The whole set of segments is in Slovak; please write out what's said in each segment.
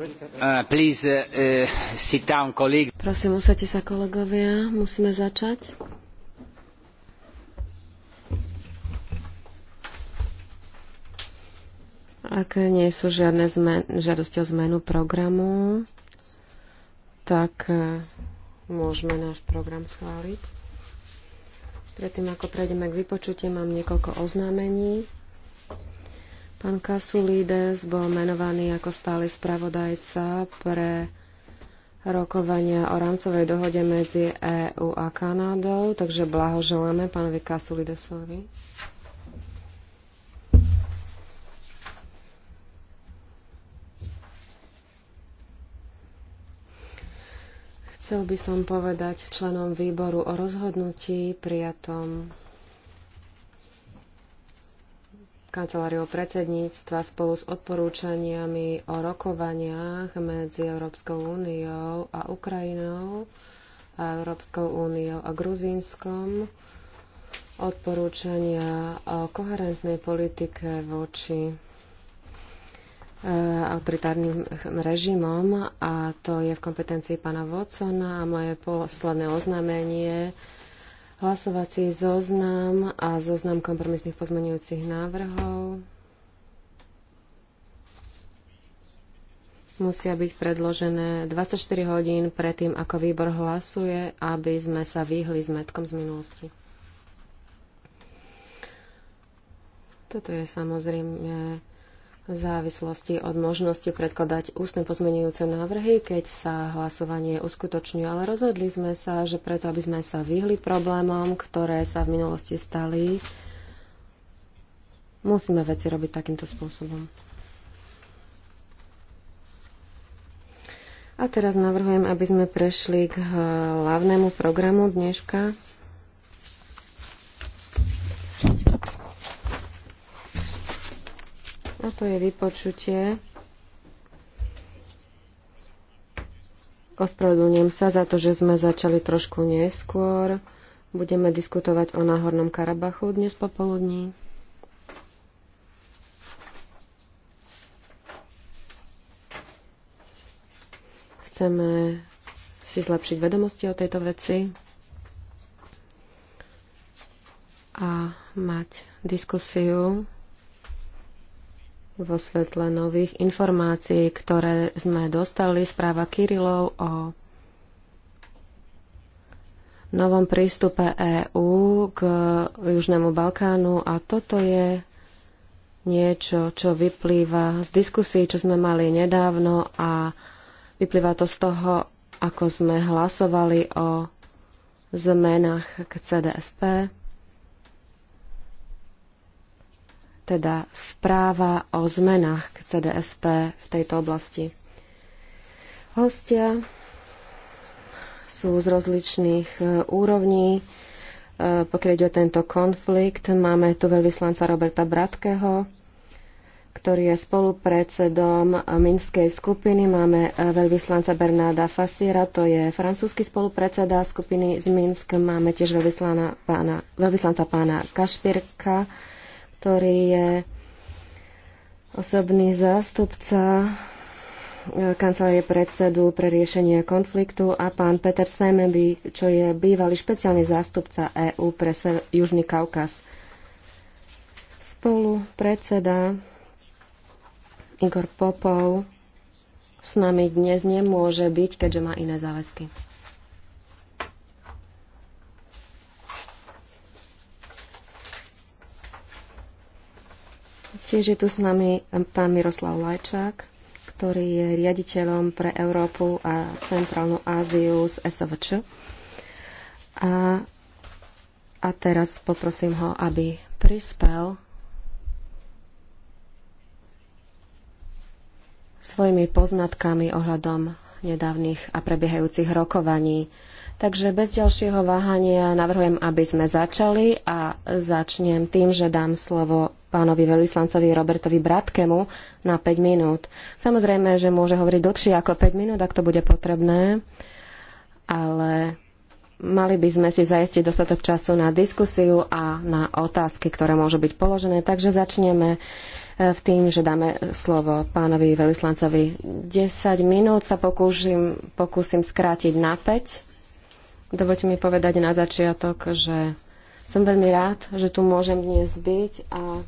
Uh, please, uh, uh down, Prosím, usadte sa kolegovia, musíme začať. Ak nie sú žiadne zmen- žiadosti o zmenu programu, tak uh, môžeme náš program schváliť. Predtým, ako prejdeme k vypočutiu, mám niekoľko oznámení. Pán Kasulides bol menovaný ako stály spravodajca pre rokovania o rámcovej dohode medzi EÚ a Kanadou, takže blahoželáme pánovi Kasulidesovi. Chcel by som povedať členom výboru o rozhodnutí prijatom kanceláriou predsedníctva spolu s odporúčaniami o rokovaniach medzi Európskou úniou a Ukrajinou a Európskou úniou a Gruzínskom odporúčania o koherentnej politike voči e, autoritárnym režimom a to je v kompetencii pána Vocona a moje posledné oznámenie hlasovací zoznam a zoznam kompromisných pozmenujúcich návrhov musia byť predložené 24 hodín predtým, ako výbor hlasuje, aby sme sa vyhli zmetkom z minulosti. Toto je samozrejme v závislosti od možnosti predkladať ústne pozmenujúce návrhy, keď sa hlasovanie uskutočňuje. Ale rozhodli sme sa, že preto, aby sme sa vyhli problémom, ktoré sa v minulosti stali, musíme veci robiť takýmto spôsobom. A teraz navrhujem, aby sme prešli k hlavnému programu dneška. A to je vypočutie. Ospravedlňujem sa za to, že sme začali trošku neskôr. Budeme diskutovať o Náhornom Karabachu dnes popoludní. Chceme si zlepšiť vedomosti o tejto veci a mať diskusiu vo svetle nových informácií, ktoré sme dostali, správa Kirilov o novom prístupe EÚ k Južnému Balkánu a toto je niečo, čo vyplýva z diskusí, čo sme mali nedávno a vyplýva to z toho, ako sme hlasovali o zmenách k CDSP. teda správa o zmenách k CDSP v tejto oblasti. Hostia sú z rozličných e, úrovní. E, pokiaľ ide o tento konflikt, máme tu veľvyslanca Roberta Bratkeho, ktorý je spolupredsedom Minskej skupiny. Máme e, veľvyslanca Bernáda Fasiera, to je francúzsky spolupredseda skupiny z Minsk. Máme tiež veľvyslanca pána, veľvyslanca pána Kašpirka, ktorý je osobný zástupca e, kancelárie predsedu pre riešenie konfliktu a pán Peter Sejmeby, čo je bývalý špeciálny zástupca EÚ pre Južný Kaukaz. Spolu predseda Igor Popov s nami dnes nemôže byť, keďže má iné záväzky. Tiež je tu s nami pán Miroslav Lajčák, ktorý je riaditeľom pre Európu a Centrálnu Áziu z SVČ. A, a teraz poprosím ho, aby prispel svojimi poznatkami ohľadom nedávnych a prebiehajúcich rokovaní Takže bez ďalšieho váhania navrhujem, aby sme začali a začnem tým, že dám slovo pánovi veľvyslancovi Robertovi Bratkemu na 5 minút. Samozrejme, že môže hovoriť dlhšie ako 5 minút, ak to bude potrebné, ale mali by sme si zajistiť dostatok času na diskusiu a na otázky, ktoré môžu byť položené. Takže začneme e, v tým, že dáme slovo pánovi veľvyslancovi. 10 minút sa pokúsim pokúsim skrátiť na 5 Dovolte mi povedať na začiatok, že som veľmi rád, že tu môžem dnes byť a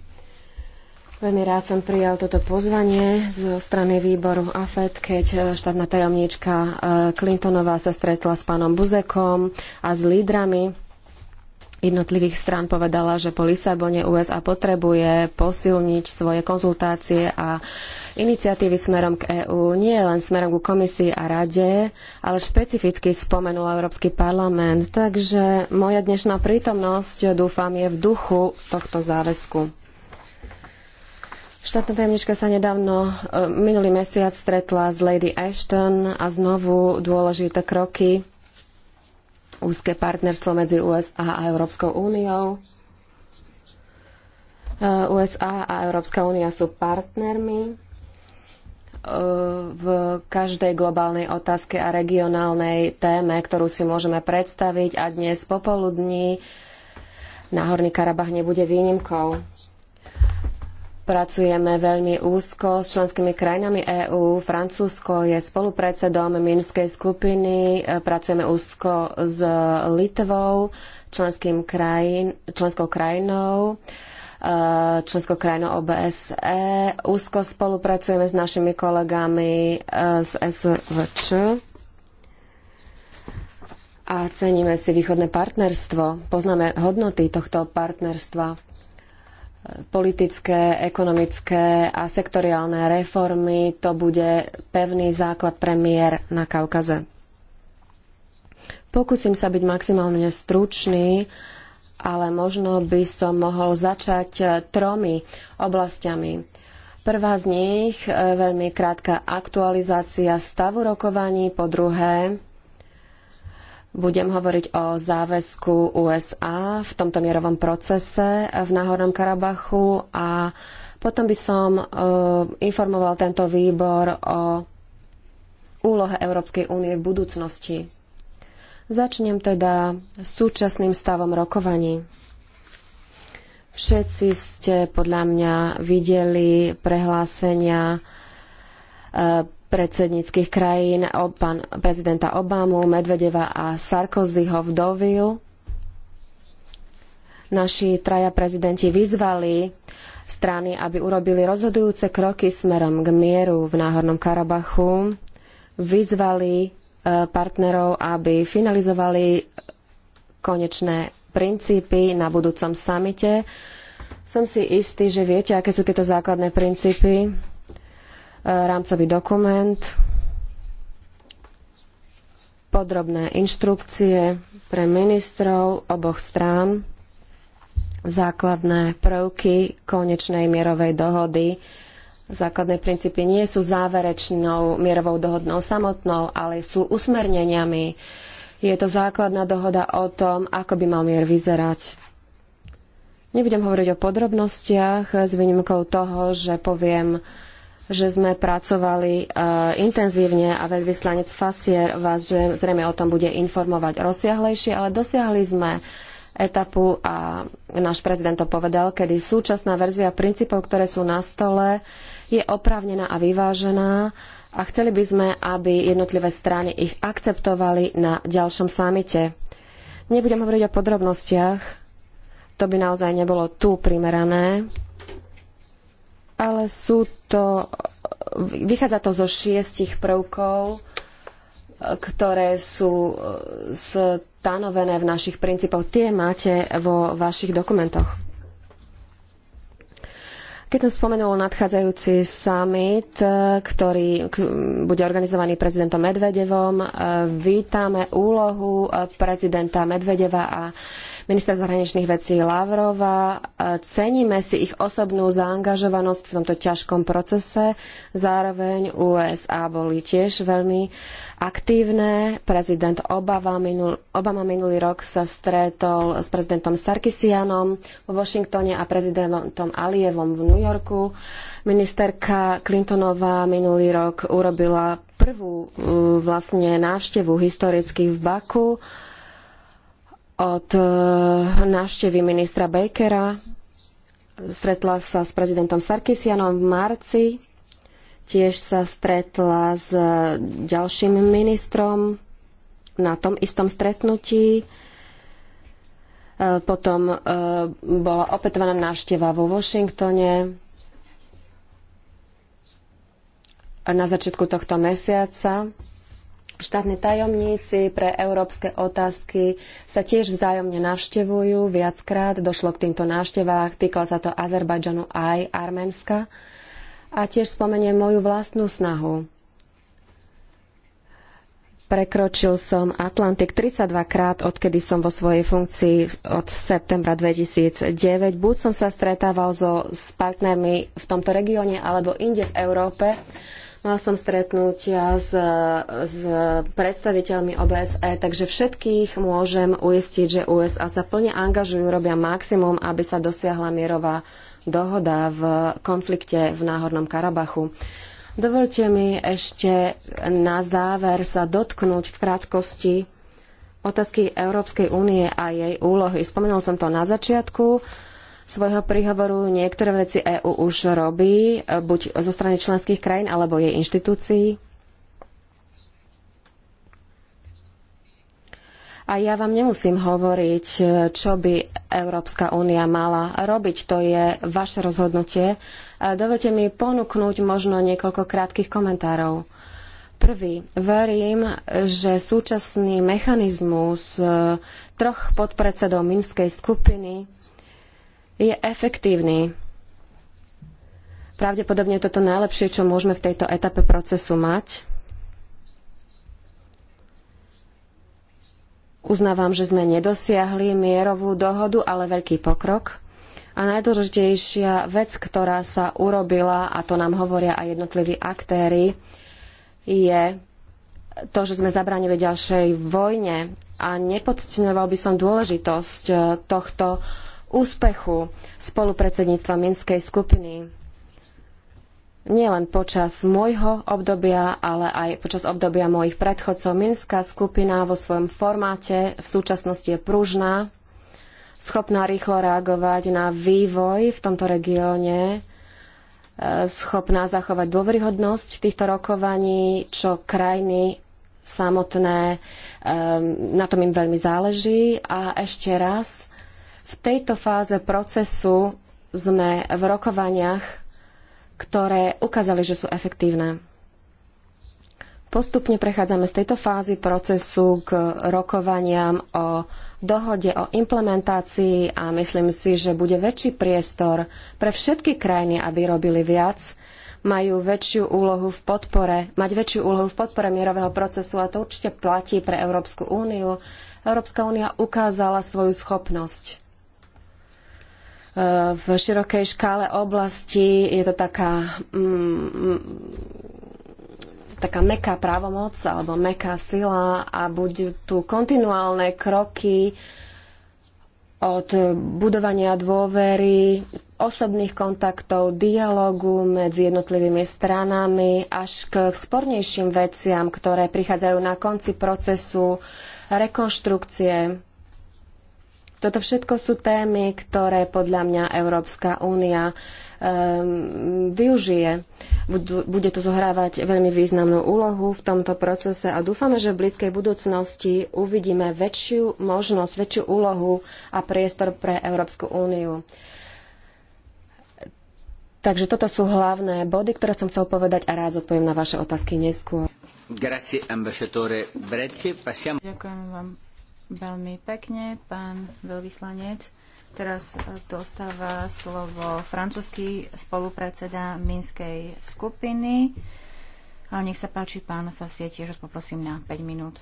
veľmi rád som prijal toto pozvanie zo strany výboru AFED, keď e, štátna tajomníčka e, Clintonová sa stretla s pánom Buzekom a s lídrami jednotlivých strán povedala, že po Lisabone USA potrebuje posilniť svoje konzultácie a iniciatívy smerom k EÚ, nie len smerom ku komisii a rade, ale špecificky spomenula Európsky parlament. Takže moja dnešná prítomnosť, dúfam, je v duchu tohto záväzku. Štátna tajomnička sa nedávno e, minulý mesiac stretla s Lady Ashton a znovu dôležité kroky úzke partnerstvo medzi USA a Európskou úniou. Eh, USA a Európska únia sú partnermi eh, v každej globálnej otázke a regionálnej téme, ktorú si môžeme predstaviť a dnes popoludní Náhorný Karabach nebude výnimkou. Pracujeme veľmi úzko s členskými krajinami EÚ. Francúzsko je spolupredsedom Minskej skupiny. E, pracujeme úzko s Litvou, členským krajin, členskou krajinou e, členskou krajinou OBSE. Úzko spolupracujeme s našimi kolegami e, z SVČ a ceníme si východné partnerstvo. Poznáme hodnoty tohto partnerstva politické, ekonomické a sektoriálne reformy. To bude pevný základ premiér na Kaukaze. Pokúsim sa byť maximálne stručný, ale možno by som mohol začať tromi oblastiami. Prvá z nich, e, veľmi krátka aktualizácia stavu rokovaní, po druhé, budem hovoriť o záväzku USA v tomto mierovom procese v Náhornom Karabachu a potom by som e, informoval tento výbor o úlohe Európskej únie v budúcnosti. Začnem teda súčasným stavom rokovaní. Všetci ste podľa mňa videli prehlásenia e, predsedníckých krajín, pán prezidenta Obamu, Medvedeva a Sarkozyho vdovil. Naši traja prezidenti vyzvali strany, aby urobili rozhodujúce kroky smerom k mieru v Náhornom Karabachu. Vyzvali e, partnerov, aby finalizovali e, konečné princípy na budúcom samite. Som si istý, že viete, aké sú tieto základné princípy rámcový dokument, podrobné inštrukcie pre ministrov oboch strán, základné prvky konečnej mierovej dohody. Základné princípy nie sú záverečnou mierovou dohodnou samotnou, ale sú usmerneniami. Je to základná dohoda o tom, ako by mal mier vyzerať. Nebudem hovoriť o podrobnostiach s výnimkou toho, že poviem, že sme pracovali uh, intenzívne a veľvyslanec Fasier vás že zrejme o tom bude informovať rozsiahlejšie, ale dosiahli sme etapu a náš prezident to povedal, kedy súčasná verzia princípov, ktoré sú na stole, je oprávnená a vyvážená a chceli by sme, aby jednotlivé strany ich akceptovali na ďalšom samite. Nebudem hovoriť o podrobnostiach, to by naozaj nebolo tu primerané, ale sú to, vychádza to zo šiestich prvkov, ktoré sú e, stanovené v našich princípoch. Tie máte vo vašich dokumentoch. Keď som spomenul nadchádzajúci summit, e, ktorý bude organizovaný prezidentom Medvedevom, e, vítame úlohu prezidenta Medvedeva a ministra zahraničných vecí Lavrova. E, ceníme si ich osobnú zaangažovanosť v tomto ťažkom procese. Zároveň USA boli tiež veľmi aktívne. Prezident Obama, minul, Obama minulý rok sa stretol s prezidentom Sarkisianom vo Washingtone a prezidentom Alievom v New Yorku. Ministerka Clintonová minulý rok urobila prvú vlastne návštevu historických v Baku od eh, návštevy ministra Bakera. Stretla sa s prezidentom Sarkisianom v marci. Tiež sa stretla s eh, ďalším ministrom na tom istom stretnutí. Eh, potom bola opätovaná návšteva vo Washingtone na začiatku tohto mesiaca Štátni tajomníci pre európske otázky sa tiež vzájomne navštevujú. Viackrát došlo k týmto návštevách. Týkalo sa to Azerbajdžanu aj Arménska. A tiež spomeniem moju vlastnú snahu. Prekročil som Atlantik 32 krát, odkedy som vo svojej funkcii od septembra 2009. Buď som sa stretával so, s partnermi v tomto regióne alebo inde v Európe. Mala som stretnutia s, s predstaviteľmi OBSE, takže všetkých môžem uistiť, že USA sa plne angažujú, robia maximum, aby sa dosiahla mierová dohoda v konflikte v Náhornom Karabachu. Dovolte mi ešte na záver sa dotknúť v krátkosti otázky Európskej únie a jej úlohy. Spomenul som to na začiatku svojho príhovoru. Niektoré veci EÚ už robí, e, buď zo strany členských krajín alebo jej inštitúcií. A ja vám nemusím hovoriť, e, čo by Európska únia mala robiť. To je vaše rozhodnutie. E, dovolte mi ponúknuť možno niekoľko krátkých komentárov. Prvý, verím, že súčasný mechanizmus troch podpredsedov Minskej skupiny je efektívny. Pravdepodobne je toto najlepšie, čo môžeme v tejto etape procesu mať. Uznávam, že sme nedosiahli mierovú dohodu, ale veľký pokrok. A najdôležitejšia vec, ktorá sa urobila, a to nám hovoria aj jednotliví aktéry, je to, že sme zabránili ďalšej vojne. A nepodceňoval by som dôležitosť eh, tohto úspechu spolupredsedníctva Minskej skupiny. Nielen počas môjho obdobia, ale aj počas obdobia mojich predchodcov. Minská skupina vo svojom formáte v súčasnosti je pružná, schopná rýchlo reagovať na vývoj v tomto regióne, e, schopná zachovať dôveryhodnosť týchto rokovaní, čo krajiny samotné, e, na tom im veľmi záleží. A ešte raz v tejto fáze procesu sme v rokovaniach, ktoré ukázali, že sú efektívne. Postupne prechádzame z tejto fázy procesu k rokovaniam o dohode o implementácii a myslím si, že bude väčší priestor pre všetky krajiny, aby robili viac, majú väčšiu úlohu v podpore, mať väčšiu úlohu v podpore mierového procesu a to určite platí pre Európsku úniu. Európska únia ukázala svoju schopnosť v širokej škále oblasti. Je to taká, mm, taká meká právomoc alebo meká sila a budú tu kontinuálne kroky od budovania dôvery, osobných kontaktov, dialogu medzi jednotlivými stranami až k spornejším veciam, ktoré prichádzajú na konci procesu rekonštrukcie toto všetko sú témy, ktoré podľa mňa Európska únia um, využije. Bude tu zohrávať veľmi významnú úlohu v tomto procese a dúfame, že v blízkej budúcnosti uvidíme väčšiu možnosť, väčšiu úlohu a priestor pre Európsku úniu. Takže toto sú hlavné body, ktoré som chcel povedať a rád odpoviem na vaše otázky neskôr. Ďakujem vám Veľmi pekne, pán veľvyslanec. Teraz e, dostáva slovo francúzsky spolupredseda Minskej skupiny. A nech sa páči, pán Fasie, tiež vás poprosím na 5 minút.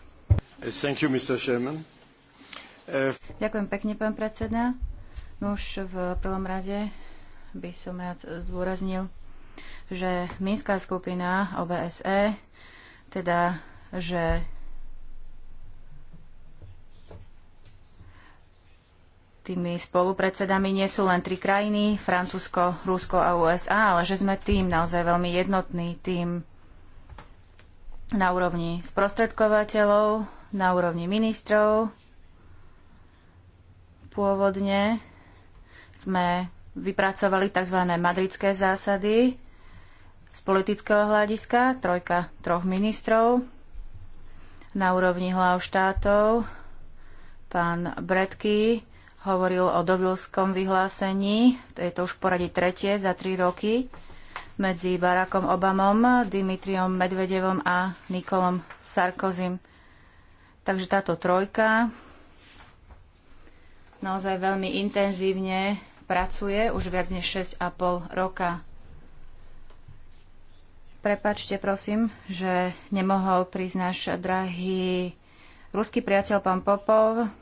Thank you, Mr. Eh, Ďakujem pekne, pán predseda. Už v prvom rade by som rád zdôraznil, že Minská skupina OBSE, teda že tými spolupredsedami nie sú len tri krajiny, Francúzsko, Rusko a USA, ale že sme tým naozaj veľmi jednotný tým na úrovni sprostredkovateľov, na úrovni ministrov. Pôvodne sme vypracovali tzv. madridské zásady z politického hľadiska, trojka troch ministrov na úrovni hlav štátov, pán Bredky, hovoril o dovilskom vyhlásení, to je to už poradí tretie za tri roky, medzi Barackom Obamom, Dimitriom Medvedevom a Nikolom Sarkozym. Takže táto trojka naozaj veľmi intenzívne pracuje už viac než 6,5 roka. Prepačte prosím, že nemohol prísť náš drahý ruský priateľ pán Popov,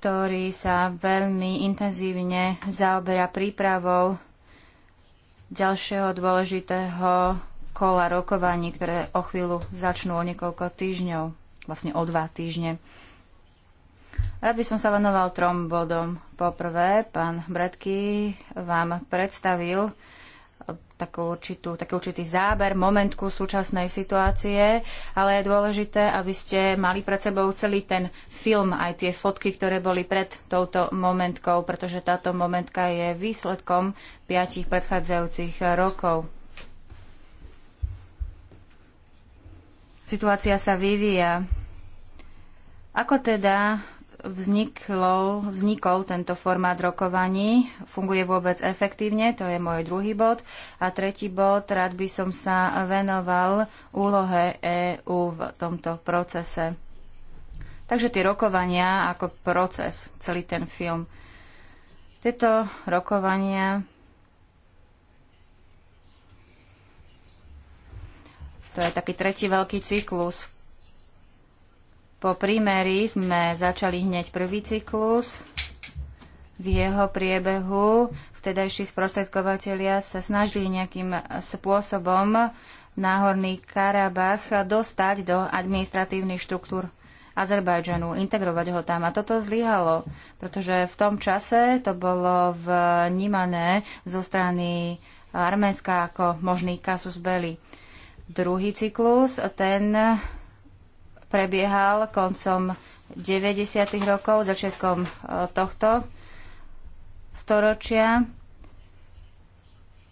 ktorý sa veľmi intenzívne zaoberá prípravou ďalšieho dôležitého kola rokovaní, ktoré o chvíľu začnú o niekoľko týždňov, vlastne o dva týždne. Rád by som sa venoval trom bodom. Poprvé, pán Bredky vám predstavil takú určitú, taký určitý záber, momentku súčasnej situácie, ale je dôležité, aby ste mali pred sebou celý ten film, aj tie fotky, ktoré boli pred touto momentkou, pretože táto momentka je výsledkom piatich predchádzajúcich rokov. Situácia sa vyvíja. Ako teda vzniklo, vznikol tento formát rokovaní, funguje vôbec efektívne, to je môj druhý bod. A tretí bod, rád by som sa venoval úlohe EÚ v tomto procese. Takže tie rokovania ako proces, celý ten film. Tieto rokovania to je taký tretí veľký cyklus po prímeri sme začali hneď prvý cyklus. V jeho priebehu vtedajší sprostredkovateľia sa snažili nejakým spôsobom Náhorný Karabach dostať do administratívnych štruktúr Azerbajdžanu, integrovať ho tam. A toto zlyhalo, pretože v tom čase to bolo vnímané zo strany Arménska ako možný kasus belli. Druhý cyklus, ten prebiehal koncom 90. rokov, začiatkom e, tohto storočia.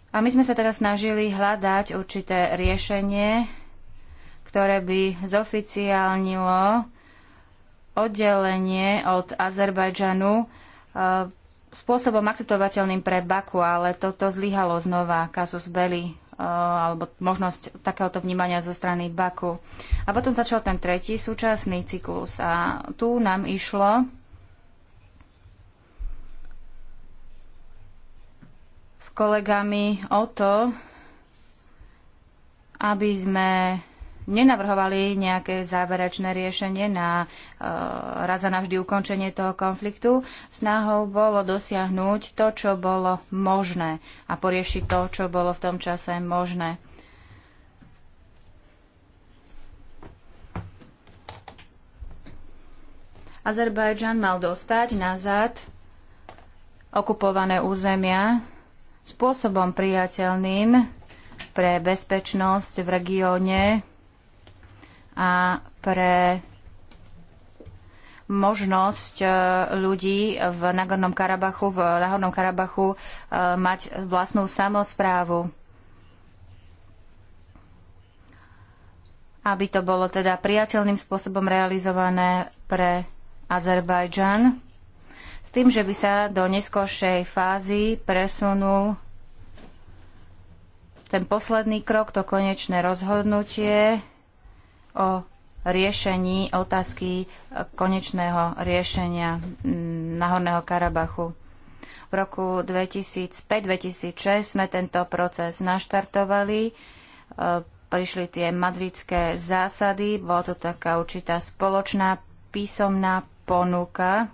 A my sme sa teraz snažili hľadať určité riešenie, ktoré by zoficiálnilo oddelenie od Azerbajdžanu e, spôsobom akceptovateľným pre Baku, ale toto zlyhalo znova, kasus Beli alebo možnosť takéhoto vnímania zo strany Baku. A potom začal ten tretí súčasný cyklus a tu nám išlo s kolegami o to, aby sme nenavrhovali nejaké záverečné riešenie na e, raz a navždy ukončenie toho konfliktu. Snahou bolo dosiahnuť to, čo bolo možné a poriešiť to, čo bolo v tom čase možné. Azerbajdžan mal dostať nazad okupované územia spôsobom priateľným pre bezpečnosť v regióne a pre možnosť e, ľudí v Nagornom Karabachu, v Nahornom Karabachu e, mať vlastnú samozprávu. Aby to bolo teda priateľným spôsobom realizované pre Azerbajdžan, s tým, že by sa do neskôršej fázy presunul ten posledný krok, to konečné rozhodnutie, o riešení otázky konečného riešenia mm, Nahorného Karabachu. V roku 2005-2006 sme tento proces naštartovali. E, prišli tie madridské zásady, bola to taká určitá spoločná písomná ponuka.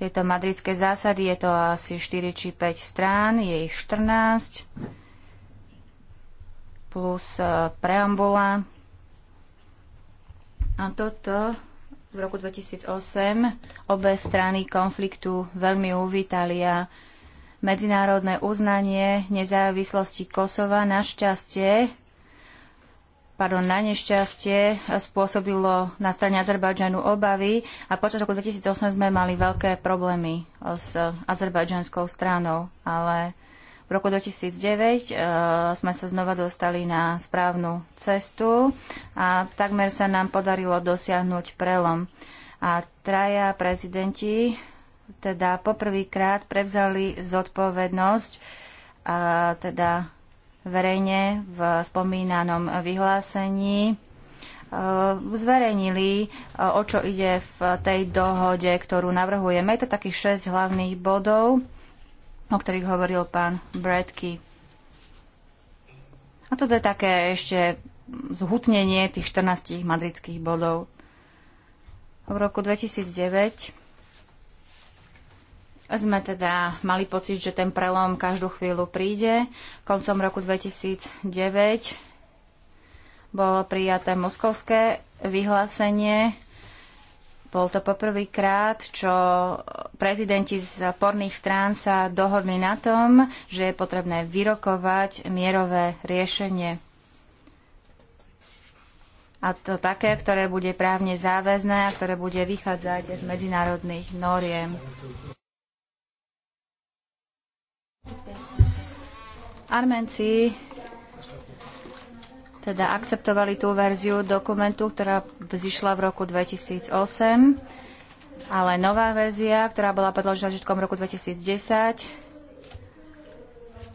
Tieto madridské zásady je to asi 4 či 5 strán, je ich 14 plus e, preambula. A toto v roku 2008 obe strany konfliktu veľmi uvítali a medzinárodné uznanie nezávislosti Kosova našťastie pardon, na nešťastie spôsobilo na strane Azerbajdžanu obavy a počas roku 2008 sme mali veľké problémy s azerbajdžanskou stranou, ale v roku 2009 e, sme sa znova dostali na správnu cestu a takmer sa nám podarilo dosiahnuť prelom. A traja prezidenti teda poprvýkrát prevzali zodpovednosť a e, teda verejne v spomínanom vyhlásení e, zverejnili, e, o čo ide v tej dohode, ktorú navrhujeme. Je to takých 6 hlavných bodov o ktorých hovoril pán Bradky. A toto je také ešte zhutnenie tých 14 madridských bodov. V roku 2009 sme teda mali pocit, že ten prelom každú chvíľu príde. Koncom roku 2009 bolo prijaté moskovské vyhlásenie bol to poprvýkrát, čo prezidenti z porných strán sa dohodli na tom, že je potrebné vyrokovať mierové riešenie. A to také, ktoré bude právne záväzné a ktoré bude vychádzať z medzinárodných noriem. Armenci teda akceptovali tú verziu dokumentu, ktorá vzýšla v roku 2008, ale nová verzia, ktorá bola predložená všetkom roku 2010,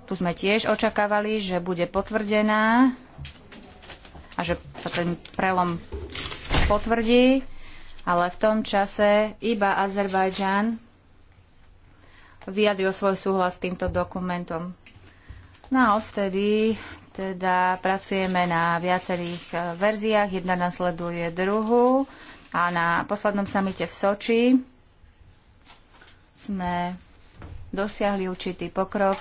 tu sme tiež očakávali, že bude potvrdená a že sa ten prelom potvrdí, ale v tom čase iba Azerbajdžan vyjadril svoj súhlas s týmto dokumentom. No a odvtedy teda pracujeme na viacerých e, verziách, jedna nasleduje druhu a na poslednom samite v Soči sme dosiahli určitý pokrok.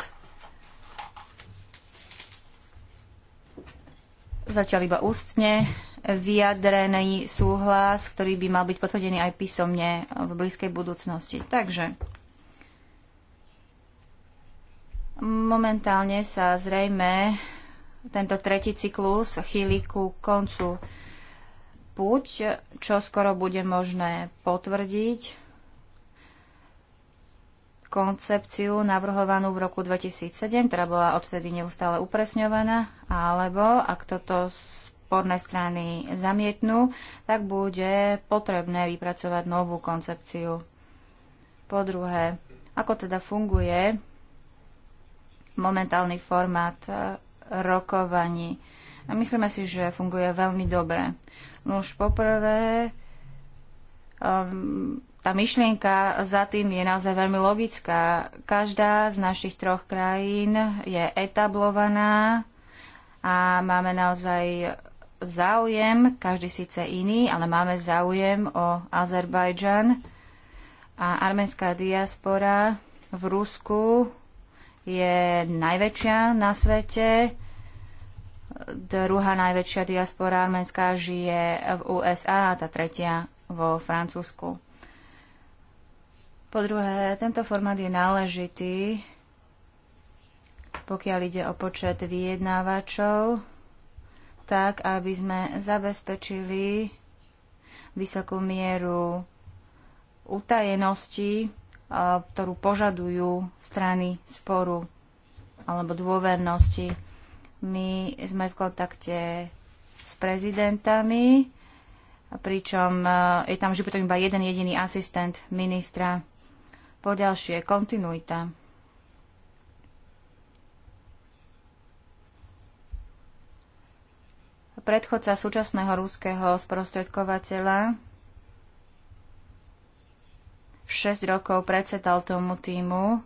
Zatiaľ iba ústne vyjadrený súhlas, ktorý by mal byť potvrdený aj písomne v blízkej budúcnosti. Takže momentálne sa zrejme tento tretí cyklus chýli ku koncu. púť, čo skoro bude možné potvrdiť, koncepciu navrhovanú v roku 2007, ktorá bola odtedy neustále upresňovaná, alebo ak toto sporné strany zamietnú, tak bude potrebné vypracovať novú koncepciu. Po druhé, ako teda funguje momentálny formát rokovaní. A myslíme si, že funguje veľmi dobre. No už poprvé, um, tá myšlienka za tým je naozaj veľmi logická. Každá z našich troch krajín je etablovaná a máme naozaj záujem, každý síce iný, ale máme záujem o Azerbajdžan a arménská diaspora v Rusku je najväčšia na svete. Druhá najväčšia diaspora arménska žije v USA a tá tretia vo Francúzsku. Po druhé, tento formát je náležitý, pokiaľ ide o počet vyjednávačov, tak aby sme zabezpečili vysokú mieru utajenosti ktorú požadujú strany sporu alebo dôvernosti. My sme v kontakte s prezidentami, pričom je tam vždy potom iba jeden jediný asistent ministra. po ďalšie kontinuita. Predchodca súčasného rúského sprostredkovateľa 6 rokov predsedal tomu týmu.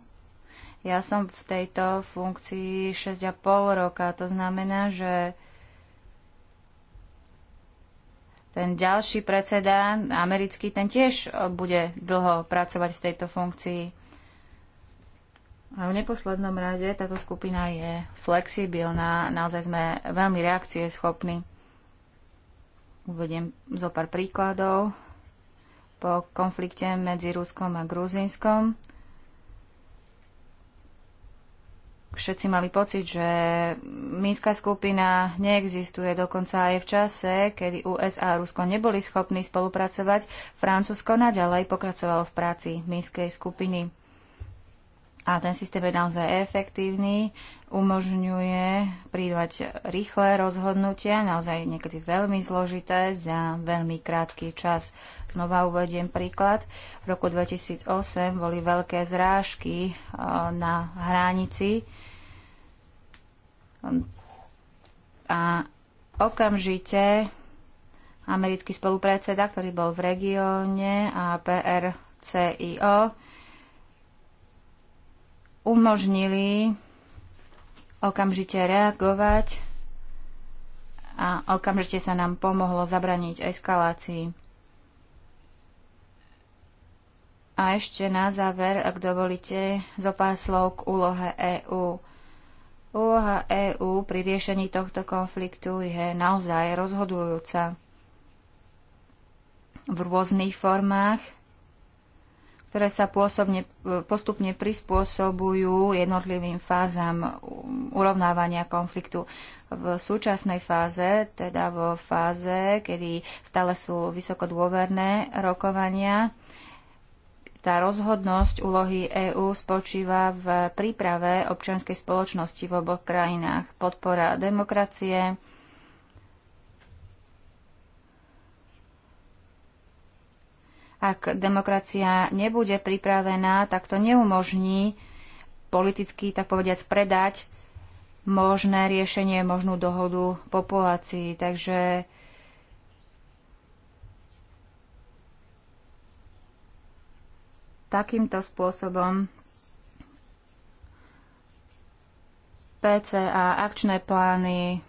Ja som v tejto funkcii 6,5 roka. To znamená, že ten ďalší predseda, americký, ten tiež bude dlho pracovať v tejto funkcii. A v neposlednom rade táto skupina je flexibilná. Naozaj sme veľmi reakcie schopní. Uvediem zo pár príkladov po konflikte medzi Ruskom a Gruzínskom. Všetci mali pocit, že Minská skupina neexistuje dokonca aj v čase, kedy USA a Rusko neboli schopní spolupracovať. Francúzsko naďalej pokracovalo v práci Minskej skupiny a ten systém je naozaj efektívny, umožňuje príjmať rýchle rozhodnutia, naozaj niekedy veľmi zložité za veľmi krátky čas. Znova uvediem príklad. V roku 2008 boli veľké zrážky e, na hranici a okamžite americký spolupredseda, ktorý bol v regióne a PRCIO, umožnili okamžite reagovať a okamžite sa nám pomohlo zabraniť eskalácii. A ešte na záver, ak dovolíte, zo pár slov k úlohe EÚ. Úloha EÚ pri riešení tohto konfliktu je naozaj rozhodujúca v rôznych formách ktoré sa pôsobne, postupne prispôsobujú jednotlivým fázam urovnávania konfliktu. V súčasnej fáze, teda vo fáze, kedy stále sú vysokodôverné rokovania, tá rozhodnosť úlohy EÚ spočíva v príprave občianskej spoločnosti v oboch krajinách, podpora demokracie, Ak demokracia nebude pripravená, tak to neumožní politicky, tak povediac, predať možné riešenie, možnú dohodu populácii. Takže takýmto spôsobom PCA, akčné plány,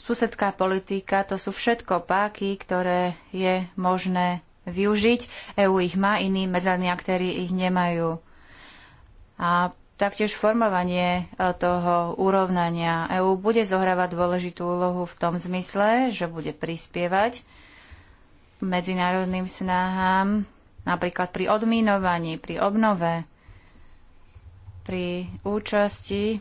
susedská politika, to sú všetko páky, ktoré je možné využiť. EÚ ich má, iní medzárni aktéry ich nemajú. A taktiež formovanie e, toho úrovnania EÚ bude zohrávať dôležitú úlohu v tom zmysle, že bude prispievať medzinárodným snahám, napríklad pri odmínovaní, pri obnove, pri účasti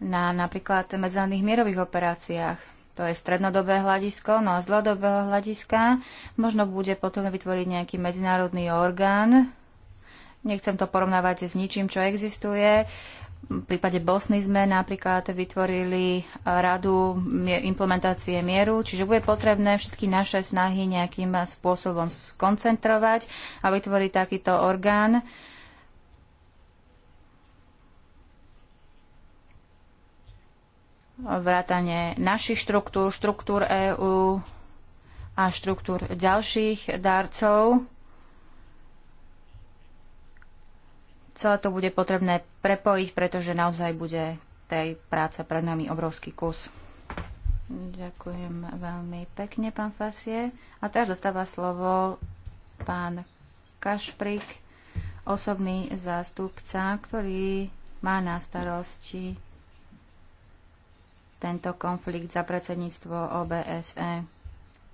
na napríklad medzinárodných mierových operáciách. To je strednodobé hľadisko, no a z dlhodobého hľadiska možno bude potom vytvoriť nejaký medzinárodný orgán. Nechcem to porovnávať s ničím, čo existuje. V prípade Bosny sme napríklad vytvorili radu implementácie mieru, čiže bude potrebné všetky naše snahy nejakým spôsobom skoncentrovať a vytvoriť takýto orgán, vrátane našich štruktúr, štruktúr EÚ a štruktúr ďalších darcov. Celé to bude potrebné prepojiť, pretože naozaj bude tej práce pred nami obrovský kus. Ďakujem veľmi pekne, pán Fasie. A teraz dostáva slovo pán Kašprik, osobný zástupca, ktorý má na starosti tento konflikt za predsedníctvo OBSE.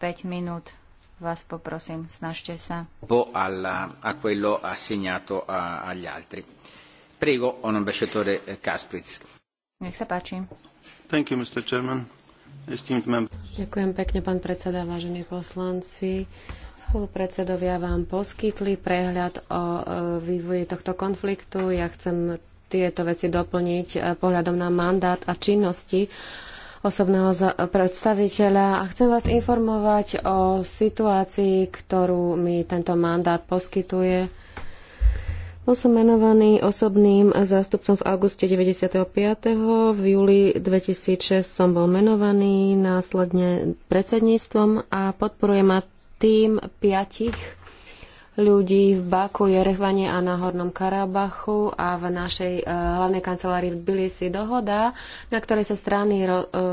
5 minút vás poprosím, snažte sa. Po alla, a quello assegnato a, agli altri. Prego, on ambasciatore Kaspritz. Nech sa páči. Thank you, Mr. Chairman. Ďakujem pekne, pán predseda, vážení poslanci. Spolupredsedovia vám poskytli prehľad o e, vývoji tohto konfliktu. Ja chcem tieto veci doplniť eh, pohľadom na mandát a činnosti osobného predstaviteľa a chcem vás informovať o situácii, ktorú mi tento mandát poskytuje. Bol som menovaný osobným zástupcom v auguste 95. V júli 2006 som bol menovaný následne predsedníctvom a podporuje ma tým piatich ľudí v Baku, Jerevane a na Hornom Karabachu a v našej e, hlavnej kancelárii v Tbilisi dohoda, na ktorej sa strany e,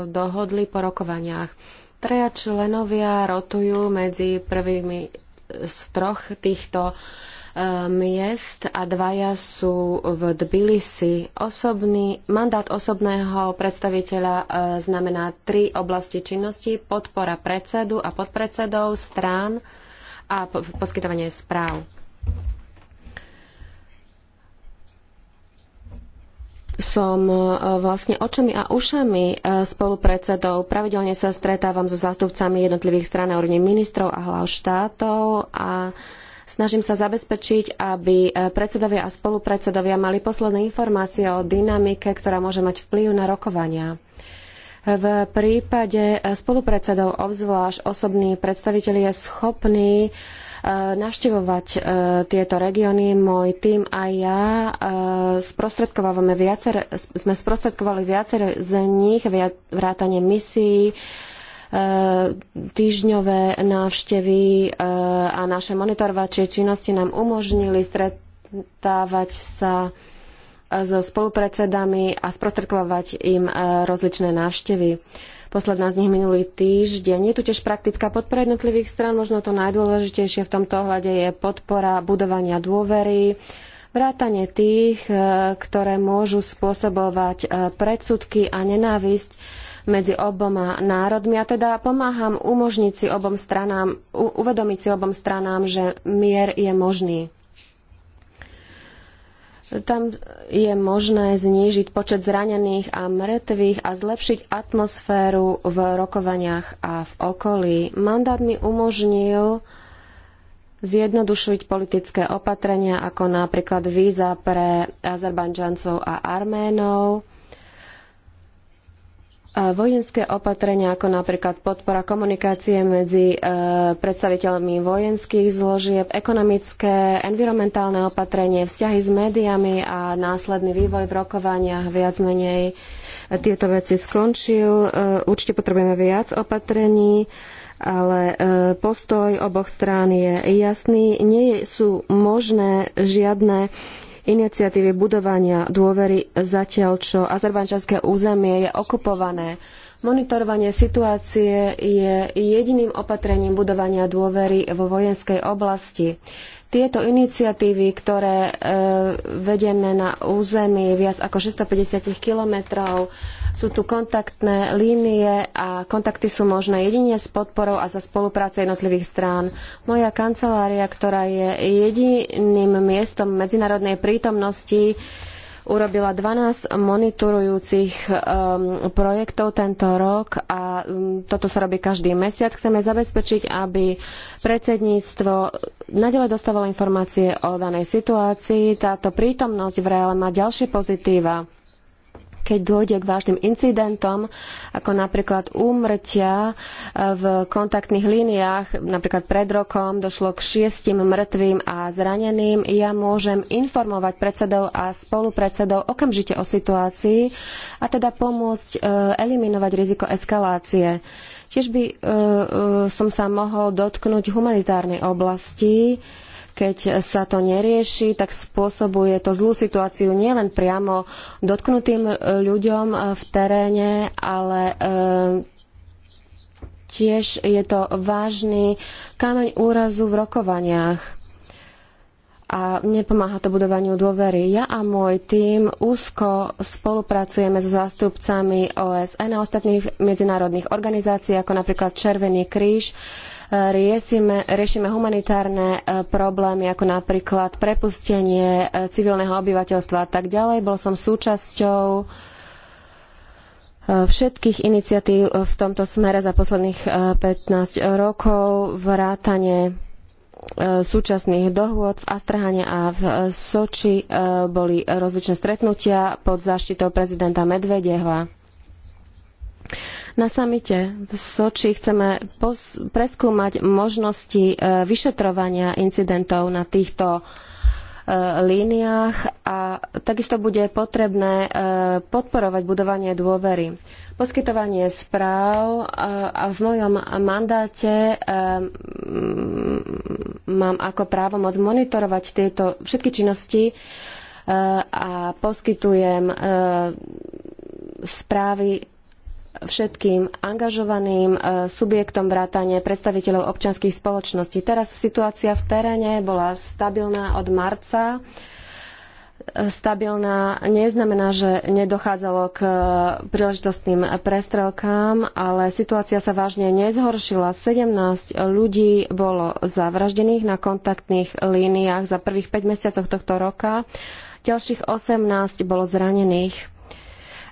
dohodli po rokovaniach. Treja členovia rotujú medzi prvými z troch týchto e, miest a dvaja sú v Tbilisi. Osobný, mandát osobného predstaviteľa znamená tri oblasti činnosti, podpora predsedu a podpredsedov strán, a poskytovanie správ. som e, vlastne očami a ušami e, spolupredsedov. Pravidelne sa stretávam so zástupcami jednotlivých strán na úrovni ministrov a hlav štátov a snažím sa zabezpečiť, aby e, predsedovia a spolupredsedovia mali posledné informácie o dynamike, ktorá môže mať vplyv na rokovania. V prípade spolupredsedov obzvlášť osobní predstavitelia je schopný e, navštevovať e, tieto regióny. Môj tím a ja e, sprostredkovávame viacere, sme sprostredkovali viacere z nich, vrátanie misií, týždňové návštevy a naše monitorovacie činnosti nám umožnili stretávať sa so spolupredsedami a sprostredkovať im e, rozličné návštevy. Posledná z nich minulý týždeň. Je tu tiež praktická podpora jednotlivých strán. Možno to najdôležitejšie v tomto ohľade je podpora budovania dôvery, vrátanie tých, e, ktoré môžu spôsobovať e, predsudky a nenávisť medzi oboma národmi. A teda pomáham umožniť si obom stranám, uvedomiť si obom stranám, že mier je možný. Tam je možné znížiť počet zranených a mŕtvych a zlepšiť atmosféru v rokovaniach a v okolí. Mandát mi umožnil zjednodušiť politické opatrenia ako napríklad víza pre Azerbajdžancov a Arménov vojenské opatrenia, ako napríklad podpora komunikácie medzi e, predstaviteľmi vojenských zložieb, ekonomické, environmentálne opatrenie, vzťahy s médiami a následný vývoj v rokovaniach viac menej e, tieto veci skončil. E, určite potrebujeme viac opatrení ale postoj oboch strán je jasný. Nie sú možné žiadne iniciatívy budovania dôvery zatiaľ, čo azerbajdžanské územie je okupované. Monitorovanie situácie je jediným opatrením budovania dôvery vo vojenskej oblasti. Tieto iniciatívy, ktoré e, vedieme na území viac ako 650 kilometrov, sú tu kontaktné línie a kontakty sú možné jedine s podporou a za spolupráce jednotlivých strán. Moja kancelária, ktorá je jediným miestom medzinárodnej prítomnosti, urobila 12 monitorujúcich um, projektov tento rok a um, toto sa robí každý mesiac. Chceme zabezpečiť, aby predsedníctvo nadalej dostávalo informácie o danej situácii. Táto prítomnosť v reále má ďalšie pozitíva keď dôjde k vážnym incidentom, ako napríklad úmrtia e, v kontaktných líniách, napríklad pred rokom došlo k šiestim mŕtvým a zraneným, ja môžem informovať predsedov a spolupredsedov okamžite o situácii a teda pomôcť e, eliminovať riziko eskalácie. Tiež by e, som sa mohol dotknúť humanitárnej oblasti, keď sa to nerieši, tak spôsobuje to zlú situáciu nielen priamo dotknutým e, ľuďom e, v teréne, ale e, tiež je to vážny kameň úrazu v rokovaniach a nepomáha to budovaniu dôvery. Ja a môj tím úzko spolupracujeme so zástupcami OSN a ostatných medzinárodných organizácií, ako napríklad Červený kríž, riešime, riešime humanitárne e, problémy, ako napríklad prepustenie e, civilného obyvateľstva a tak ďalej. Bol som súčasťou e, všetkých iniciatív v tomto smere za posledných 15 rokov, vrátane súčasných dohôd v Astrahane a v Soči boli rozličné stretnutia pod záštitou prezidenta Medvedeva. Na samite v Soči chceme preskúmať možnosti e, vyšetrovania incidentov na týchto e, líniách a takisto bude potrebné e, podporovať budovanie dôvery. Poskytovanie správ a v mojom mandáte mám ako právomoc monitorovať tieto všetky činnosti a poskytujem správy všetkým angažovaným e, subjektom vrátane predstaviteľov občianskych spoločností. Teraz situácia v teréne bola stabilná od marca. E, stabilná neznamená, že nedochádzalo k e, príležitostným prestrelkám, ale situácia sa vážne nezhoršila. 17 ľudí bolo zavraždených na kontaktných líniách za prvých 5 mesiacov tohto roka. Ďalších 18 bolo zranených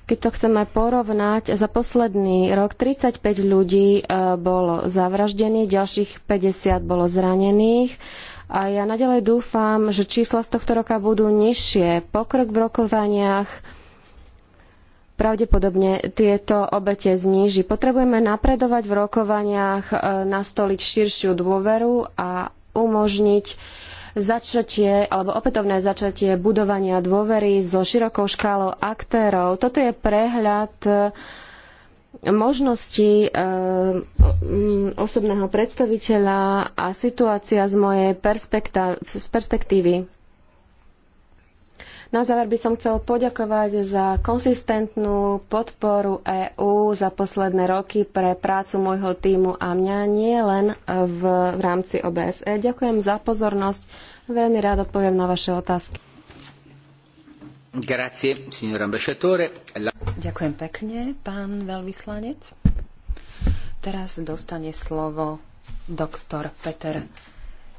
keď to chceme porovnať, za posledný rok 35 ľudí e, bolo zavraždených, ďalších 50 bolo zranených. A ja naďalej dúfam, že čísla z tohto roka budú nižšie. Pokrok v rokovaniach pravdepodobne tieto obete zníži. Potrebujeme napredovať v rokovaniach, e, nastoliť širšiu dôveru a umožniť začatie alebo opätovné začatie budovania dôvery so širokou škálou aktérov. Toto je prehľad možnosti e, e osobného predstaviteľa a situácia z mojej z perspektívy. Na záver by som chcel poďakovať za konsistentnú podporu EÚ za posledné roky pre prácu môjho týmu a mňa nie len v, v rámci OBSE. Ďakujem za pozornosť. Veľmi rád odpoviem na vaše otázky. Grazie, La... Ďakujem pekne, pán veľvyslanec. Teraz dostane slovo doktor Peter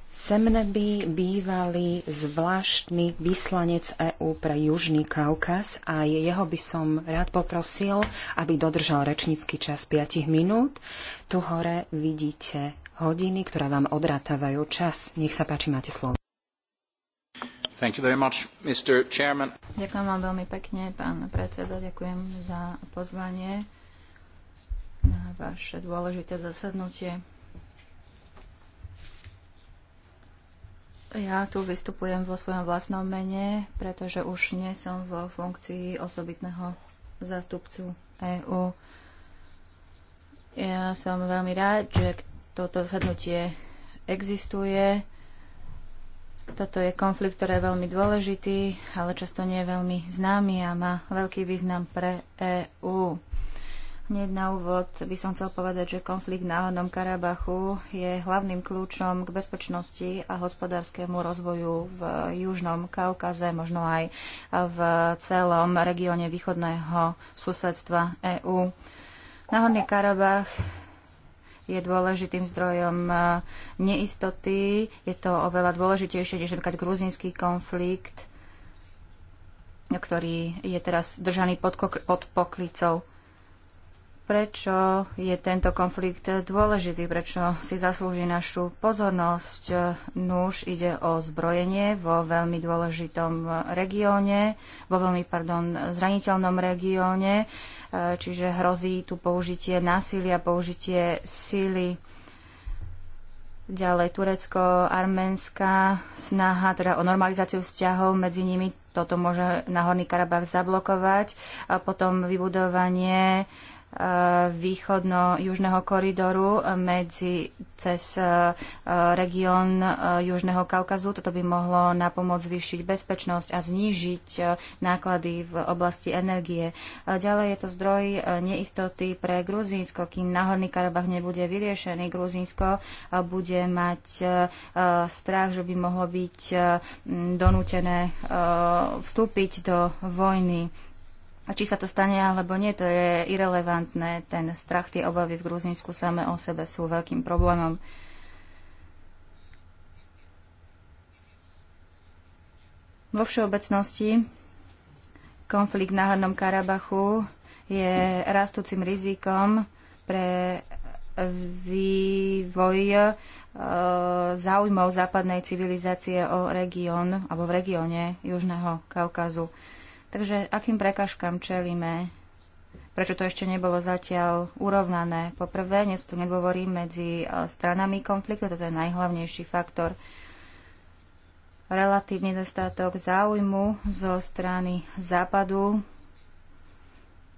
Semneby bývalý zvláštny vyslanec EÚ pre Južný Kaukaz a jeho by som rád poprosil, aby dodržal rečnícky čas 5 minút. Tu hore vidíte hodiny, ktoré vám odrátávajú čas. Nech sa páči, máte slovo. Much, ďakujem vám veľmi pekne, pán predseda. Ďakujem za pozvanie na vaše dôležité zasadnutie. Ja tu vystupujem vo svojom vlastnom mene, pretože už nie som vo funkcii osobitného zástupcu EÚ. Ja som veľmi rád, že toto zhodnutie existuje. Toto je konflikt, ktorý je veľmi dôležitý, ale často nie je veľmi známy a má veľký význam pre EÚ. Hneď na úvod by som chcel povedať, že konflikt na Hornom Karabachu je hlavným kľúčom k bezpečnosti a hospodárskému rozvoju v Južnom Kaukaze, možno aj v celom regióne východného susedstva EÚ. Náhorný Karabach je dôležitým zdrojom e, neistoty. Je to oveľa dôležitejšie než napríklad gruzínsky konflikt, ktorý je teraz držaný pod, pod poklicou prečo je tento konflikt dôležitý, prečo si zaslúži našu pozornosť. Nuž ide o zbrojenie vo veľmi dôležitom regióne, vo veľmi pardon, zraniteľnom regióne, e, čiže hrozí tu použitie násilia, použitie síly. Ďalej Turecko-Arménska snaha teda o normalizáciu vzťahov medzi nimi, toto môže Horný Karabach zablokovať. A potom vybudovanie východno-južného koridoru medzi cez e, región e, Južného Kaukazu. Toto by mohlo na pomoc zvýšiť bezpečnosť a znížiť e, náklady v oblasti energie. Ďalej je to zdroj neistoty pre Gruzínsko. Kým náhodný Karabach nebude vyriešený, Gruzínsko bude mať strach, že by mohlo byť donútené vstúpiť do vojny. A či sa to stane alebo nie, to je irrelevantné. Ten strach, tie obavy v Gruzínsku same o sebe sú veľkým problémom. Vo všeobecnosti konflikt na Hornom Karabachu je rastúcim rizikom pre vývoj e, záujmov západnej civilizácie o región alebo v regióne Južného Kaukazu. Takže akým prekažkám čelíme? Prečo to ešte nebolo zatiaľ urovnané? Poprvé, dnes tu nedôvorí medzi eh, stranami konfliktu, toto je najhlavnejší faktor. Relatívny dostatok záujmu zo strany západu.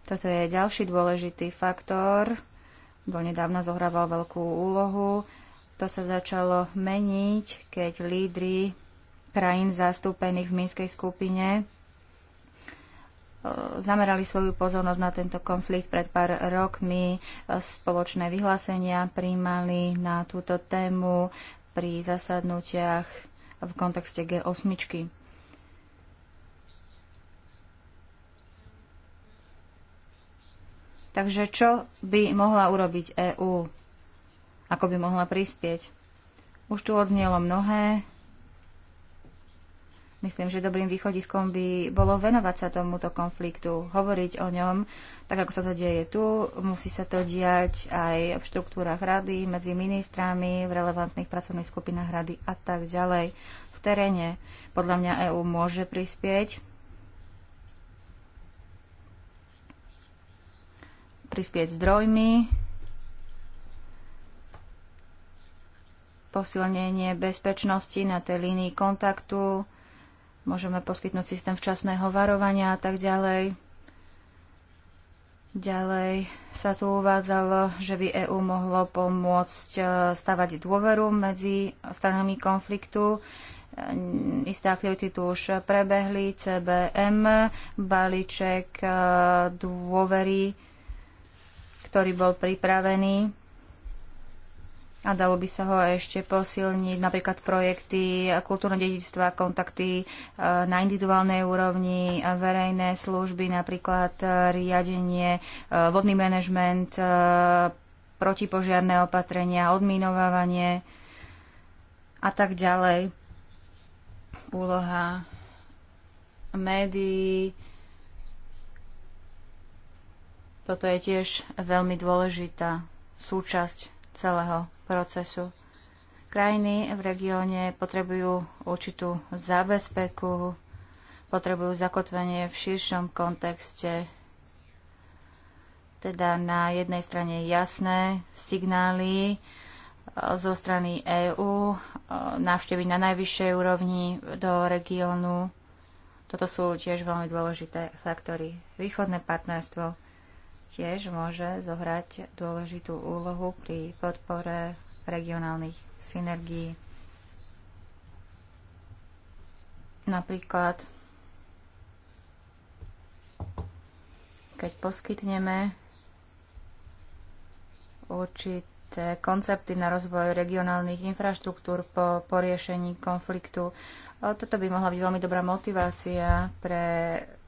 Toto je ďalší dôležitý faktor. do nedávna zohrával veľkú úlohu. To sa začalo meniť, keď lídry krajín zastúpených v Minskej skupine E, zamerali svoju pozornosť na tento konflikt pred pár rokmi. E, spoločné vyhlásenia príjmali na túto tému pri zasadnutiach v kontexte G8. Takže čo by mohla urobiť EÚ? Ako by mohla prispieť? Už tu odznielo mnohé, Myslím, že dobrým východiskom by bolo venovať sa tomuto konfliktu, hovoriť o ňom, tak ako sa to deje tu, musí sa to diať aj v štruktúrach rady, medzi ministrami, v relevantných pracovných skupinách rady a tak ďalej. V teréne podľa mňa EÚ môže prispieť, prispieť zdrojmi, posilnenie bezpečnosti na tej línii kontaktu, Môžeme poskytnúť systém včasného varovania a tak ďalej. Ďalej sa tu uvádzalo, že by EÚ mohlo pomôcť e, stavať dôveru medzi stranami konfliktu. E, isté aktivity tu už prebehli, CBM, balíček e, dôvery, ktorý bol pripravený a dalo by sa ho ešte posilniť, napríklad projekty kultúrne dedičstva, kontakty e, na individuálnej úrovni, verejné služby, napríklad e, riadenie, e, vodný manažment, protipožiarné opatrenia, odminovávanie a tak ďalej. Úloha médií. Toto je tiež veľmi dôležitá súčasť celého procesu. Krajiny v regióne potrebujú určitú zabezpeku, potrebujú zakotvenie v širšom kontexte, teda na jednej strane jasné signály e, zo strany EÚ, e, návštevy na najvyššej úrovni do regiónu. Toto sú tiež veľmi dôležité faktory. Východné partnerstvo tiež môže zohrať dôležitú úlohu pri podpore regionálnych synergií. Napríklad, keď poskytneme určité koncepty na rozvoj regionálnych infraštruktúr po poriešení konfliktu, toto by mohla byť veľmi dobrá motivácia pre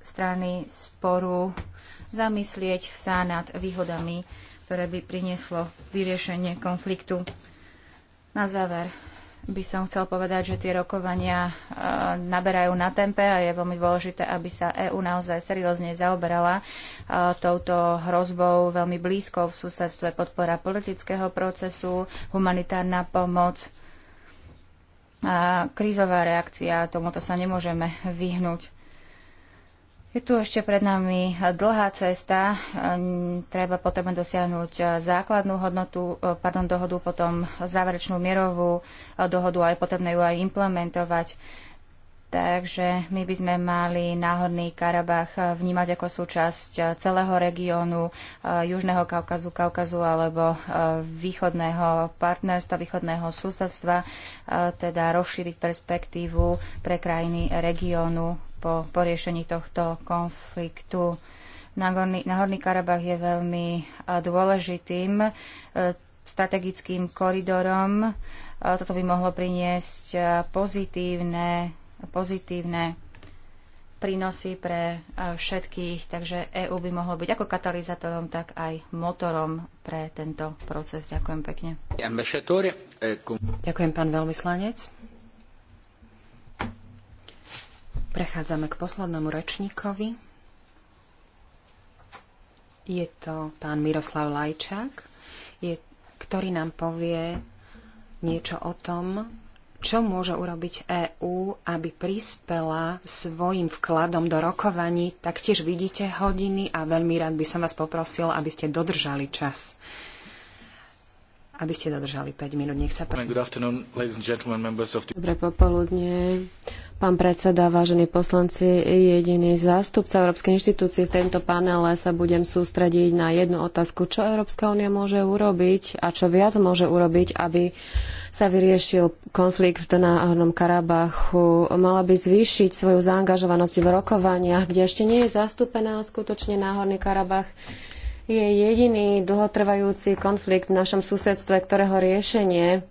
strany sporu zamyslieť sa nad výhodami, ktoré by prinieslo vyriešenie konfliktu. Na záver by som chcel povedať, že tie rokovania e, naberajú na tempe a je veľmi dôležité, aby sa EÚ naozaj seriózne zaoberala e, touto hrozbou veľmi blízko v susedstve podpora politického procesu, humanitárna pomoc a krízová reakcia. Tomuto sa nemôžeme vyhnúť. Je tu ešte pred nami dlhá cesta. Ehm, treba potom dosiahnuť eh, základnú hodnotu, eh, pardon, dohodu, potom záverečnú mierovú eh, dohodu, ale potrebné ju aj implementovať. Takže my by sme mali náhodný Karabach vnímať ako súčasť celého regiónu Južného Kaukazu, Kaukazu alebo východného partnerstva, východného susedstva, teda rozšíriť perspektívu pre krajiny regiónu po, po riešení tohto konfliktu. Nagorný, Nahorný Karabach je veľmi eh, dôležitým eh, strategickým koridorom. Eh, toto by mohlo priniesť pozitívne, pozitívne prínosy pre všetkých, takže EÚ by mohlo byť ako katalizátorom, tak aj motorom pre tento proces. Ďakujem pekne. Ďakujem, pán veľvyslanec. Prechádzame k poslednému rečníkovi. Je to pán Miroslav Lajčák, je, ktorý nám povie niečo o tom, čo môže urobiť EÚ, aby prispela svojim vkladom do rokovaní. Taktiež vidíte hodiny a veľmi rád by som vás poprosil, aby ste dodržali čas. Aby ste dodržali 5 minút, nech sa páči. Dobré popoludne, Pán predseda, vážení poslanci, jediný zástupca Európskej inštitúcie v tento panele sa budem sústrediť na jednu otázku. Čo Európska únia môže urobiť a čo viac môže urobiť, aby sa vyriešil konflikt na Hornom Karabachu? Mala by zvýšiť svoju zaangažovanosť v rokovaniach, kde ešte nie je zastúpená skutočne Náhorný Karabach je jediný dlhotrvajúci konflikt v našom susedstve, ktorého riešenie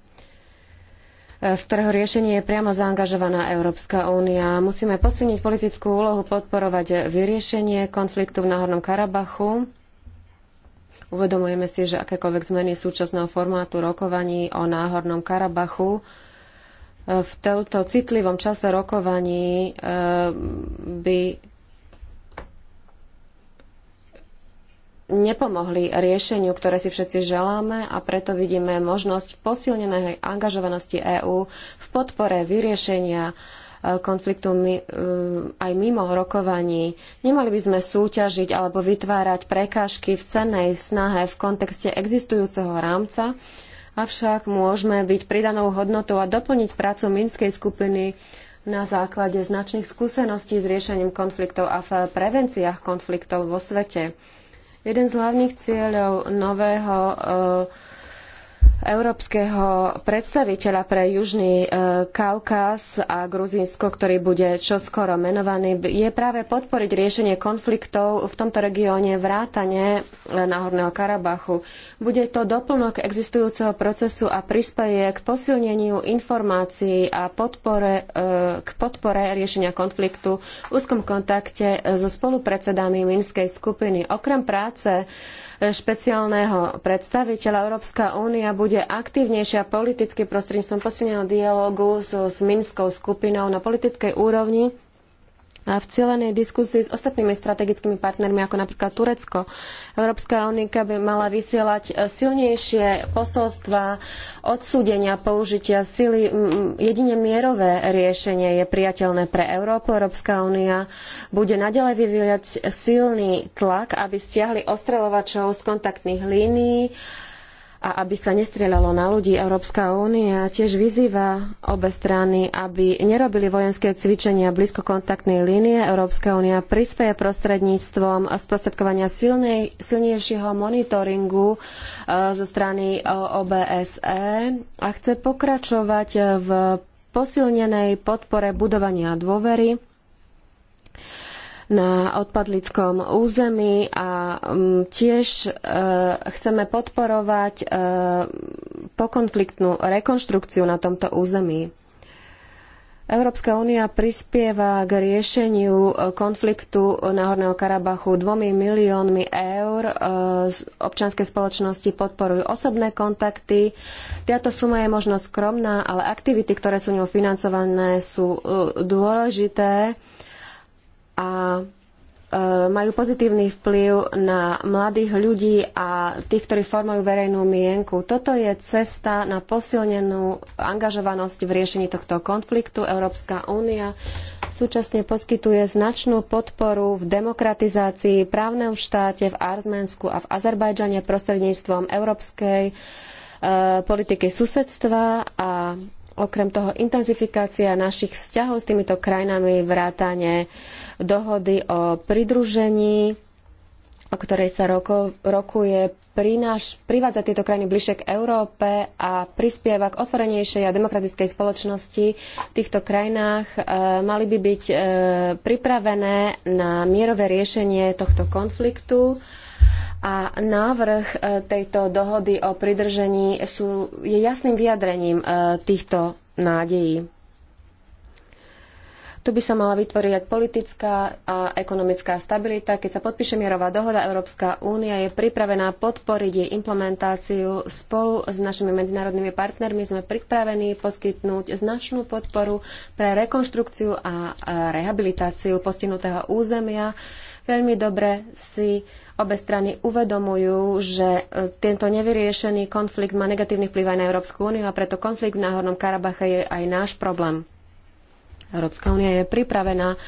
E, v ktorého riešení je priamo zaangažovaná Európska únia. Musíme posilniť politickú úlohu, podporovať vyriešenie konfliktu v Náhornom Karabachu. Uvedomujeme si, že akékoľvek zmeny súčasného formátu rokovaní o Náhornom Karabachu e, v tomto citlivom čase rokovaní e, by nepomohli riešeniu, ktoré si všetci želáme a preto vidíme možnosť posilnenej angažovanosti EÚ v podpore vyriešenia e, konfliktu e, aj mimo rokovaní. Nemali by sme súťažiť alebo vytvárať prekážky v cennej snahe v kontexte existujúceho rámca, avšak môžeme byť pridanou hodnotou a doplniť prácu Minskej skupiny na základe značných skúseností s riešením konfliktov a v prevenciách konfliktov vo svete. Jeden z hlavných cieľov nového európskeho predstaviteľa pre Južný e, Kaukaz a Gruzínsko, ktorý bude čoskoro menovaný, je práve podporiť riešenie konfliktov v tomto regióne vrátane e, Náhorného Karabachu. Bude to doplnok existujúceho procesu a prispeje k posilneniu informácií a podpore, e, k podpore riešenia konfliktu v úzkom kontakte so spolupredsedami Minskej skupiny. Okrem práce špeciálneho predstaviteľa Európska únia bude bude aktívnejšia politicky prostredníctvom posilneného dialógu s Minskou skupinou na politickej úrovni a v cielenej diskusii s ostatnými strategickými partnermi, ako napríklad Turecko. Európska únia by mala vysielať e, silnejšie posolstva odsúdenia použitia sily. Jedine mierové riešenie je prijateľné pre Európu. Európska únia bude naďalej vyvíjať silný tlak, aby stiahli ostreľovačov z kontaktných línií a aby sa nestrieľalo na ľudí. Európska únia tiež vyzýva obe strany, aby nerobili vojenské cvičenia blízko kontaktnej línie. Európska únia prispieje prostredníctvom sprostredkovania silnej, silnejšieho monitoringu e, zo strany OBSE a chce pokračovať v posilnenej podpore budovania dôvery na odpadlickom území a mm, tiež e, chceme podporovať e, pokonfliktnú rekonštrukciu na tomto území. Európska únia prispieva k riešeniu e, konfliktu Náhorného Karabachu dvomi miliónmi eur. Občianske spoločnosti podporujú osobné kontakty. Táto suma je možno skromná, ale aktivity, ktoré sú ňou financované, sú dôležité a e, majú pozitívny vplyv na mladých ľudí a tých, ktorí formujú verejnú mienku. Toto je cesta na posilnenú angažovanosť v riešení tohto konfliktu. Európska únia súčasne poskytuje značnú podporu v demokratizácii právneho štáte v Arzmensku a v Azerbajdžane prostredníctvom európskej e, politiky susedstva a Okrem toho intenzifikácia našich vzťahov s týmito krajinami, vrátane dohody o pridružení, o ktorej sa roko, rokuje, prináš, privádza tieto krajiny bližšie k Európe a prispieva k otvorenejšej a demokratickej spoločnosti v týchto krajinách. E, mali by byť e, pripravené na mierové riešenie tohto konfliktu. E, a návrh e, tejto dohody o pridržení sú, je jasným vyjadrením e, týchto nádejí. Tu by sa mala vytvoriť politická a ekonomická stabilita. Keď sa podpíše mierová dohoda, Európska únia je pripravená podporiť jej implementáciu. Spolu s našimi medzinárodnými partnermi sme pripravení poskytnúť značnú podporu pre rekonštrukciu a rehabilitáciu postihnutého územia. Veľmi dobre si obe strany uvedomujú, že e, tento nevyriešený konflikt má negatívny vplyv aj na Európsku úniu a preto konflikt v Náhornom Karabache je aj náš problém. Európska únia je pripravená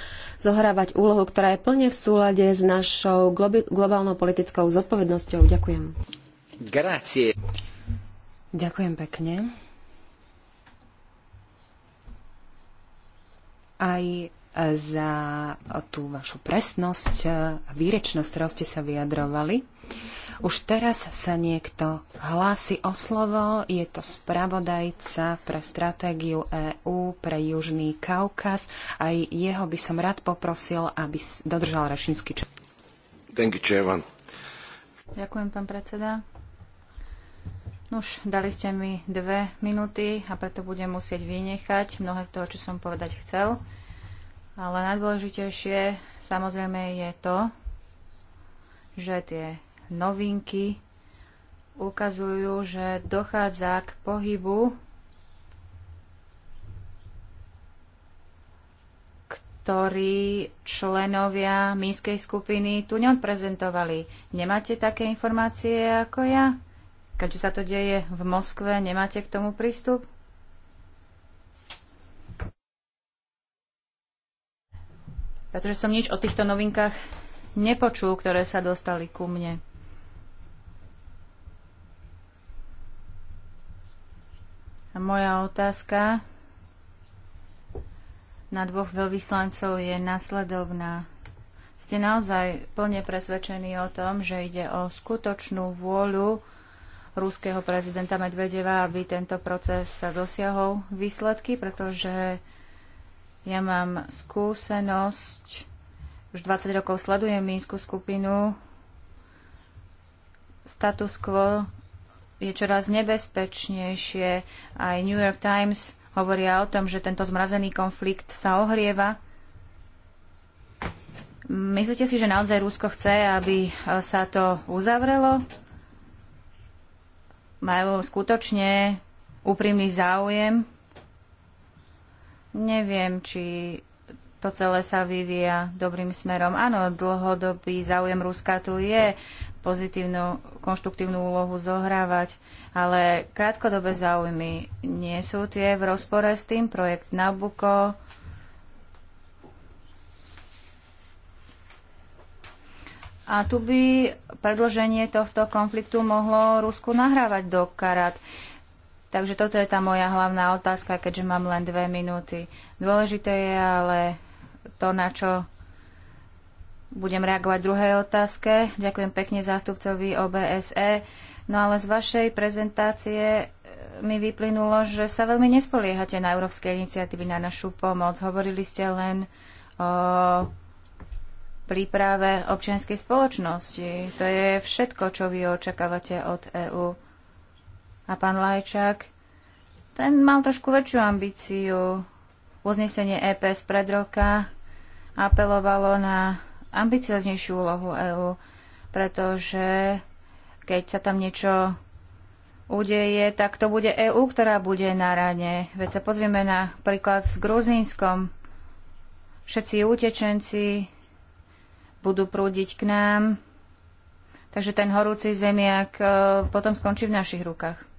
zohrávať úlohu, ktorá je plne v súlade s našou globálnou politickou zodpovednosťou. Ďakujem. Grazie. Ďakujem pekne. Aj za tú vašu presnosť a výrečnosť, ktorou ste sa vyjadrovali. Už teraz sa niekto hlási o slovo, je to spravodajca pre stratégiu EÚ pre Južný Kaukaz. Aj jeho by som rád poprosil, aby dodržal rašinský čas. Ďakujem, pán predseda. Už dali ste mi dve minúty a preto budem musieť vynechať mnohé z toho, čo som povedať chcel. Ale najdôležitejšie samozrejme je to, že tie novinky ukazujú, že dochádza k pohybu, ktorý členovia mínskej skupiny tu neodprezentovali. Nemáte také informácie ako ja? Keďže sa to deje v Moskve, nemáte k tomu prístup? pretože som nič o týchto novinkách nepočul, ktoré sa dostali ku mne. A moja otázka na dvoch veľvyslancov je nasledovná. Ste naozaj plne presvedčení o tom, že ide o skutočnú vôľu ruského prezidenta Medvedeva, aby tento proces dosiahol výsledky, pretože ja mám skúsenosť, už 20 rokov sledujem mínsku skupinu. Status quo je čoraz nebezpečnejšie. Aj New York Times hovoria o tom, že tento zmrazený konflikt sa ohrieva. Myslíte si, že naozaj Rusko chce, aby e, sa to uzavrelo? Majú skutočne úprimný záujem Neviem, či to celé sa vyvíja dobrým smerom. Áno, dlhodobý záujem Ruska tu je pozitívnu, konštruktívnu úlohu zohrávať, ale krátkodobé záujmy nie sú tie v rozpore s tým. Projekt Nabuko A tu by predlženie tohto konfliktu mohlo Rusku nahrávať do karát. Takže toto je tá moja hlavná otázka, keďže mám len dve minúty. Dôležité je ale to, na čo budem reagovať v druhej otázke. Ďakujem pekne zástupcovi OBSE. No ale z vašej prezentácie e, mi vyplynulo, že sa veľmi nespoliehate na európske iniciatívy, na našu pomoc. Hovorili ste len o príprave občianskej spoločnosti. To je všetko, čo vy očakávate od EÚ a pán Lajčák, ten mal trošku väčšiu ambíciu. Uznesenie EP z pred roka apelovalo na ambicioznejšiu úlohu EÚ, pretože keď sa tam niečo udeje, tak to bude EÚ, ktorá bude na rane. Veď sa pozrieme na príklad s Gruzínskom. Všetci utečenci budú prúdiť k nám, takže ten horúci zemiak e, potom skončí v našich rukách.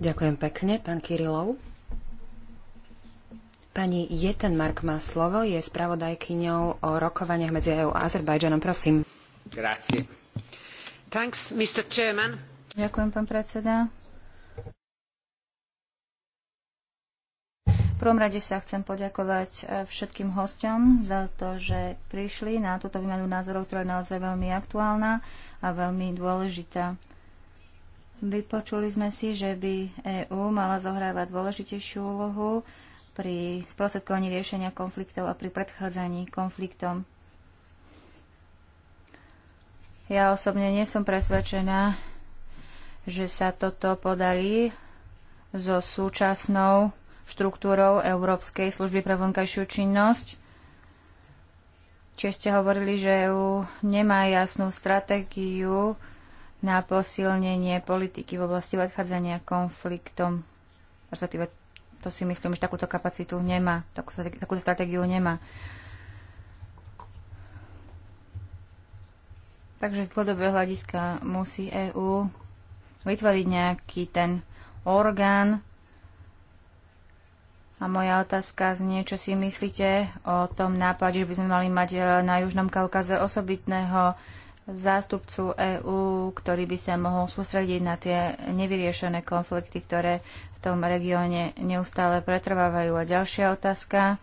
Ďakujem pekne, pán Kirilov. Pani Jeten Mark má slovo, je spravodajkyňou o rokovaniach medzi EU a Azerbajdžanom. Prosím. Grazie. Thanks, Mr. Chairman. Ďakujem, pán predseda. prvom rade sa chcem poďakovať e, všetkým hosťom za to, že prišli na túto výmenu názorov, ktorá je naozaj veľmi aktuálna a veľmi dôležitá. Vypočuli sme si, že by EÚ mala zohrávať dôležitejšiu úlohu pri sprostredkovaní riešenia konfliktov a pri predchádzaní konfliktom. Ja osobne nie som presvedčená, že sa toto podarí so súčasnou štruktúrou Európskej služby pre vonkajšiu činnosť. Čiže ste hovorili, že EU nemá jasnú stratégiu na posilnenie politiky v oblasti odchádzania konfliktom. Respektíve to si myslím, že takúto kapacitu nemá, takú, takúto stratégiu nemá. Takže z dlhodobého hľadiska musí EÚ vytvoriť nejaký ten orgán. A moja otázka znie, čo si myslíte o tom nápade, že by sme mali mať e, na Južnom Kaukaze osobitného zástupcu EÚ, ktorý by sa mohol sústrediť na tie nevyriešené konflikty, ktoré v tom regióne neustále pretrvávajú. A ďalšia otázka.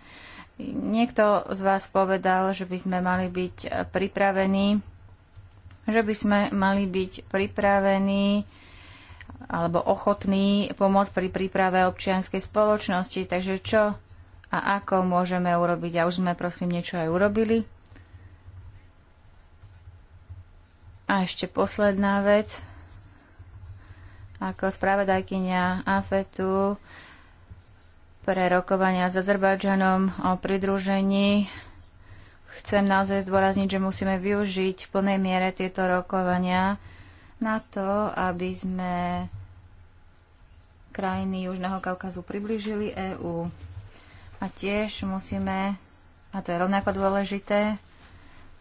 Niekto z vás povedal, že by sme mali byť pripravení, že by sme mali byť pripravení alebo ochotní pomôcť pri príprave občianskej spoločnosti. Takže čo a ako môžeme urobiť? A už sme prosím niečo aj urobili. A ešte posledná vec. Ako spravodajkynia AFETu pre rokovania s Azerbajdžanom o pridružení chcem naozaj zdôrazniť, že musíme využiť v plnej miere tieto rokovania na to, aby sme krajiny Južného Kaukazu priblížili EÚ. A tiež musíme, a to je rovnako dôležité,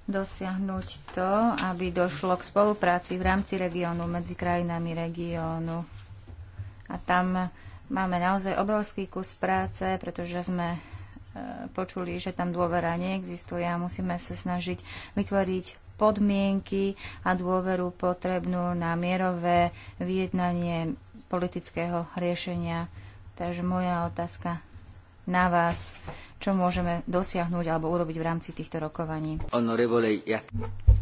dosiahnuť to, aby došlo k spolupráci v rámci regiónu medzi krajinami regiónu. A tam máme naozaj obrovský kus práce, pretože sme e, počuli, že tam dôvera neexistuje a musíme sa snažiť vytvoriť podmienky a dôveru potrebnú na mierové vyjednanie politického riešenia. Takže moja otázka na vás čo môžeme dosiahnuť alebo urobiť v rámci týchto rokovaní.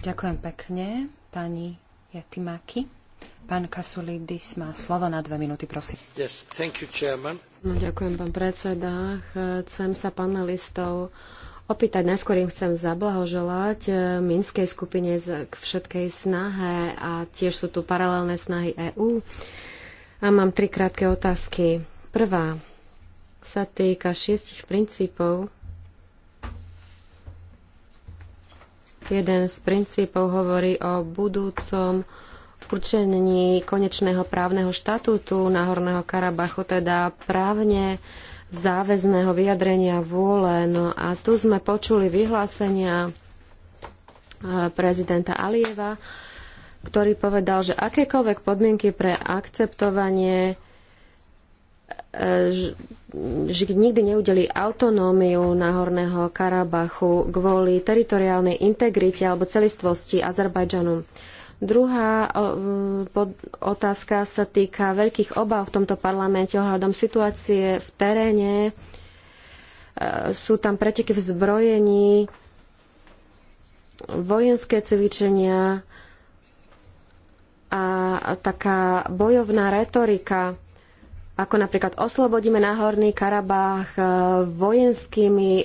Ďakujem pekne, pani Jatimaki. Pán Kasulidis má slovo na dve minúty, prosím. Yes, thank you, chairman. No, ďakujem, pán predseda. Chcem sa panelistov opýtať. Najskôr im chcem zablahoželať eh, Minskej skupine k všetkej snahe a tiež sú tu paralelné snahy EÚ. A mám tri krátke otázky. Prvá, sa týka šiestich princípov. Jeden z princípov hovorí o budúcom určení konečného právneho štatútu Náhorného Karabachu, teda právne záväzného vyjadrenia vôle. No a tu sme počuli vyhlásenia prezidenta Alieva, ktorý povedal, že akékoľvek podmienky pre akceptovanie E, že nikdy neudeli autonómiu Náhorného Karabachu kvôli teritoriálnej integrite alebo celistvosti Azerbajdžanu. Druhá otázka sa týka veľkých obáv v tomto parlamente ohľadom situácie v teréne. E, sú tam preteky v zbrojení, vojenské cvičenia a taká bojovná retorika ako napríklad oslobodíme Náhorný Karabách e, vojenskými e,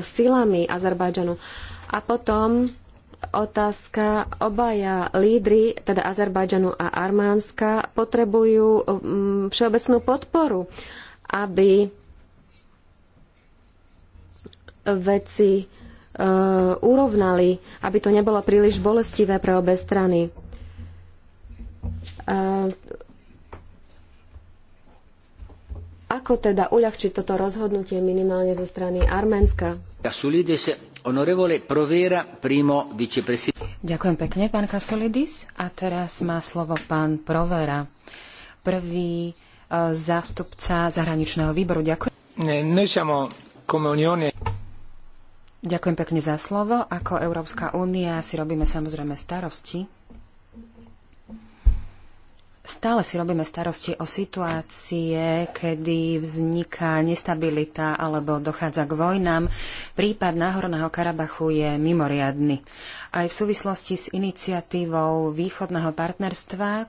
silami Azerbajdžanu. A potom otázka, obaja lídry, teda Azerbajdžanu a Armánska, potrebujú mm, všeobecnú podporu, aby veci e, urovnali, aby to nebolo príliš bolestivé pre obe strany Ako teda uľahčiť toto rozhodnutie minimálne zo strany Arménska? Ďakujem pekne, pán Kasolidis. A teraz má slovo pán Provera, prvý e, zástupca zahraničného výboru. Ďakujem. Ďakujem pekne za slovo. Ako Európska únia si robíme samozrejme starosti Stále si robíme starosti o situácie, kedy vzniká nestabilita alebo dochádza k vojnám. Prípad Náhorného Karabachu je mimoriadny. Aj v súvislosti s iniciatívou východného partnerstva, um,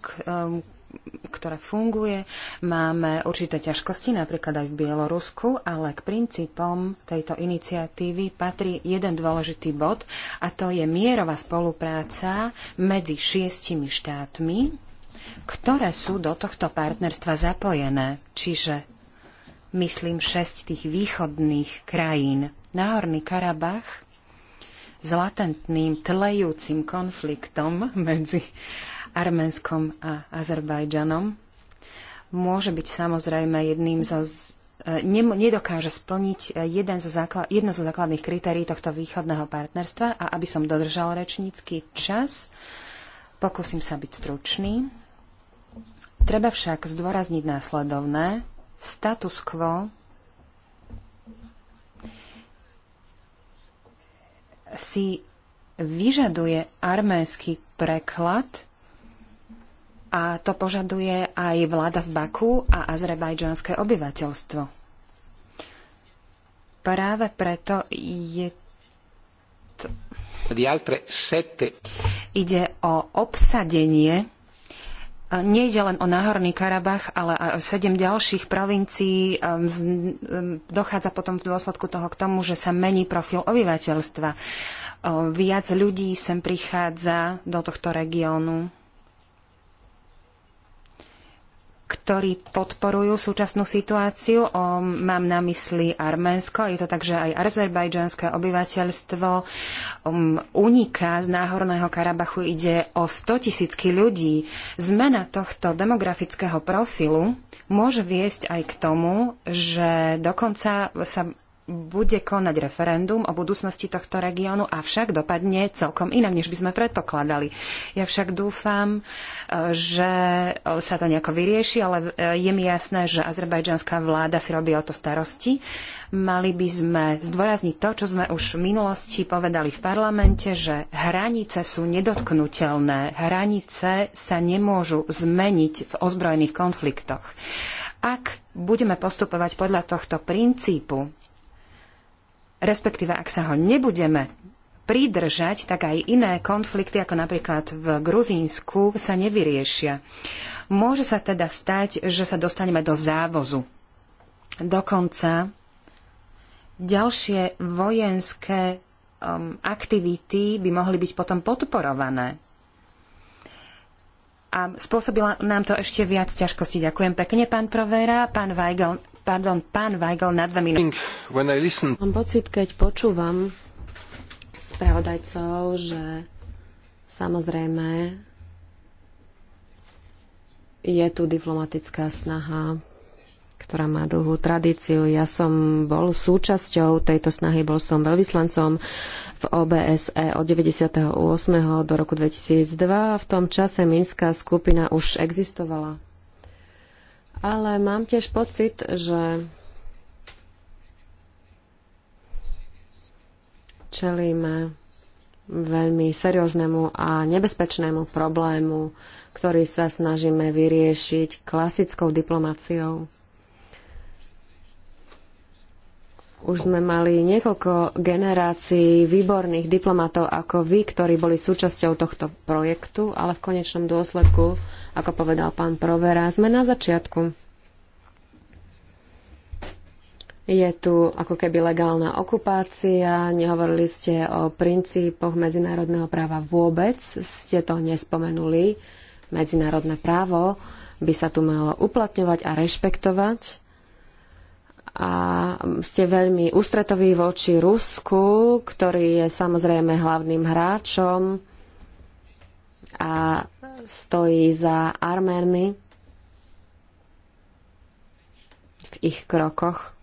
ktorá funguje. Máme určité ťažkosti, napríklad aj v Bielorusku, ale k princípom tejto iniciatívy patrí jeden dôležitý bod a to je mierová spolupráca medzi šiestimi štátmi ktoré sú do tohto partnerstva zapojené, čiže myslím šesť tých východných krajín. Náhorný Karabach s latentným, tlejúcim konfliktom medzi Arménskom a Azerbajdžanom môže byť samozrejme jedným zo e, nedokáže splniť e, jeden zo základ, jedno zo základných kritérií tohto východného partnerstva a aby som dodržal rečnícky čas, pokúsim sa byť stručný. Treba však zdôrazniť následovné. Status quo si vyžaduje arménsky preklad a to požaduje aj vláda v Baku a azerbajdžanské obyvateľstvo. Práve preto je to... Ide o obsadenie Nejde len o Náhorný Karabach, ale aj o sedem ďalších provincií. Ehm, ehm, dochádza potom v dôsledku toho k tomu, že sa mení profil obyvateľstva. Viac ľudí sem prichádza do tohto regiónu. ktorí podporujú súčasnú situáciu. O, mám na mysli Arménsko, je to tak, že aj azerbajdžanské obyvateľstvo um, uniká z Náhorného Karabachu, ide o 100 tisícky ľudí. Zmena tohto demografického profilu môže viesť aj k tomu, že dokonca sa bude konať referendum o budúcnosti tohto regiónu, avšak dopadne celkom inak, než by sme predpokladali. Ja však dúfam, e, že e, sa to nejako vyrieši, ale e, je mi jasné, že azerbajdžanská vláda si robí o to starosti. Mali by sme zdôrazniť to, čo sme už v minulosti povedali v parlamente, že hranice sú nedotknutelné, hranice sa nemôžu zmeniť v ozbrojených konfliktoch. Ak budeme postupovať podľa tohto princípu, respektíve ak sa ho nebudeme pridržať, tak aj iné konflikty, ako napríklad v Gruzínsku, sa nevyriešia. Môže sa teda stať, že sa dostaneme do závozu. Dokonca ďalšie vojenské um, aktivity by mohli byť potom podporované. A spôsobila nám to ešte viac ťažkosti. Ďakujem pekne, pán Provera. Pán Weigel, pardon, pán Weigel na minúty. Mám pocit, keď počúvam spravodajcov, že samozrejme je tu diplomatická snaha, ktorá má dlhú tradíciu. Ja som bol súčasťou tejto snahy, bol som veľvyslancom v OBSE od 98. do roku 2002. V tom čase Minská skupina už existovala ale mám tiež pocit, že čelíme veľmi serióznemu a nebezpečnému problému, ktorý sa snažíme vyriešiť klasickou diplomáciou. Už sme mali niekoľko generácií výborných diplomatov ako vy, ktorí boli súčasťou tohto projektu, ale v konečnom dôsledku, ako povedal pán Provera, sme na začiatku. Je tu ako keby legálna okupácia, nehovorili ste o princípoch medzinárodného práva vôbec, ste to nespomenuli. Medzinárodné právo by sa tu malo uplatňovať a rešpektovať a ste veľmi ústretoví voči Rusku, ktorý je samozrejme hlavným hráčom a stojí za Arménmi v ich krokoch.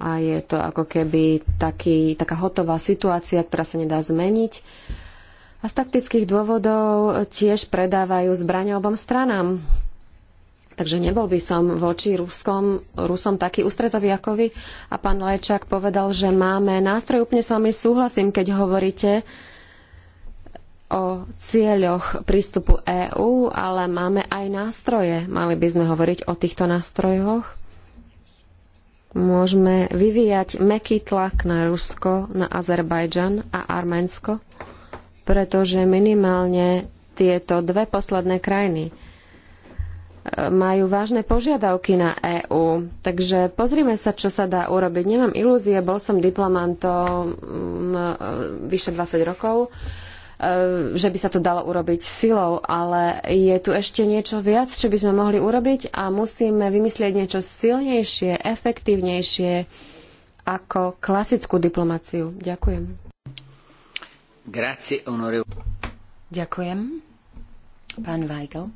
A je to ako keby taký, taká hotová situácia, ktorá sa nedá zmeniť. A z taktických dôvodov tiež predávajú zbrania obom stranám. Takže nebol by som voči Ruskom, Rusom taký ústretový ako vy. A pán Lajčák povedal, že máme nástroj. Úplne s vami súhlasím, keď hovoríte o cieľoch prístupu EÚ, ale máme aj nástroje. Mali by sme hovoriť o týchto nástrojoch. Môžeme vyvíjať meký tlak na Rusko, na Azerbajdžan a Arménsko, pretože minimálne tieto dve posledné krajiny majú vážne požiadavky na EÚ. Takže pozrime sa, čo sa dá urobiť. Nemám ilúzie, bol som diplomantom mm, e, vyše 20 rokov, e, že by sa to dalo urobiť silou, ale je tu ešte niečo viac, čo by sme mohli urobiť a musíme vymyslieť niečo silnejšie, efektívnejšie ako klasickú diplomáciu. Ďakujem. Grazie, Ďakujem. Pán Weigel.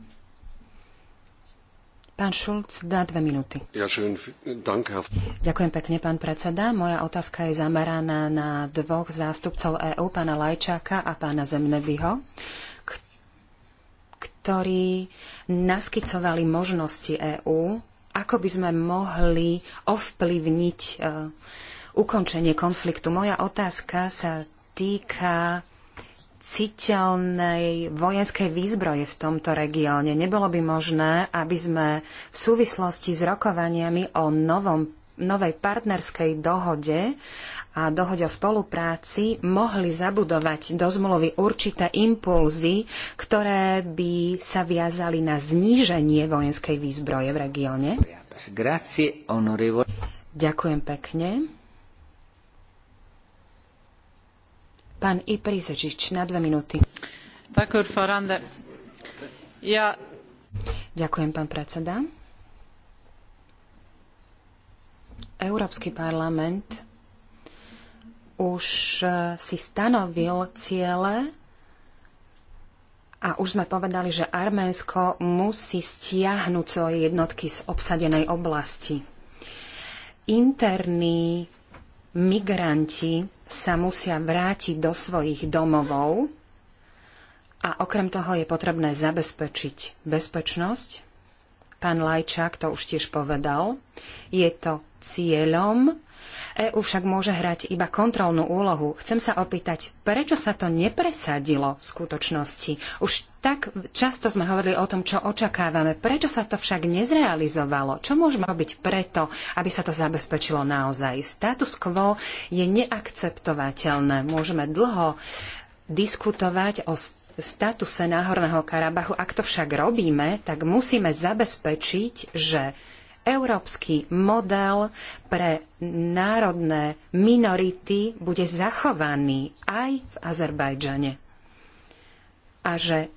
Pán Šulc, dá dve minúty. Ja, schön, danke. Ďakujem pekne, pán predseda. Moja otázka je zameraná na dvoch zástupcov EÚ, pána Lajčáka a pána Zemnevyho, ktorí naskycovali možnosti EÚ, ako by sme mohli ovplyvniť e, ukončenie konfliktu. Moja otázka sa týka citeľnej vojenskej výzbroje v tomto regióne. Nebolo by možné, aby sme v súvislosti s rokovaniami o novom, novej partnerskej dohode a dohode o spolupráci mohli zabudovať do zmluvy určité impulzy, ktoré by sa viazali na zníženie vojenskej výzbroje v regióne. Ďakujem pekne. Pán Iprisečič, na dve minúty. Ďakujem, pán predseda. Európsky parlament už eh, si stanovil ciele a už sme povedali, že Arménsko musí stiahnuť svoje jednotky z obsadenej oblasti. Interní migranti sa musia vrátiť do svojich domovov a okrem toho je potrebné zabezpečiť bezpečnosť. Pán Lajčák to už tiež povedal. Je to cieľom EÚ však môže hrať iba kontrolnú úlohu. Chcem sa opýtať, prečo sa to nepresadilo v skutočnosti? Už tak často sme hovorili o tom, čo očakávame. Prečo sa to však nezrealizovalo? Čo môžeme robiť preto, aby sa to zabezpečilo naozaj? Status quo je neakceptovateľné. Môžeme dlho diskutovať o statuse Náhorného Karabachu. Ak to však robíme, tak musíme zabezpečiť, že európsky model pre národné minority bude zachovaný aj v Azerbajdžane. A že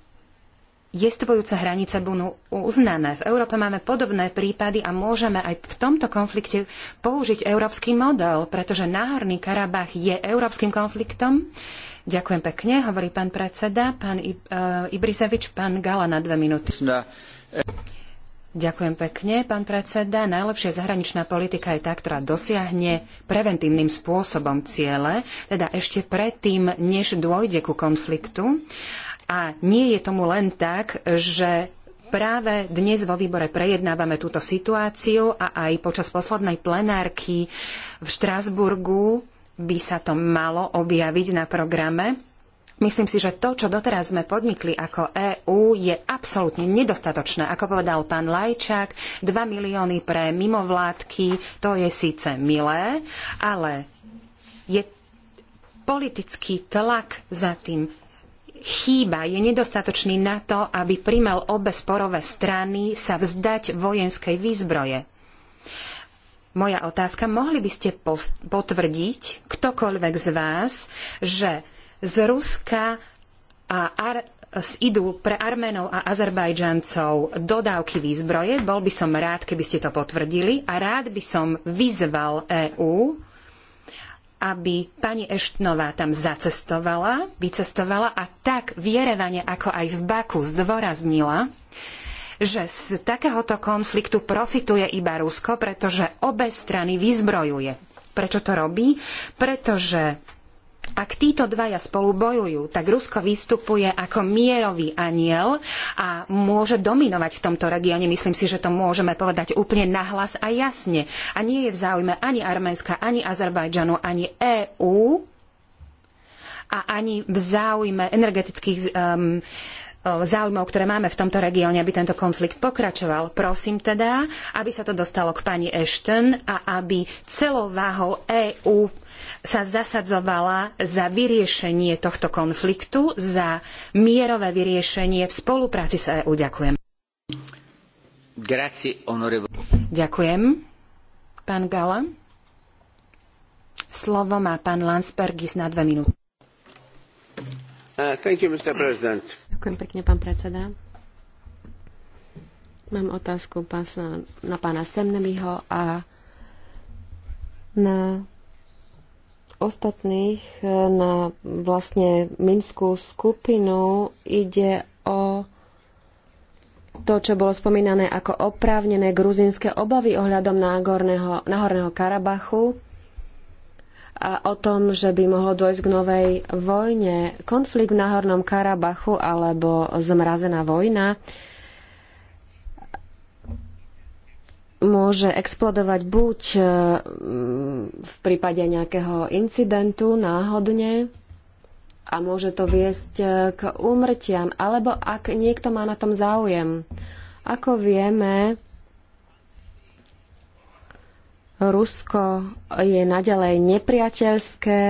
jestvujúce hranice budú uznané. V Európe máme podobné prípady a môžeme aj v tomto konflikte použiť európsky model, pretože Náhorný Karabach je európskym konfliktom. Ďakujem pekne, hovorí pán predseda, pán e, Ibrisevič, pán Gala na dve minúty. Ďakujem pekne, pán predseda. Najlepšia zahraničná politika je tá, ktorá dosiahne preventívnym spôsobom ciele, teda ešte predtým, než dôjde ku konfliktu. A nie je tomu len tak, že práve dnes vo výbore prejednávame túto situáciu a aj počas poslednej plenárky v Štrasburgu by sa to malo objaviť na programe. Myslím si, že to, čo doteraz sme podnikli ako EÚ, je absolútne nedostatočné. Ako povedal pán Lajčák, 2 milióny pre mimovládky, to je síce milé, ale je politický tlak za tým chýba, je nedostatočný na to, aby primel obe sporové strany sa vzdať vojenskej výzbroje. Moja otázka, mohli by ste potvrdiť, ktokoľvek z vás, že z Ruska a Ar- idú pre Arménov a Azerbajdžancov dodávky výzbroje. Bol by som rád, keby ste to potvrdili a rád by som vyzval EÚ, aby pani Eštnová tam zacestovala, vycestovala a tak v Jerevane, ako aj v Baku zdôraznila, že z takéhoto konfliktu profituje iba Rusko, pretože obe strany vyzbrojuje. Prečo to robí? Pretože ak títo dvaja spolu bojujú, tak Rusko vystupuje ako mierový aniel a môže dominovať v tomto regióne. Myslím si, že to môžeme povedať úplne nahlas a jasne. A nie je v záujme ani Arménska, ani Azerbajdžanu, ani EÚ a ani v záujme energetických um, záujmov, ktoré máme v tomto regióne, aby tento konflikt pokračoval. Prosím teda, aby sa to dostalo k pani Ashton a aby celou váhou EÚ sa zasadzovala za vyriešenie tohto konfliktu, za mierové vyriešenie v spolupráci s EÚ. Ďakujem. Grazie, Ďakujem, pán Gala. Slovo má pán Landsbergis na dve minúty. Uh, you, Ďakujem pekne, pán predseda. Mám otázku na pána Stemnemiho a na ostatných e, na vlastne Minskú skupinu ide o to, čo bolo spomínané ako oprávnené gruzinské obavy ohľadom Nahorného, náhorného Karabachu a o tom, že by mohlo dôjsť k novej vojne. Konflikt v náhornom Karabachu alebo zmrazená vojna môže explodovať buď e, v prípade nejakého incidentu náhodne a môže to viesť e, k úmrtiam, alebo ak niekto má na tom záujem. Ako vieme, Rusko je naďalej nepriateľské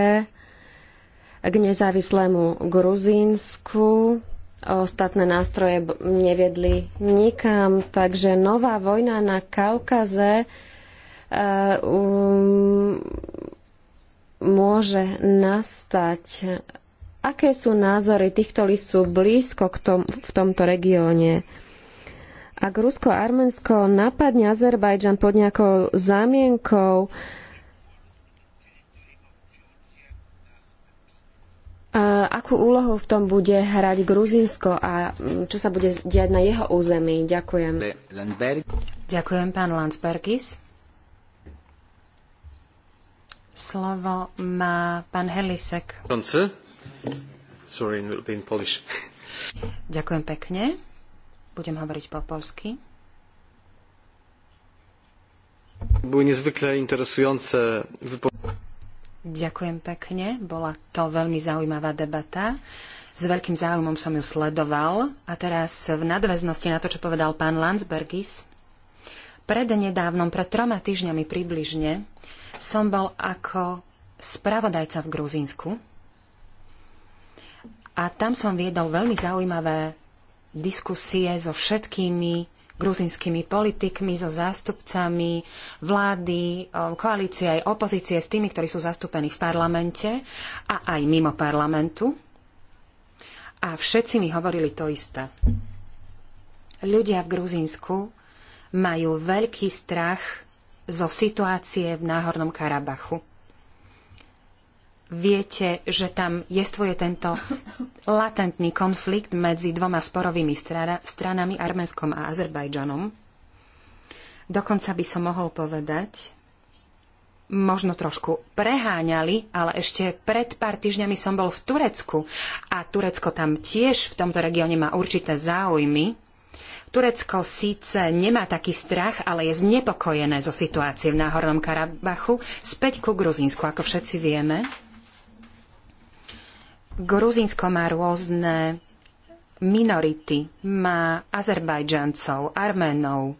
k nezávislému Gruzínsku Ostatné nástroje neviedli nikam, takže nová vojna na Kaukaze eh, um, môže nastať. Aké sú názory tých, ktorí sú blízko k tom, v tomto regióne? Ak Rusko Arménsko napadne Azerbajdžan pod nejakou zámienkou, uh, Akú úlohu v tom bude hrať Gruzínsko a mm, čo sa bude diať na jeho území? Ďakujem. Ďakujem, pán Landsbergis. Slovo má pán Helisek. Sorry, be in Polish. Ďakujem pekne. Budem hovoriť po polsky. Były niezwykle interesujące wypowiedzi. Ďakujem pekne. Bola to veľmi zaujímavá debata. S veľkým záujmom som ju sledoval. A teraz v nadväznosti na to, čo povedal pán Landsbergis, prednedávnom, pred troma týždňami približne, som bol ako spravodajca v Gruzínsku. A tam som viedol veľmi zaujímavé diskusie so všetkými gruzinskými politikmi, so zástupcami vlády, koalície aj opozície, s tými, ktorí sú zastúpení v parlamente a aj mimo parlamentu. A všetci mi hovorili to isté. Ľudia v Gruzínsku majú veľký strach zo situácie v Náhornom Karabachu viete, že tam je stvoje tento latentný konflikt medzi dvoma sporovými stranami, Arménskom a Azerbajdžanom. Dokonca by som mohol povedať, možno trošku preháňali, ale ešte pred pár týždňami som bol v Turecku a Turecko tam tiež v tomto regióne má určité záujmy. Turecko síce nemá taký strach, ale je znepokojené zo situácie v Náhornom Karabachu späť ku Gruzínsku, ako všetci vieme. Gruzínsko má rôzne minority, má Azerbajdžancov, Arménov.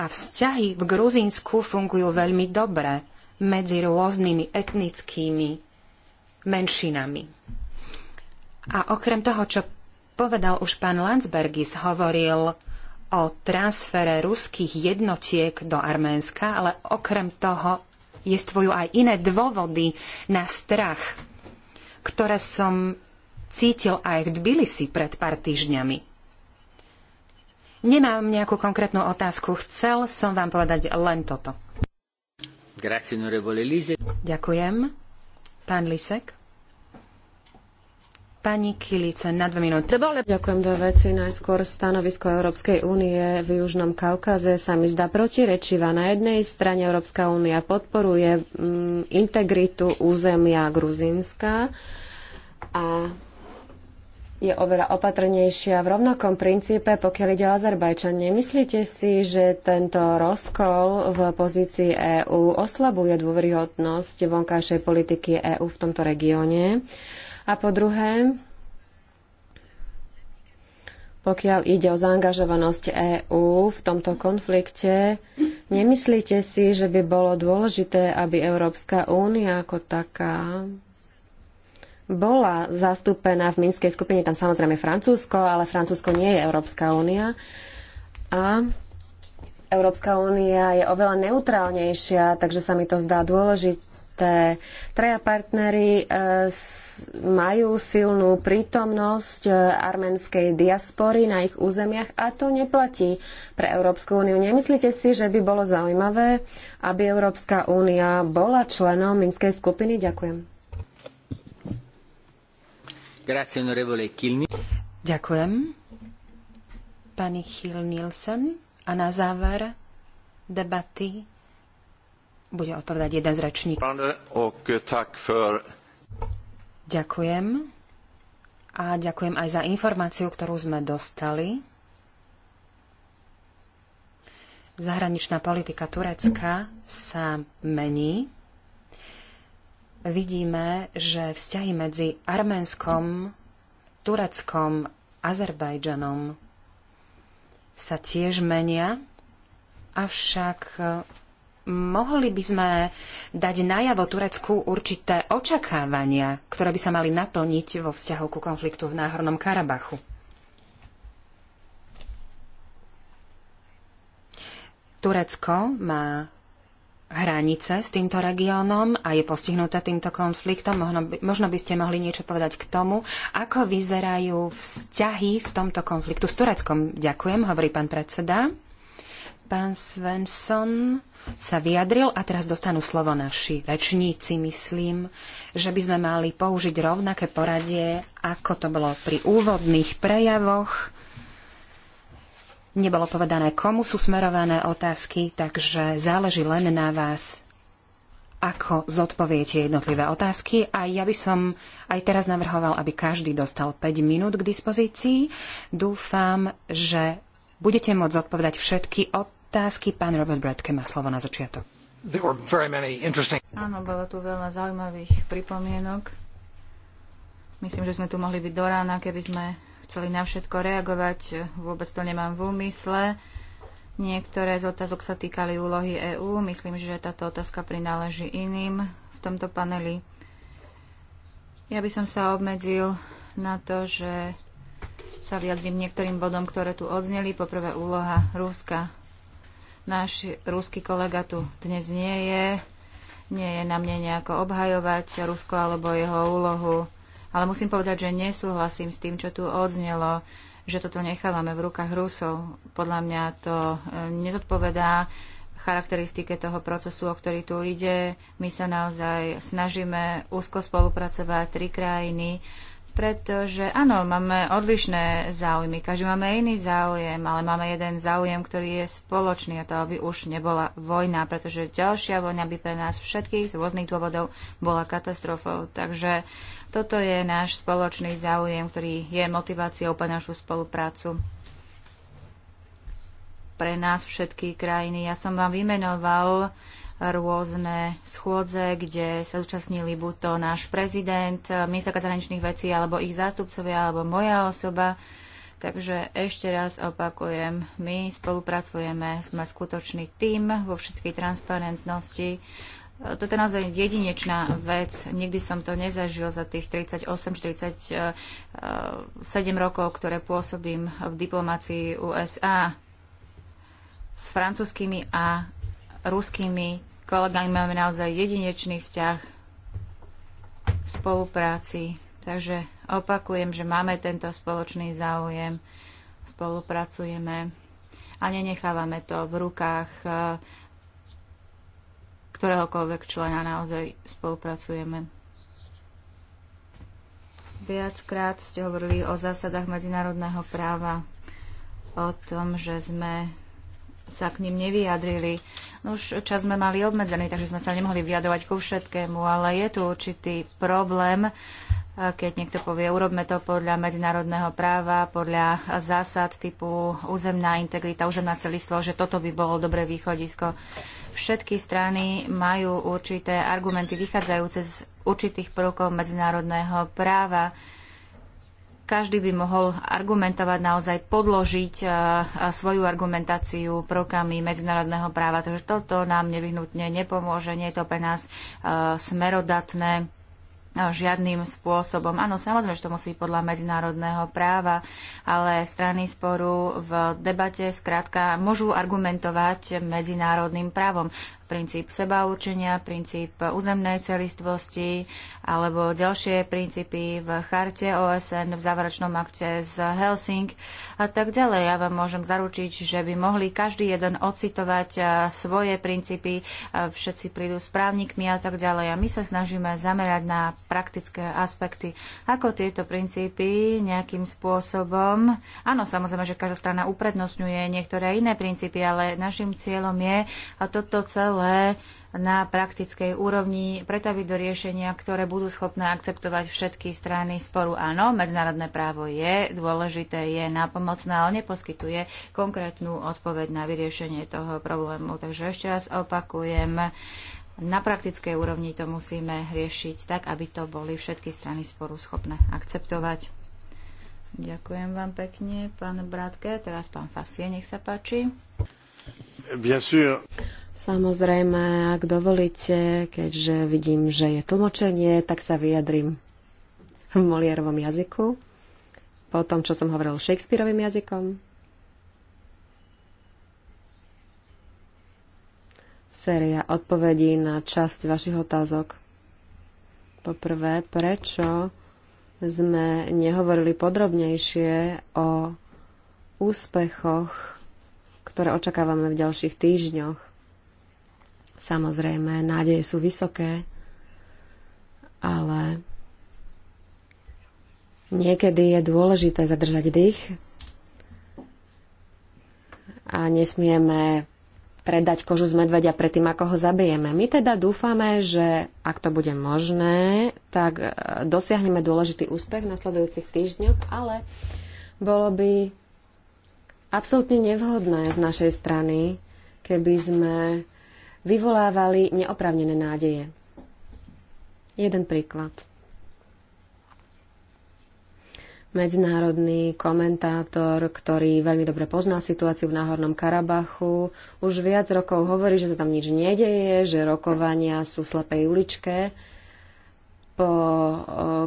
A vzťahy v Gruzínsku fungujú veľmi dobre medzi rôznymi etnickými menšinami. A okrem toho, čo povedal už pán Landsbergis, hovoril o transfere ruských jednotiek do Arménska, ale okrem toho jestvujú aj iné dôvody na strach ktoré som cítil aj v Tbilisi pred pár týždňami. Nemám nejakú konkrétnu otázku. Chcel som vám povedať len toto. Grazie, Ďakujem. Pán Lisek. Pani Kilice, na dve minúty. Ďakujem dve veci. Najskôr stanovisko Európskej únie v Južnom Kaukaze sa mi zdá protirečivá. Na jednej strane Európska únia podporuje mm, integritu územia Gruzínska a je oveľa opatrnejšia v rovnakom princípe, pokiaľ ide o Azerbajčan. Nemyslíte si, že tento rozkol v pozícii EÚ oslabuje dôveryhodnosť vonkajšej politiky EÚ v tomto regióne? A po druhé, pokiaľ ide o zaangažovanosť EÚ v tomto konflikte, nemyslíte si, že by bolo dôležité, aby Európska únia ako taká bola zastúpená v Minskej skupine, tam samozrejme Francúzsko, ale Francúzsko nie je Európska únia. A Európska únia je oveľa neutrálnejšia, takže sa mi to zdá dôležité dôležité. Traja partnery e, majú silnú prítomnosť e, arménskej diaspory na ich územiach a to neplatí pre Európsku úniu. Nemyslíte si, že by bolo zaujímavé, aby Európska únia bola členom Minskej skupiny? Ďakujem. Ďakujem. Pani Chil Nielsen. A na záver debaty bude odpovedať jeden z rečníkov. Ďakujem. A ďakujem aj za informáciu, ktorú sme dostali. Zahraničná politika Turecka sa mení. Vidíme, že vzťahy medzi Arménskom, Tureckom, Azerbajdžanom sa tiež menia, avšak mohli by sme dať najavo Turecku určité očakávania, ktoré by sa mali naplniť vo vzťahu ku konfliktu v Náhornom Karabachu? Turecko má hranice s týmto regiónom a je postihnuté týmto konfliktom. Možno by, možno by ste mohli niečo povedať k tomu, ako vyzerajú vzťahy v tomto konfliktu s Tureckom. Ďakujem, hovorí pán predseda. Pán Svensson sa vyjadril a teraz dostanú slovo naši rečníci. Myslím, že by sme mali použiť rovnaké poradie, ako to bolo pri úvodných prejavoch. Nebolo povedané, komu sú smerované otázky, takže záleží len na vás, ako zodpoviete jednotlivé otázky. A ja by som aj teraz navrhoval, aby každý dostal 5 minút k dispozícii. Dúfam, že budete môcť zodpovedať všetky otázky otázky. Pán Robert Bradke má slovo na začiatok. Interesting... Áno, bolo tu veľa zaujímavých pripomienok. Myslím, že sme tu mohli byť do rána, keby sme chceli na všetko reagovať. Vôbec to nemám v úmysle. Niektoré z otázok sa týkali úlohy EÚ. Myslím, že táto otázka prináleží iným v tomto paneli. Ja by som sa obmedzil na to, že sa vyjadrím niektorým bodom, ktoré tu odzneli. Poprvé úloha Ruska. Náš ruský kolega tu dnes nie je. Nie je na mne nejako obhajovať Rusko alebo jeho úlohu. Ale musím povedať, že nesúhlasím s tým, čo tu odznelo, že toto nechávame v rukách Rusov. Podľa mňa to e, nezodpovedá charakteristike toho procesu, o ktorý tu ide. My sa naozaj snažíme úzko spolupracovať tri krajiny pretože áno, máme odlišné záujmy, každý máme iný záujem, ale máme jeden záujem, ktorý je spoločný a to by už nebola vojna, pretože ďalšia vojna by pre nás všetkých z rôznych dôvodov bola katastrofou. Takže toto je náš spoločný záujem, ktorý je motiváciou pre našu spoluprácu pre nás všetky krajiny. Ja som vám vymenoval rôzne schôdze, kde sa zúčastnili buď to náš prezident, eh, ministerka zahraničných vecí, alebo ich zástupcovia, alebo moja osoba. Takže ešte raz opakujem, my spolupracujeme, sme skutočný tým vo všetkej transparentnosti. Eh, toto je naozaj jedinečná vec. Nikdy som to nezažil za tých 38-47 eh, rokov, ktoré pôsobím v diplomácii USA s francúzskými a ruskými kolegami máme naozaj jedinečný vzťah v spolupráci. Takže opakujem, že máme tento spoločný záujem, spolupracujeme a nenechávame to v rukách eh, ktoréhokoľvek člena naozaj spolupracujeme. Viackrát ste hovorili o zásadách medzinárodného práva, o tom, že sme sa k ním nevyjadrili. No Už čas sme mali obmedzený, takže sme sa nemohli vyjadovať ku všetkému, ale je tu určitý problém, e, keď niekto povie, urobme to podľa medzinárodného práva, podľa zásad typu územná integrita, územná celistvo, že toto by bolo dobré východisko. Všetky strany majú určité argumenty vychádzajúce z určitých prvkov medzinárodného práva každý by mohol argumentovať, naozaj podložiť e, e, svoju argumentáciu prvkami medzinárodného práva. Takže toto nám nevyhnutne nepomôže, nie je to pre nás e, smerodatné žiadnym spôsobom. Áno, samozrejme, že to musí podľa medzinárodného práva, ale strany sporu v debate skrátka môžu argumentovať medzinárodným právom. Princíp sebaúčenia, princíp územnej celistvosti, alebo ďalšie princípy v charte OSN, v záverečnom akte z Helsing a tak ďalej. Ja vám môžem zaručiť, že by mohli každý jeden ocitovať eh, svoje princípy, eh, všetci prídu s právnikmi a tak ďalej. A my sa snažíme zamerať na praktické aspekty, ako tieto princípy nejakým spôsobom. Áno, samozrejme, že každá strana uprednostňuje niektoré iné princípy, ale našim cieľom je toto celé na praktickej úrovni pretaviť do riešenia, ktoré budú schopné akceptovať všetky strany sporu. Áno, medzinárodné právo je dôležité, je nápomocné, ale neposkytuje konkrétnu odpoveď na vyriešenie toho problému. Takže ešte raz opakujem, na praktickej úrovni to musíme riešiť tak, aby to boli všetky strany sporu schopné akceptovať. Ďakujem vám pekne, pán Bratke. Teraz pán Fasie, nech sa páči. Bien sûr. Samozrejme, ak dovolíte, keďže vidím, že je tlmočenie, tak sa vyjadrím v Molierovom jazyku, po tom, čo som hovoril Shakespeareovým jazykom. Séria odpovedí na časť vašich otázok. Poprvé, prečo sme nehovorili podrobnejšie o úspechoch, ktoré očakávame v ďalších týždňoch Samozrejme, nádeje sú vysoké, ale niekedy je dôležité zadržať dých a nesmieme predať kožu z medvedia predtým, ako ho zabijeme. My teda dúfame, že ak to bude možné, tak e, dosiahneme dôležitý úspech v nasledujúcich týždňoch, ale bolo by absolútne nevhodné z našej strany, keby sme vyvolávali neoprávnené nádeje. Jeden príklad. Medzinárodný komentátor, ktorý veľmi dobre pozná situáciu v Náhornom Karabachu, už viac rokov hovorí, že sa tam nič nedeje, že rokovania sú v slepej uličke. Po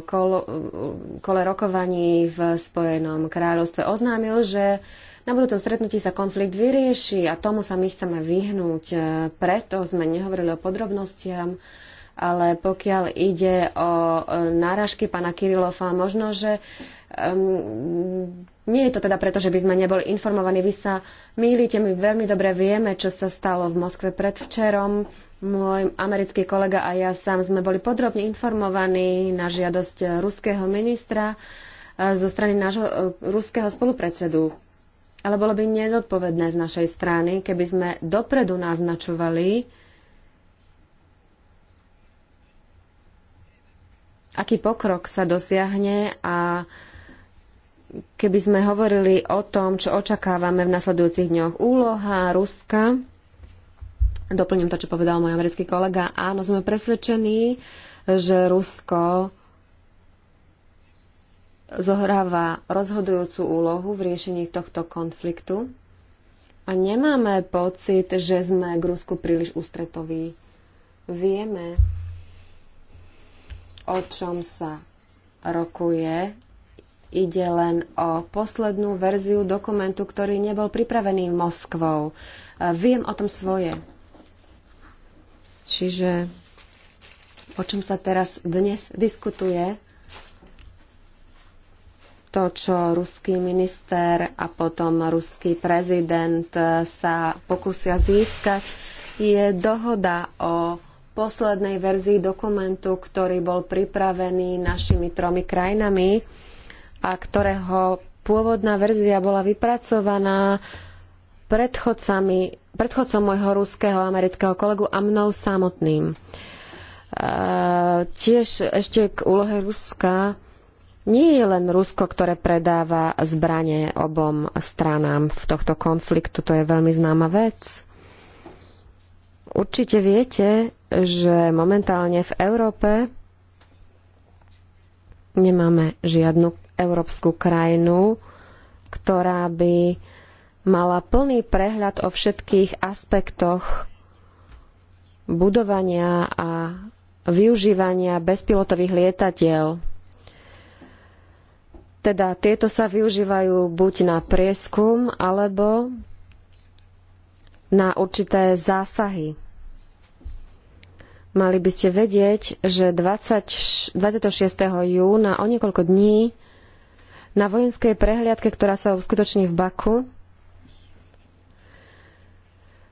kolo, kole rokovaní v Spojenom kráľovstve oznámil, že na budúcom stretnutí sa konflikt vyrieši a tomu sa my chceme vyhnúť. E, preto sme nehovorili o podrobnostiam, ale pokiaľ ide o e, náražky pána Kirilova, možno, že um, nie je to teda preto, že by sme neboli informovaní. Vy sa mýlite, my veľmi dobre vieme, čo sa stalo v Moskve predvčerom. Môj americký kolega a ja sám sme boli podrobne informovaní na žiadosť ruského ministra e, zo strany nášho ruského spolupredsedu ale bolo by nezodpovedné z našej strany, keby sme dopredu naznačovali, aký pokrok sa dosiahne a keby sme hovorili o tom, čo očakávame v nasledujúcich dňoch. Úloha Ruska, doplním to, čo povedal môj americký kolega, áno, sme presvedčení, že Rusko zohráva rozhodujúcu úlohu v riešení tohto konfliktu a nemáme pocit, že sme k Rusku príliš ústretoví. Vieme, o čom sa rokuje. Ide len o poslednú verziu dokumentu, ktorý nebol pripravený Moskvou. Viem o tom svoje. Čiže o čom sa teraz dnes diskutuje, to, čo ruský minister a potom ruský prezident sa pokúsia získať, je dohoda o poslednej verzii dokumentu, ktorý bol pripravený našimi tromi krajinami a ktorého pôvodná verzia bola vypracovaná predchodcami, predchodcom môjho ruského amerického kolegu a mnou samotným. E, tiež ešte k úlohe Ruska nie je len Rusko, ktoré predáva zbranie obom stranám v tohto konfliktu, to je veľmi známa vec. Určite viete, že momentálne v Európe nemáme žiadnu európsku krajinu, ktorá by mala plný prehľad o všetkých aspektoch budovania a využívania bezpilotových lietadiel teda tieto sa využívajú buď na prieskum, alebo na určité zásahy. Mali by ste vedieť, že 20, 26. júna o niekoľko dní na vojenskej prehliadke, ktorá sa uskutoční v Baku,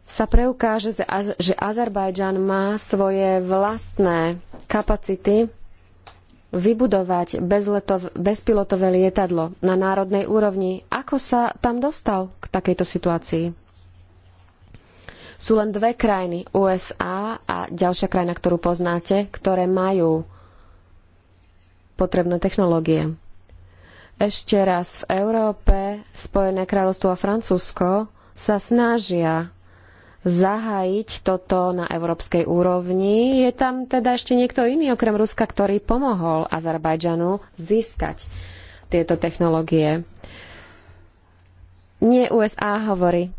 sa preukáže, že Azerbajdžan má svoje vlastné kapacity vybudovať bezletov, bezpilotové lietadlo na národnej úrovni. Ako sa tam dostal k takejto situácii? Sú len dve krajiny, USA a ďalšia krajina, ktorú poznáte, ktoré majú potrebné technológie. Ešte raz, v Európe Spojené kráľovstvo a Francúzsko sa snažia zahájiť toto na európskej úrovni. Je tam teda ešte niekto iný okrem Ruska, ktorý pomohol Azerbajdžanu získať tieto technológie. Nie USA hovorí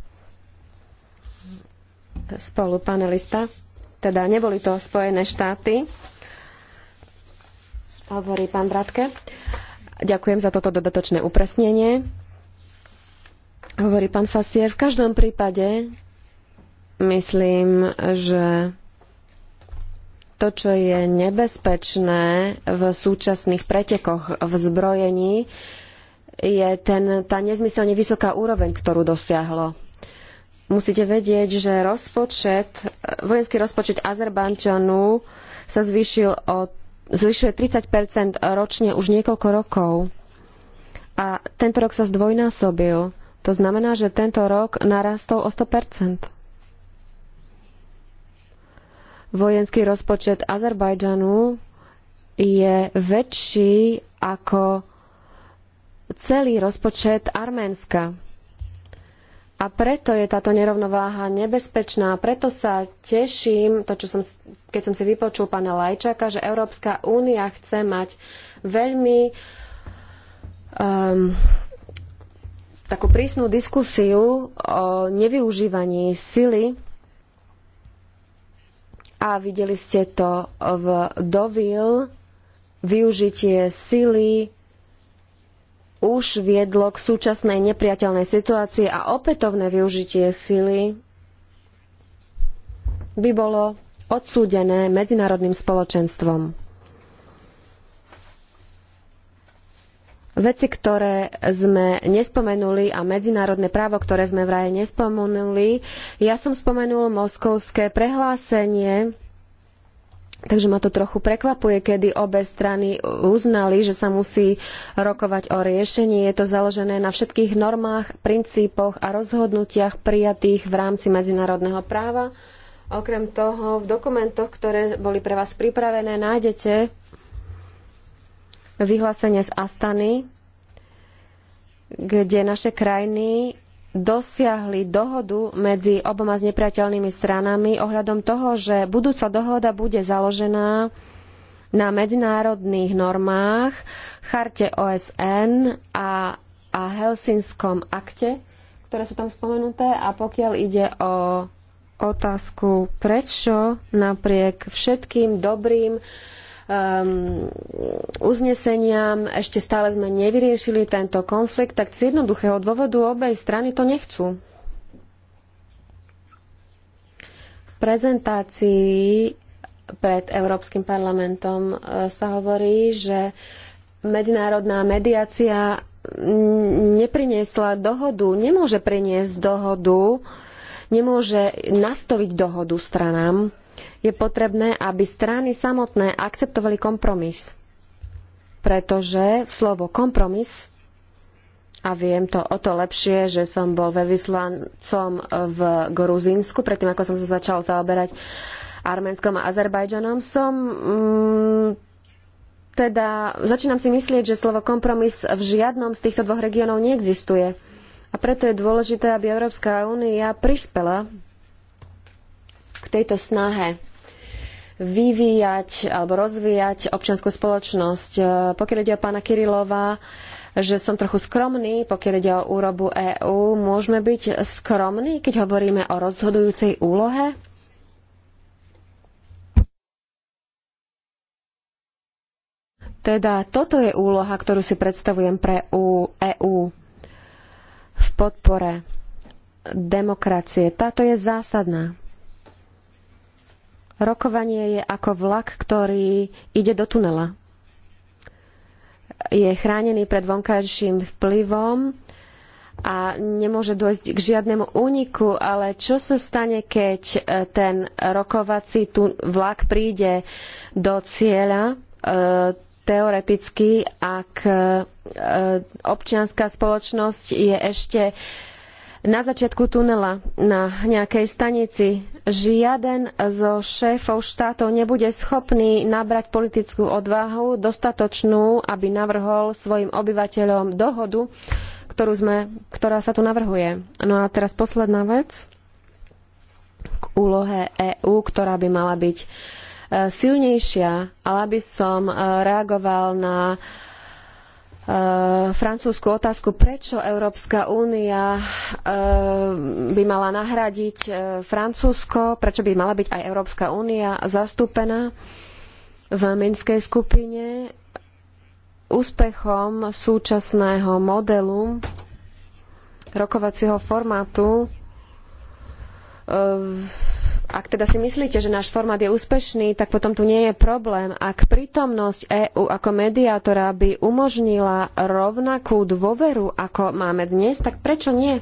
spolupanelista. Teda neboli to Spojené štáty, hovorí pán Bratke. Ďakujem za toto dodatočné upresnenie. Hovorí pán Fasier. V každom prípade Myslím, že to, čo je nebezpečné v súčasných pretekoch v zbrojení, je ten, tá nezmyselne vysoká úroveň, ktorú dosiahlo. Musíte vedieť, že rozpočet, vojenský rozpočet Azerbajdžanu sa zvýšil o zvyšuje 30 ročne už niekoľko rokov. A tento rok sa zdvojnásobil. To znamená, že tento rok narastol o 100 vojenský rozpočet Azerbajdžanu je väčší ako celý rozpočet Arménska. A preto je táto nerovnováha nebezpečná. Preto sa teším, to, čo som, keď som si vypočul pána Lajčaka, že Európska únia chce mať veľmi um, takú prísnu diskusiu o nevyužívaní sily a videli ste to v Dovil, využitie sily už viedlo k súčasnej nepriateľnej situácii a opätovné využitie sily by bolo odsúdené medzinárodným spoločenstvom. veci, ktoré sme nespomenuli a medzinárodné právo, ktoré sme vraj nespomenuli. Ja som spomenul moskovské prehlásenie, takže ma to trochu prekvapuje, kedy obe strany uznali, že sa musí rokovať o riešení. Je to založené na všetkých normách, princípoch a rozhodnutiach prijatých v rámci medzinárodného práva. Okrem toho, v dokumentoch, ktoré boli pre vás pripravené, nájdete vyhlásenie z Astany, kde naše krajiny dosiahli dohodu medzi oboma znepriateľnými stranami ohľadom toho, že budúca dohoda bude založená na medzinárodných normách, charte OSN a, a Helsinskom akte, ktoré sú tam spomenuté. A pokiaľ ide o otázku, prečo napriek všetkým dobrým um, uzneseniam. Ešte stále sme nevyriešili tento konflikt, tak z jednoduchého dôvodu obej strany to nechcú. V prezentácii pred Európskym parlamentom e, sa hovorí, že medzinárodná mediácia nepriniesla dohodu, nemôže priniesť dohodu, nemôže nastoliť dohodu stranám je potrebné, aby strany samotné akceptovali kompromis. Pretože slovo kompromis a viem to o to lepšie, že som bol veľvyslancom v Gruzínsku, predtým ako som sa začal zaoberať Arménskom a Azerbajdžanom, som mm, teda začínam si myslieť, že slovo kompromis v žiadnom z týchto dvoch regiónov neexistuje. A preto je dôležité, aby Európska únia prispela k tejto snahe vyvíjať alebo rozvíjať občiansku spoločnosť. E, pokiaľ ide o pána Kirilova, že som trochu skromný, pokiaľ ide o úrobu EÚ, môžeme byť skromní, keď hovoríme o rozhodujúcej úlohe? Teda toto je úloha, ktorú si predstavujem pre EÚ v podpore demokracie. Táto je zásadná. Rokovanie je ako vlak, ktorý ide do tunela. Je chránený pred vonkajším vplyvom a nemôže dojsť k žiadnemu úniku, ale čo sa stane, keď e, ten rokovací vlak príde do cieľa, e, teoreticky, ak e, občianská spoločnosť je ešte na začiatku tunela, na nejakej stanici, žiaden zo šéfov štátov nebude schopný nabrať politickú odvahu dostatočnú, aby navrhol svojim obyvateľom dohodu, ktorú sme, ktorá sa tu navrhuje. No a teraz posledná vec k úlohe EÚ, ktorá by mala byť e, silnejšia, ale aby som e, reagoval na uh, Eh, francúzsku otázku, prečo Európska únia eh, by mala nahradiť eh, Francúzsko, prečo by mala byť aj Európska únia zastúpená v Minskej skupine úspechom súčasného modelu rokovacieho formátu ak teda si myslíte, že náš formát je úspešný, tak potom tu nie je problém. Ak prítomnosť EÚ ako mediátora by umožnila rovnakú dôveru, ako máme dnes, tak prečo nie?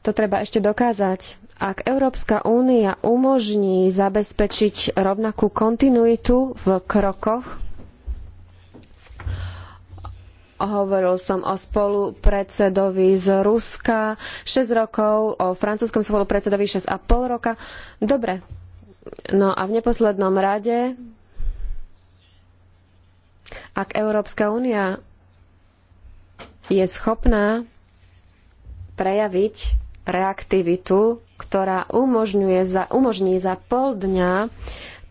To treba ešte dokázať. Ak Európska únia umožní zabezpečiť rovnakú kontinuitu v krokoch, Hovoril som o spolupredsedovi z Ruska 6 rokov, o francúzskom spolupredsedovi 6,5 roka. Dobre. No a v neposlednom rade, ak Európska únia je schopná prejaviť reaktivitu, ktorá umožňuje za, umožní za pol dňa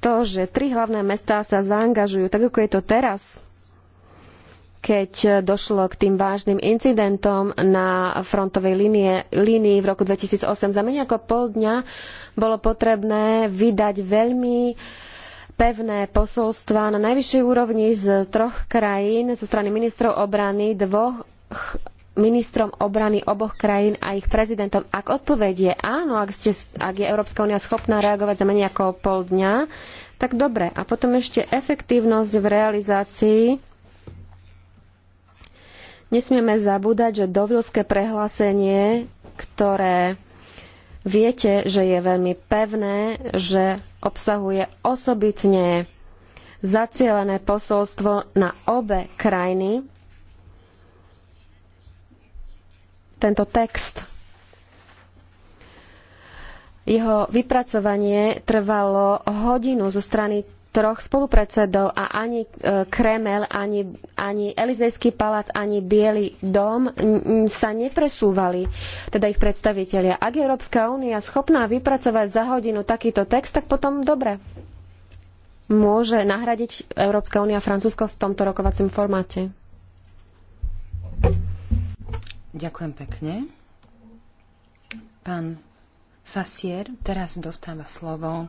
to, že tri hlavné mestá sa zaangažujú, tak ako je to teraz keď došlo k tým vážnym incidentom na frontovej línie, línii v roku 2008. Za menej ako pol dňa bolo potrebné vydať veľmi pevné posolstva na najvyššej úrovni z troch krajín, zo strany ministrov obrany dvoch ministrom obrany oboch krajín a ich prezidentom. Ak odpovedie áno, ak, ste, ak je Európska únia schopná reagovať za menej ako pol dňa, tak dobre. A potom ešte efektívnosť v realizácii Nesmieme zabúdať, že dovilské prehlásenie, ktoré viete, že je veľmi pevné, že obsahuje osobitne zacielené posolstvo na obe krajiny. Tento text jeho vypracovanie trvalo hodinu zo strany troch spolupredsedov a ani e, Kremel, ani, ani Elizejský palác, ani Bielý dom sa nepresúvali, teda ich predstavitelia. Ak je Európska únia schopná vypracovať za hodinu takýto text, tak potom dobre. Môže nahradiť Európska únia Francúzsko v tomto rokovacom formáte. Ďakujem pekne. Pán Fasier teraz dostáva slovo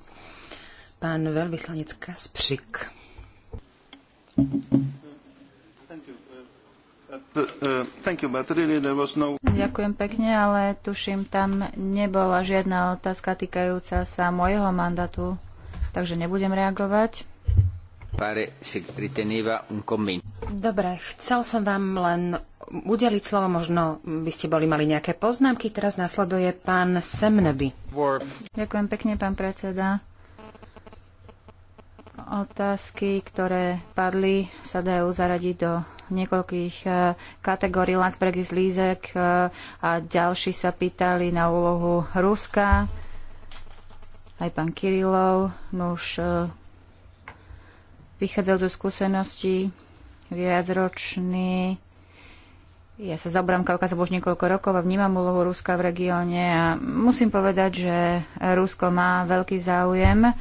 pán veľvyslanec Kasprik uh, uh, no- Ďakujem pekne, ale tuším, tam nebola žiadna otázka týkajúca sa môjho mandátu, takže nebudem reagovať. Dobre, chcel som vám len udeliť slovo, možno by ste boli mali nejaké poznámky. Teraz nasleduje pán Semneby. Ďakujem pekne, pán predseda. Otázky, ktoré padli, sa dajú zaradiť do niekoľkých e, kategórií. z Lízek e, a ďalší sa pýtali na úlohu Ruska. Aj pán Kirilov. No už e, vychádzajú zo skúseností viacročný ja sa zaoberám Kaukazom už niekoľko rokov a vnímam úlohu Ruska v regióne a musím povedať, že Rusko má veľký záujem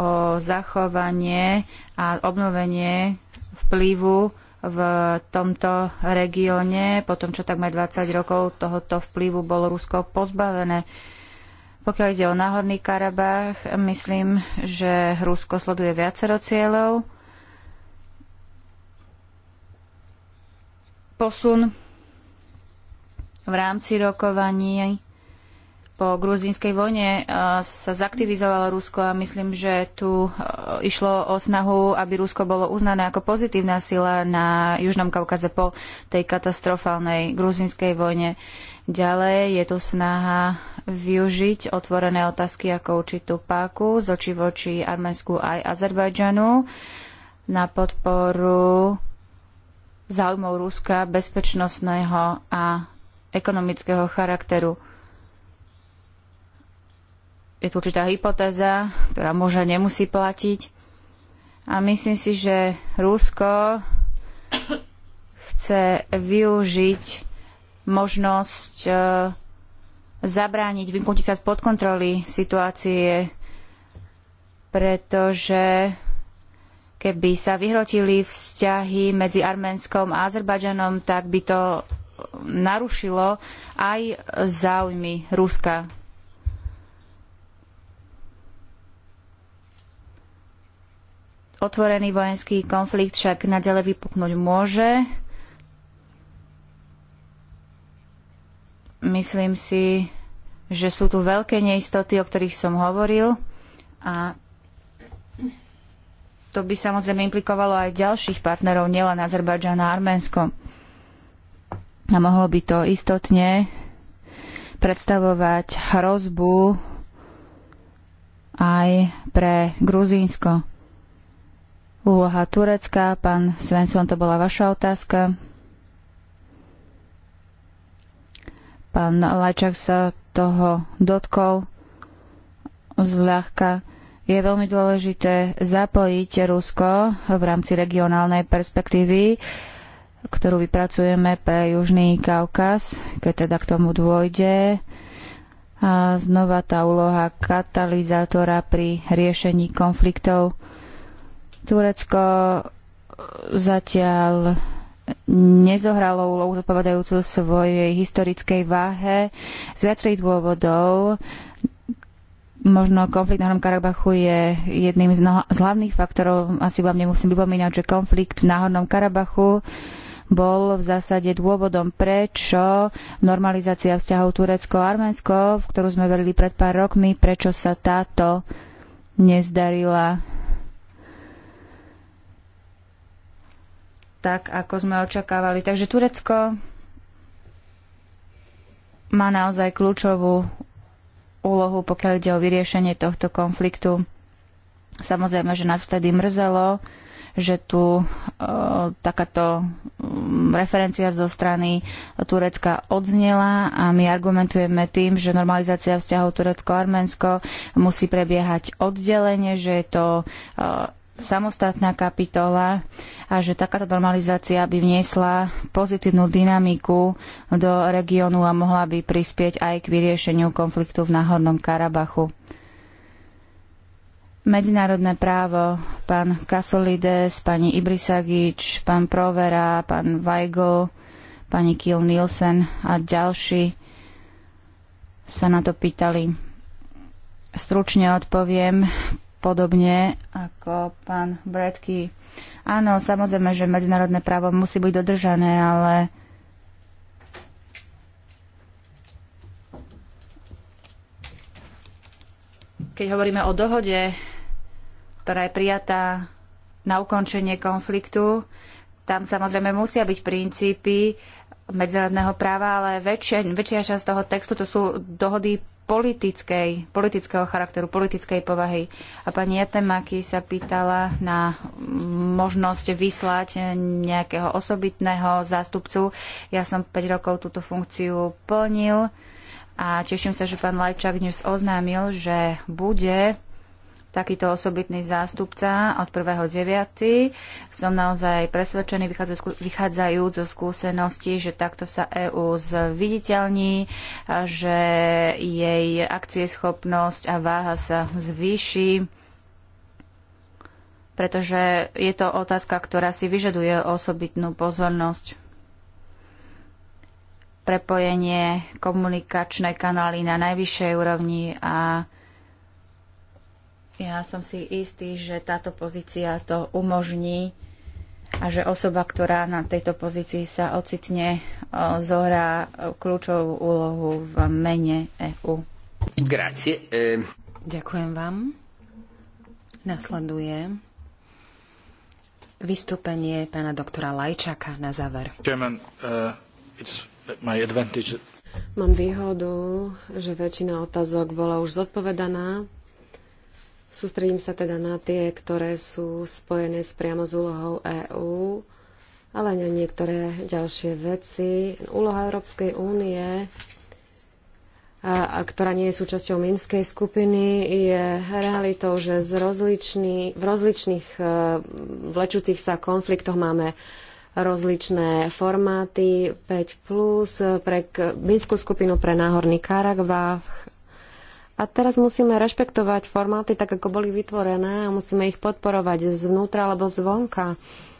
o zachovanie a obnovenie vplyvu v tomto regióne, po tom, čo takmer 20 rokov tohoto vplyvu bolo Rusko pozbavené. Pokiaľ ide o náhodný Karabách, myslím, že Rusko sleduje viacero cieľov. Posun v rámci rokovaní po gruzínskej vojne e, sa zaktivizovalo Rusko a myslím, že tu e, išlo o snahu, aby Rusko bolo uznané ako pozitívna sila na Južnom Kaukaze po tej katastrofálnej gruzínskej vojne. Ďalej je tu snaha využiť otvorené otázky ako určitú páku z očí voči Arménsku aj Azerbajdžanu na podporu záujmov Ruska bezpečnostného a ekonomického charakteru je tu určitá hypotéza, ktorá môže nemusí platiť. A myslím si, že Rusko chce využiť možnosť e, zabrániť, vymknúť sa spod kontroly situácie, pretože keby sa vyhrotili vzťahy medzi Arménskom a Azerbajdžanom, tak by to narušilo aj záujmy Ruska Otvorený vojenský konflikt však nadalej vypuknúť môže. Myslím si, že sú tu veľké neistoty, o ktorých som hovoril a to by samozrejme implikovalo aj ďalších partnerov, nielen Azerbajdžan a Arménsko. A mohlo by to istotne predstavovať hrozbu aj pre Gruzínsko úloha Turecka. Pán Svensson, to bola vaša otázka. Pán Lajčak sa toho dotkol zľahka. Je veľmi dôležité zapojiť Rusko v rámci regionálnej perspektívy, ktorú vypracujeme pre Južný Kaukaz, keď teda k tomu dôjde. A znova tá úloha katalizátora pri riešení konfliktov Turecko zatiaľ nezohralo úlohu zodpovedajúcu svojej historickej váhe z viacerých dôvodov. Možno konflikt na Hornom Karabachu je jedným z, z hlavných faktorov. Asi vám nemusím pripomínať, že konflikt na Hornom Karabachu bol v zásade dôvodom, prečo normalizácia vzťahov Turecko-Arménsko, v ktorú sme verili pred pár rokmi, prečo sa táto nezdarila tak ako sme očakávali. Takže Turecko má naozaj kľúčovú úlohu, pokiaľ ide o vyriešenie tohto konfliktu. Samozrejme, že nás vtedy mrzelo, že tu e, takáto mm, referencia zo strany Turecka odznela a my argumentujeme tým, že normalizácia vzťahov Turecko-Arménsko musí prebiehať oddelenie, že je to e, samostatná kapitola a že takáto normalizácia by vniesla pozitívnu dynamiku do regiónu a mohla by prispieť aj k vyriešeniu konfliktu v Náhornom Karabachu. Medzinárodné právo, pán Kasolides, pani Ibrisagič, pán Provera, pán Weigl, pani Kiel Nielsen a ďalší sa na to pýtali. Stručne odpoviem podobne ako pán Bredky. Áno, samozrejme, že medzinárodné právo musí byť dodržané, ale keď hovoríme o dohode, ktorá je prijatá na ukončenie konfliktu, tam samozrejme musia byť princípy medzinárodného práva, ale väčšia, väčšia časť toho textu to sú dohody politickej, politického charakteru, politickej povahy. A pani Jatemaki sa pýtala na možnosť vyslať nejakého osobitného zástupcu. Ja som 5 rokov túto funkciu plnil a teším sa, že pán Lajčák dnes oznámil, že bude takýto osobitný zástupca od 1.9. Som naozaj presvedčený, vychádzajúc zo skúsenosti, že takto sa EÚ zviditeľní, že jej akcieschopnosť a váha sa zvýši pretože je to otázka, ktorá si vyžaduje osobitnú pozornosť. Prepojenie komunikačnej kanály na najvyššej úrovni a ja som si istý, že táto pozícia to umožní a že osoba, ktorá na tejto pozícii sa ocitne, zohrá kľúčovú úlohu v mene EU. Grazie. Eh. Ďakujem vám. Nasleduje vystúpenie pána doktora Lajčaka na záver. Chairman, uh, it's my advantage. Mám výhodu, že väčšina otázok bola už zodpovedaná, Sústredím sa teda na tie, ktoré sú spojené s priamo s úlohou EÚ, ale na niektoré ďalšie veci. Úloha Európskej únie, a, a ktorá nie je súčasťou Minskej skupiny, je realitou, že z rozličný, v rozličných e, vlečúcich sa konfliktoch máme rozličné formáty 5+, plus, pre Minskú skupinu pre Náhorný Karabach, a teraz musíme rešpektovať formáty tak, ako boli vytvorené a musíme ich podporovať zvnútra alebo zvonka.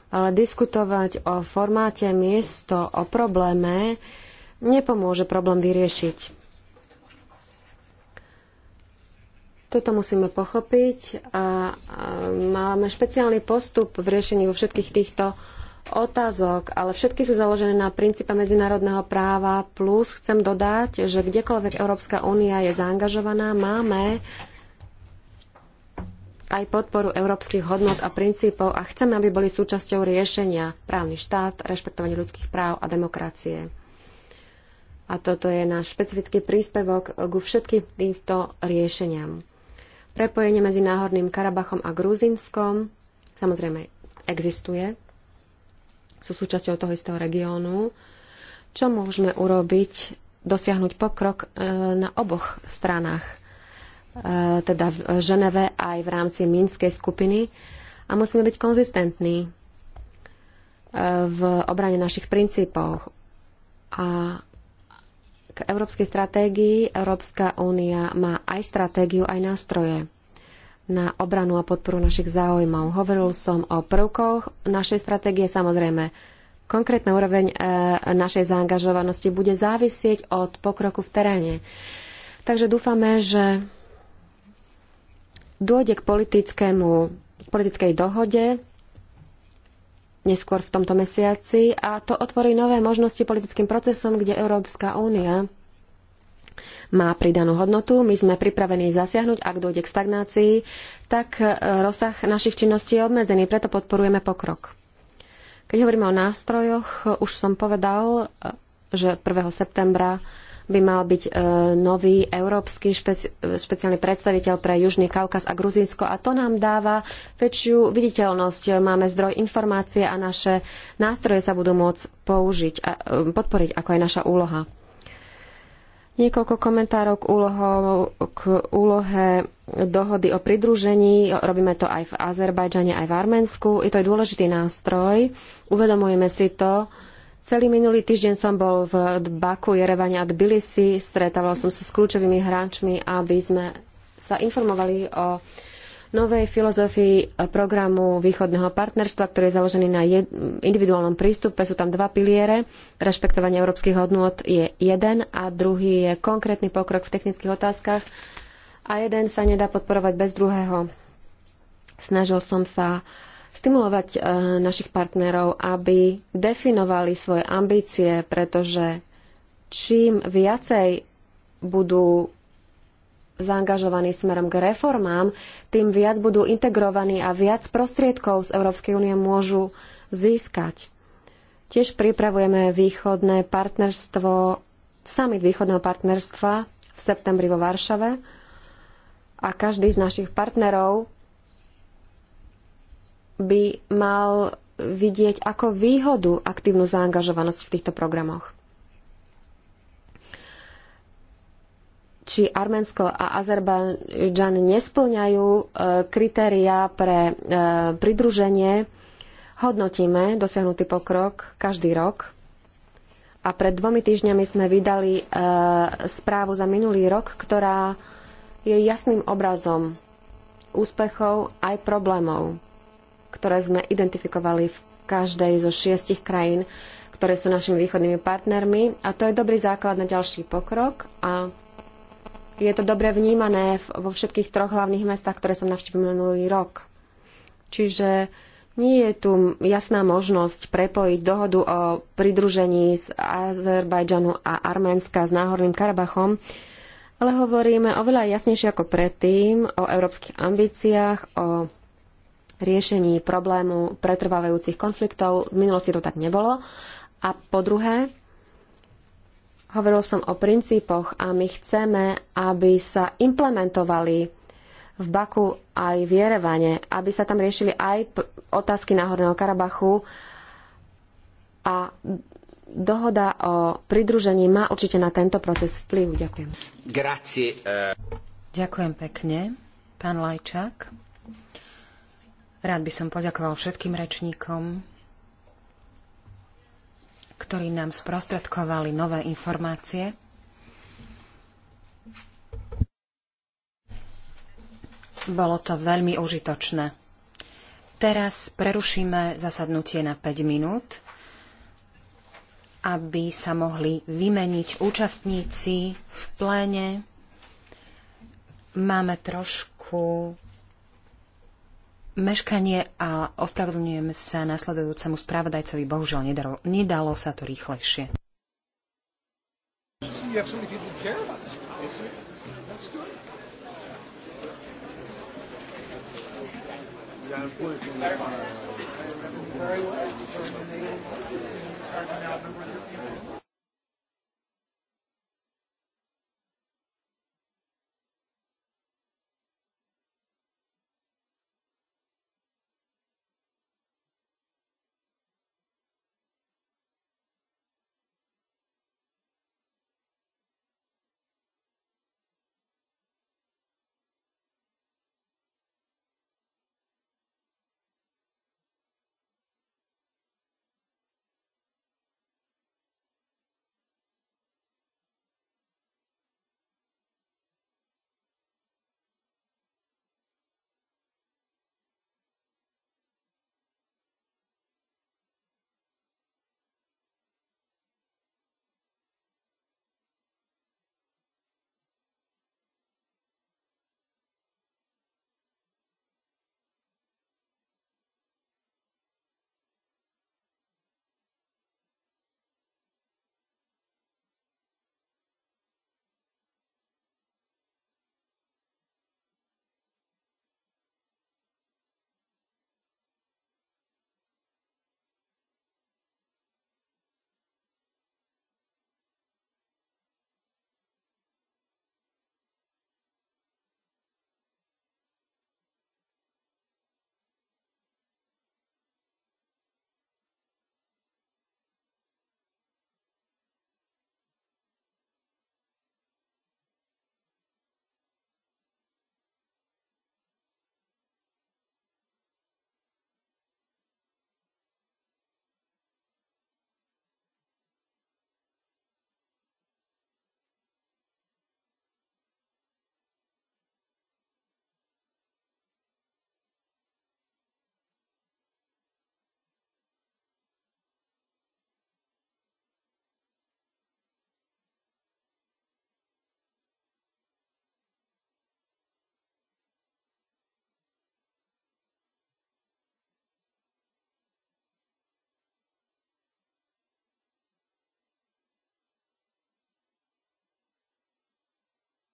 Ale diskutovať o formáte miesto, o probléme, nepomôže problém vyriešiť. Toto musíme pochopiť a máme špeciálny postup v riešení vo všetkých týchto uh, otázok, ale všetky sú založené na princípe medzinárodného práva, plus chcem dodať, že kdekoľvek Európska únia je zaangažovaná, máme aj podporu európskych hodnot a princípov a chceme, aby boli súčasťou riešenia právny štát, rešpektovanie ľudských práv a demokracie. A toto je náš špecifický príspevok ku všetkým týmto riešeniam. Prepojenie medzi Náhorným Karabachom a Gruzinskom samozrejme existuje, sú súčasťou toho istého regiónu. Čo môžeme urobiť, dosiahnuť pokrok e, na oboch stranách, e, teda v Ženeve aj v rámci Minskej skupiny a musíme byť konzistentní e, v obrane našich princípov. A k európskej stratégii Európska únia má aj stratégiu, aj nástroje na obranu a podporu našich záujmov. Hovoril som o prvkoch našej stratégie, samozrejme konkrétna úroveň e, našej zaangažovanosti bude závisieť od pokroku v teréne. Takže dúfame, že dôjde k politickému, politickej dohode neskôr v tomto mesiaci a to otvorí nové možnosti politickým procesom, kde Európska únia má pridanú hodnotu. My sme pripravení zasiahnuť, ak dojde k stagnácii, tak e, rozsah našich činností je obmedzený, preto podporujeme pokrok. Keď hovoríme o nástrojoch, už som povedal, e, že 1. septembra by mal byť e, nový európsky špeci- špeciálny predstaviteľ pre Južný Kaukaz a Gruzínsko a to nám dáva väčšiu viditeľnosť. Máme zdroj informácie a naše nástroje sa budú môcť použiť a podporiť, ako aj naša úloha. Niekoľko komentárov k, úloho, k úlohe dohody o pridružení. Robíme to aj v Azerbajdžane, aj v Arménsku. Je to aj dôležitý nástroj. Uvedomujeme si to. Celý minulý týždeň som bol v Baku, Jerevane a Tbilisi. Stretával som sa s kľúčovými hráčmi, aby sme sa informovali o novej filozofii e, programu východného partnerstva, ktorý je založený na individuálnom prístupe. Sú tam dva piliere. Rešpektovanie európskych hodnôt je jeden a druhý je konkrétny pokrok v technických otázkach a jeden sa nedá podporovať bez druhého. Snažil som sa stimulovať e, našich partnerov, aby definovali svoje ambície, pretože čím viacej budú zaangažovaní smerom k reformám, tým viac budú integrovaní a viac prostriedkov z Európskej únie môžu získať. Tiež pripravujeme východné partnerstvo, summit východného partnerstva v septembri vo Varšave a každý z našich partnerov by mal vidieť ako výhodu aktívnu zaangažovanosť v týchto programoch. či Arménsko a Azerbajdžan nesplňajú e, kritériá pre e, pridruženie, hodnotíme dosiahnutý pokrok každý rok. A pred dvomi týždňami sme vydali e, správu za minulý rok, ktorá je jasným obrazom úspechov aj problémov, ktoré sme identifikovali v každej zo šiestich krajín, ktoré sú našimi východnými partnermi. A to je dobrý základ na ďalší pokrok a je to dobre vnímané vo všetkých troch hlavných mestách, ktoré som navštívil minulý rok. Čiže nie je tu jasná možnosť prepojiť dohodu o pridružení z Azerbajdžanu a Arménska s Náhorným Karabachom, ale hovoríme oveľa jasnejšie ako predtým o európskych ambíciách, o riešení problému pretrvávajúcich konfliktov. V minulosti to tak nebolo. A po druhé, Hovoril som o princípoch a my chceme, aby sa implementovali v Baku aj v Jerevane, aby sa tam riešili aj otázky Náhorného Karabachu a dohoda o pridružení má určite na tento proces vplyv. Ďakujem. Grazie. Eh. Ďakujem pekne, pán Lajčák. Rád by som poďakoval všetkým rečníkom ktorí nám sprostredkovali nové informácie. Bolo to veľmi užitočné. Teraz prerušíme zasadnutie na 5 minút, aby sa mohli vymeniť účastníci v pléne. Máme trošku meškanie a ospravedlňujem sa nasledujúcemu spravodajcovi. Bohužiaľ, nedalo, nedalo sa to rýchlejšie. Very well.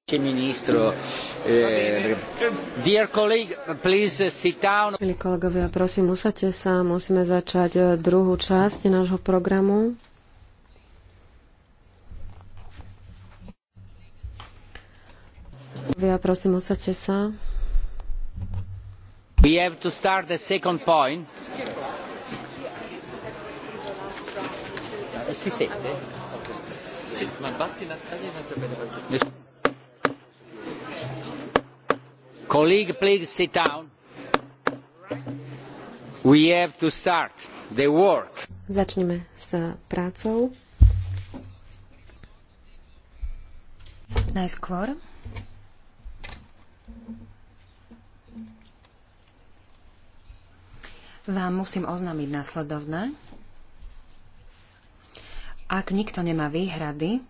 Eh, Milí kolegovia, prosím, usadte sa. Musíme začať eh, druhú časť nášho programu. Kolegovia, prosím, usadte sa. We have to start the second point. Si sente? Sì, ma batti la tagliata e per Colleague, please sit down. We have to start the work. Začneme s prácou. Najskôr vám musím oznámiť následovné. Ak nikto nemá výhrady,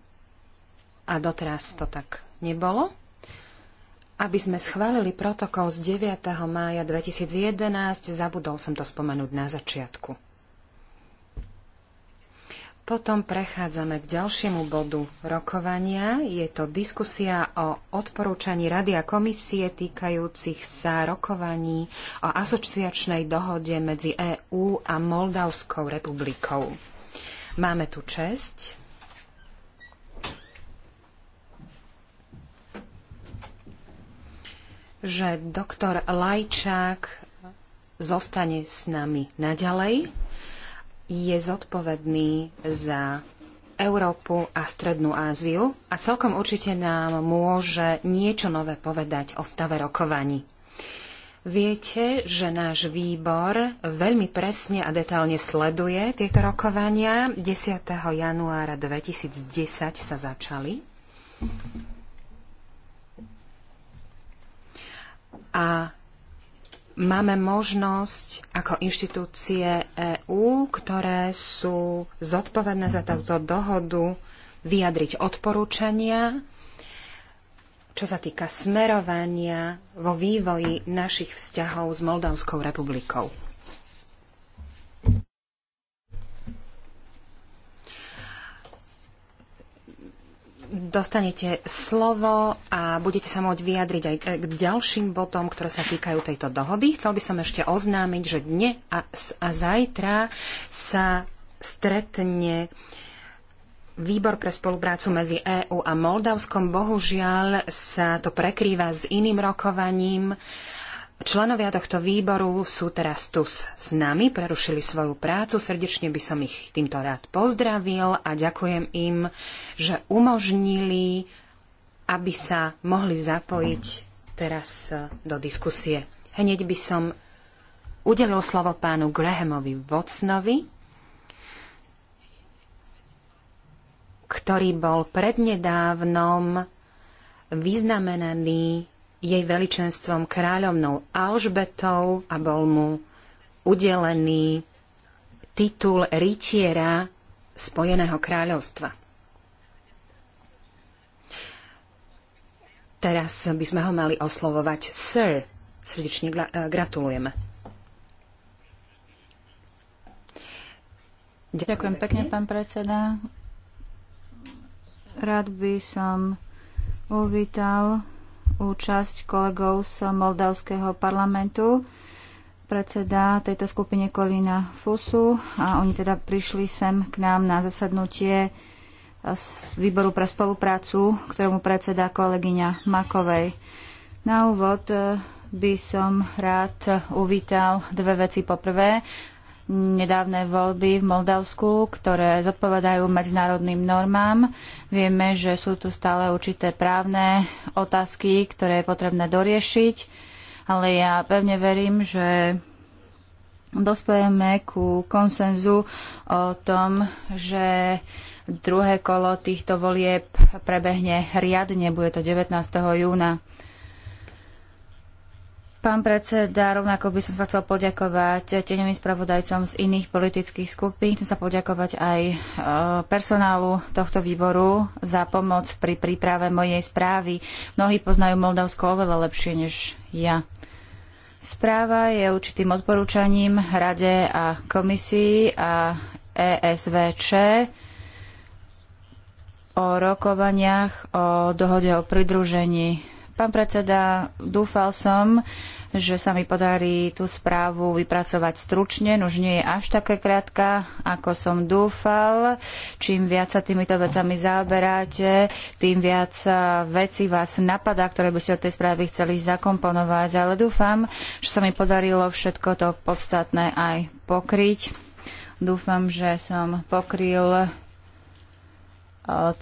a doteraz to tak nebolo, aby sme schválili protokol z 9. mája 2011, zabudol som to spomenúť na začiatku. Potom prechádzame k ďalšiemu bodu rokovania. Je to diskusia o odporúčaní Rady a komisie týkajúcich sa rokovaní o asociačnej dohode medzi EÚ a Moldavskou republikou. Máme tu česť že doktor Lajčák zostane s nami naďalej. Je zodpovedný za Európu a Strednú Áziu a celkom určite nám môže niečo nové povedať o stave rokovaní. Viete, že náš výbor veľmi presne a detálne sleduje tieto rokovania. 10. januára 2010 sa začali. a máme možnosť ako inštitúcie EÚ, ktoré sú zodpovedné za túto dohodu, vyjadriť odporúčania, čo sa týka smerovania vo vývoji našich vzťahov s Moldavskou republikou. dostanete slovo a budete sa môcť vyjadriť aj k ďalším bodom, ktoré sa týkajú tejto dohody. Chcel by som ešte oznámiť, že dne a, a zajtra sa stretne Výbor pre spoluprácu medzi EÚ a Moldavskom bohužiaľ sa to prekrýva s iným rokovaním. Členovia tohto výboru sú teraz tu s nami, prerušili svoju prácu, srdečne by som ich týmto rád pozdravil a ďakujem im, že umožnili, aby sa mohli zapojiť teraz eh, do diskusie. Hneď by som udelil slovo pánu Grahamovi Vocnovi, ktorý bol prednedávnom vyznamenaný jej veličenstvom kráľovnou Alžbetou a bol mu udelený titul rytiera Spojeného kráľovstva. Teraz by sme ho mali oslovovať Sir. Srdečne eh, gratulujeme. Ďakujem, pekne, pán predseda. Rád by som uvítal účasť kolegov z Moldavského parlamentu, predseda tejto skupine Kolína Fusu a oni teda prišli sem k nám na zasadnutie z výboru pre spoluprácu, ktorému predseda kolegyňa Makovej. Na úvod eh, by som rád uvítal dve veci. Poprvé, nedávne voľby v Moldavsku, ktoré zodpovedajú medzinárodným normám. Vieme, že sú tu stále určité právne otázky, ktoré je potrebné doriešiť, ale ja pevne verím, že dospejeme ku konsenzu o tom, že druhé kolo týchto volieb prebehne riadne, bude to 19. júna. Pán predseda, rovnako by som sa chcel poďakovať tieňovým spravodajcom z iných politických skupín. Chcem sa poďakovať aj e, personálu tohto výboru za pomoc pri príprave mojej správy. Mnohí poznajú Moldavsko oveľa lepšie než ja. Správa je určitým odporúčaním Rade a komisii a ESVČ o rokovaniach o dohode o pridružení. Pán predseda, dúfal som, že sa mi podarí tú správu vypracovať stručne, už nie je až taká krátka, ako som dúfal. Čím viac sa týmito vecami zaoberáte, tým viac e, vecí vás napadá, ktoré by ste od tej správy chceli zakomponovať, ale dúfam, že sa mi podarilo všetko to podstatné aj pokryť. Dúfam, že som pokryl e,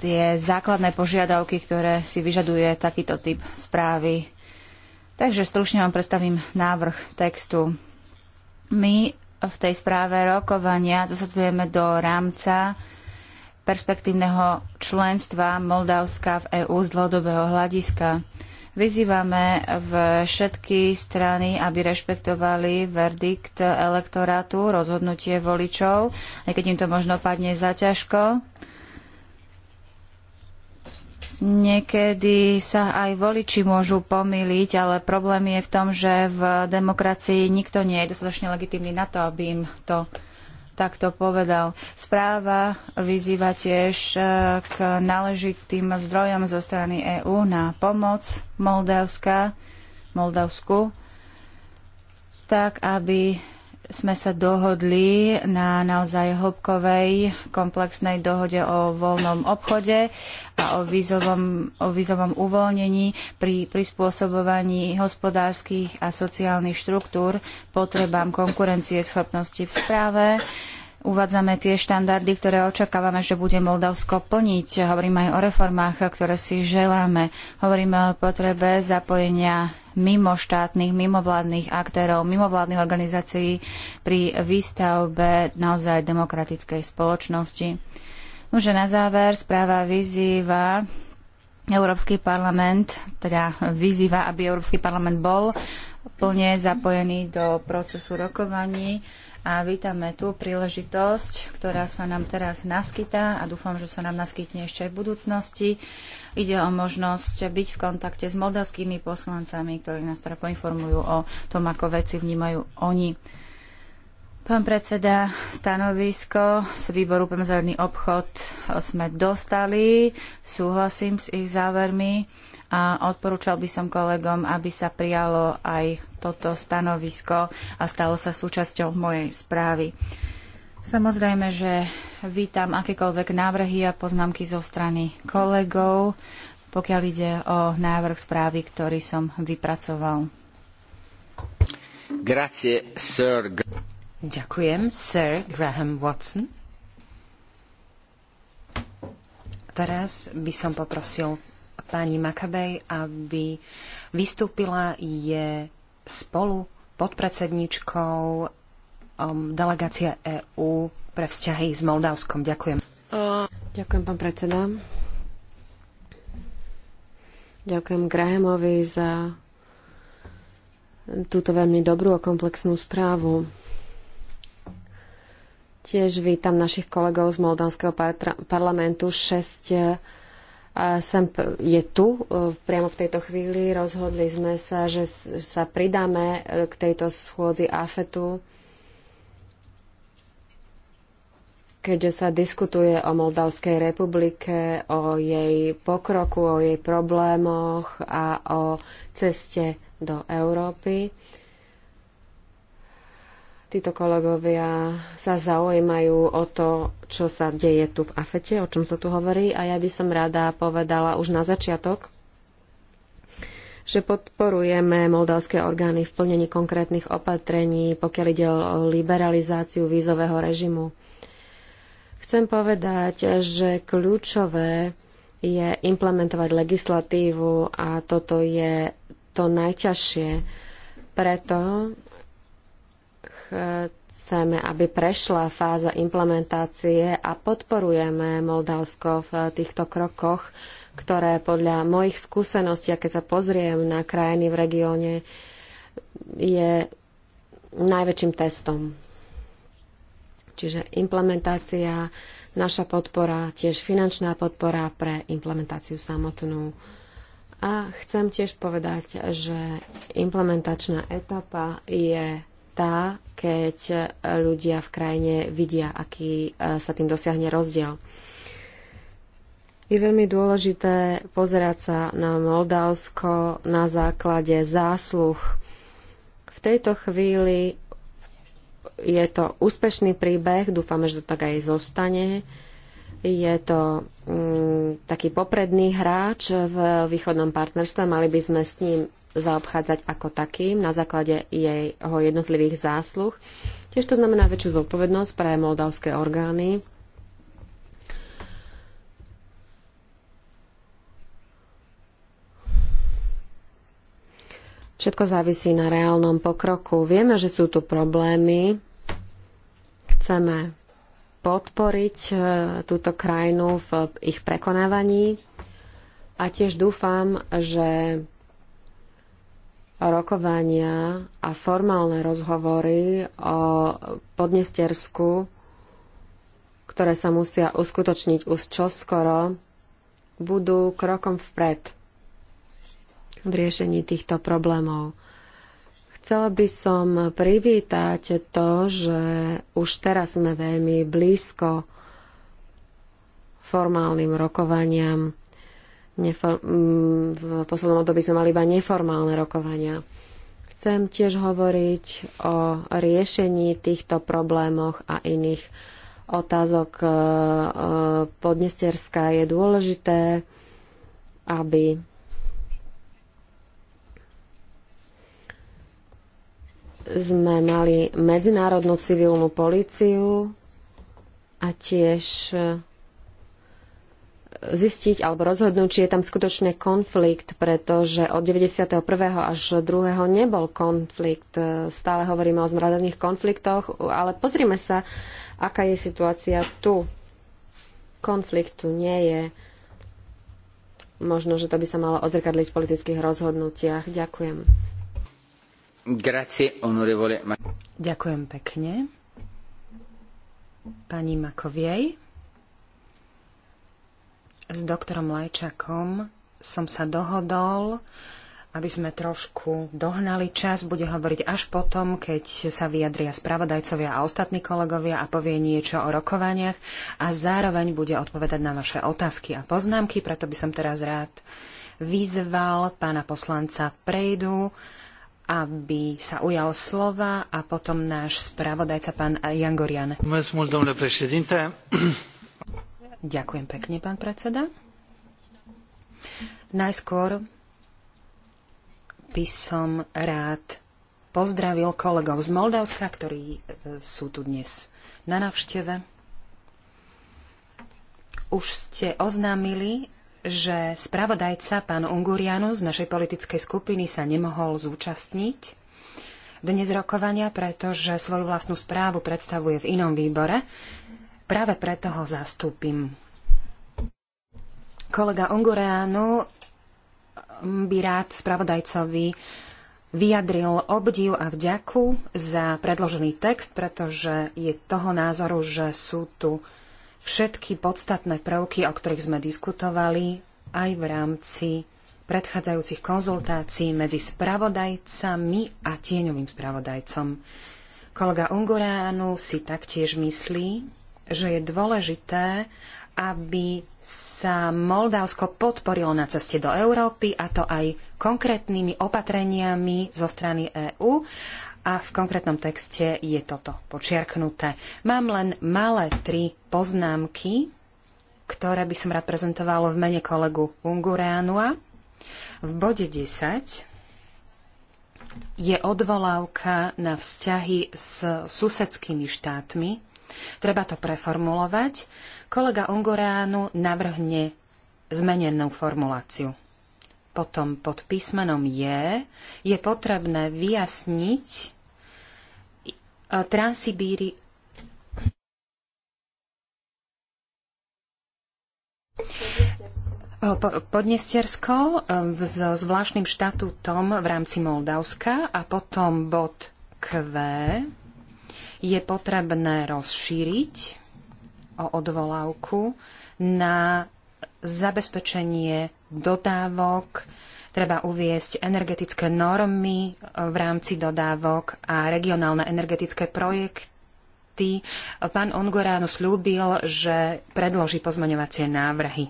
tie základné požiadavky, ktoré si vyžaduje takýto typ správy. Takže stručne vám predstavím návrh textu. My v tej správe rokovania zasadzujeme do rámca perspektívneho členstva Moldavska v EÚ z dlhodobého hľadiska. Vyzývame všetky strany, aby rešpektovali verdikt elektorátu, rozhodnutie voličov, aj keď im to možno padne zaťažko. ťažko Niekedy sa aj voliči môžu pomýliť, ale problém je v tom, že v demokracii nikto nie je dostatočne legitimný na to, aby im to takto povedal. Správa vyzýva tiež e, k náležitým zdrojom zo strany EÚ na pomoc Moldavska, Moldavsku, tak aby sme sa dohodli na naozaj hĺbkovej komplexnej dohode o voľnom obchode a o vízovom, o vízovom uvoľnení pri prispôsobovaní hospodárskych a sociálnych štruktúr potrebám konkurencie schopnosti v správe. Uvádzame tie štandardy, ktoré očakávame, že bude Moldavsko plniť. Hovoríme aj o reformách, ktoré si želáme. Hovoríme o potrebe zapojenia mimo štátnych, mimovládnych aktérov, mimovládnych organizácií pri výstavbe naozaj demokratickej spoločnosti. Nože na záver správa vyzýva Európsky parlament, teda vyzýva, aby Európsky parlament bol plne zapojený do procesu rokovaní a vítame tú príležitosť, ktorá sa nám teraz naskytá a dúfam, že sa nám naskytne ešte aj v budúcnosti, Ide o možnosť byť v kontakte s moldavskými poslancami, ktorí nás teda poinformujú o tom, ako veci vnímajú oni. Pán predseda, stanovisko z výboru pre obchod sme dostali, súhlasím s ich závermi a odporúčal by som kolegom, aby sa prijalo aj toto stanovisko a stalo sa súčasťou mojej správy. Samozrejme, že vítam akékoľvek návrhy a poznámky zo strany kolegov, pokiaľ ide o návrh správy, ktorý som vypracoval. Grazie, sir. Ďakujem, sir Graham Watson. Teraz by som poprosil pani Makabej, aby vystúpila je spolu podpredsedničkou Um, delegácia EÚ pre vzťahy s Moldavskom. Ďakujem. Ďakujem, pán predseda. Ďakujem Grahamovi za túto veľmi dobrú a komplexnú správu. Tiež vítam našich kolegov z Moldavského parlamentu. 6 eh, sem je tu eh, priamo v tejto chvíli. Rozhodli sme sa, že sa pridáme eh, k tejto schôdzi AFETu keďže sa diskutuje o Moldavskej republike, o jej pokroku, o jej problémoch a o ceste do Európy. Títo kolegovia sa zaujímajú o to, čo sa deje tu v Afete, o čom sa tu hovorí a ja by som rada povedala už na začiatok, že podporujeme moldavské orgány v plnení konkrétnych opatrení, pokiaľ ide o liberalizáciu vízového režimu Chcem povedať, že kľúčové je implementovať legislatívu a toto je to najťažšie. Preto chceme, aby prešla fáza implementácie a podporujeme Moldavsko v týchto krokoch, ktoré podľa mojich skúseností, keď sa pozriem na krajiny v regióne, je najväčším testom. Čiže implementácia, naša podpora, tiež finančná podpora pre implementáciu samotnú. A chcem tiež povedať, že implementačná etapa je tá, keď ľudia v krajine vidia, aký e, sa tým dosiahne rozdiel. Je veľmi dôležité pozerať sa na Moldavsko na základe zásluh. V tejto chvíli je to úspešný príbeh, dúfame, že to tak aj zostane. Je to mm, taký popredný hráč v východnom partnerstve, mali by sme s ním zaobchádzať ako takým na základe jeho jednotlivých zásluh. Tiež to znamená väčšiu zodpovednosť pre moldavské orgány, Všetko závisí na reálnom pokroku. Vieme, že sú tu problémy. Chceme podporiť e, túto krajinu v ich prekonávaní. A tiež dúfam, že rokovania a formálne rozhovory o Podnestersku, ktoré sa musia uskutočniť už čoskoro, budú krokom vpred v riešení týchto problémov. Chcela by som privítať to, že už teraz sme veľmi blízko formálnym rokovaniam. Mm, v poslednom období sme mali iba neformálne rokovania. Chcem tiež hovoriť o riešení týchto problémoch a iných otázok. E, e, Podnestierska je dôležité, aby sme mali medzinárodnú civilnú políciu a tiež e, zistiť alebo rozhodnúť, či je tam skutočne konflikt, pretože od 91. až 2. nebol konflikt. E, stále hovoríme o zmradených konfliktoch, ale pozrime sa, aká je situácia tu. Konfliktu nie je. Možno, že to by sa malo odzrkadliť v politických rozhodnutiach. Ďakujem. Ďakujem pekne. Pani makovej. S doktorom Lajčakom som sa dohodol, aby sme trošku dohnali čas. Bude hovoriť až potom, keď sa vyjadria spravodajcovia a ostatní kolegovia a povie niečo o rokovaniach a zároveň bude odpovedať na vaše otázky a poznámky, preto by som teraz rád vyzval pána poslanca Prejdu, aby sa ujal slova a potom náš spravodajca, pán Jangorian. Ďakujem pekne, pán predseda. Najskôr by som rád pozdravil kolegov z Moldavska, ktorí e, sú tu dnes na návšteve. Už ste oznámili, že spravodajca pán Ungurianu z našej politickej skupiny sa nemohol zúčastniť dnes rokovania, pretože svoju vlastnú správu predstavuje v inom výbore. Práve preto ho zastúpim. Kolega Ungureanu by rád spravodajcovi vyjadril obdiv a vďaku za predložený text, pretože je toho názoru, že sú tu všetky podstatné prvky, o ktorých sme diskutovali aj v rámci predchádzajúcich konzultácií medzi spravodajcami a tieňovým spravodajcom. Kolega Unguránu si taktiež myslí, že je dôležité, aby sa Moldavsko podporilo na ceste do Európy, a to aj konkrétnymi opatreniami zo strany EÚ a v konkrétnom texte je toto počiarknuté. Mám len malé tri poznámky, ktoré by som rád prezentovala v mene kolegu Ungureanua. V bode 10 je odvolávka na vzťahy s susedskými štátmi. Treba to preformulovať. Kolega Ungureanu navrhne zmenenú formuláciu. Potom pod písmenom je, je potrebné vyjasniť Transsibíri. Podnestersko um, s zvláštnym štatútom v rámci Moldavska a potom bod Q je potrebné rozšíriť o odvolávku na zabezpečenie dodávok Treba uviesť energetické normy e, v rámci dodávok a regionálne energetické projekty. E, Pán Ongorán slúbil, že predloží pozmaňovacie návrhy.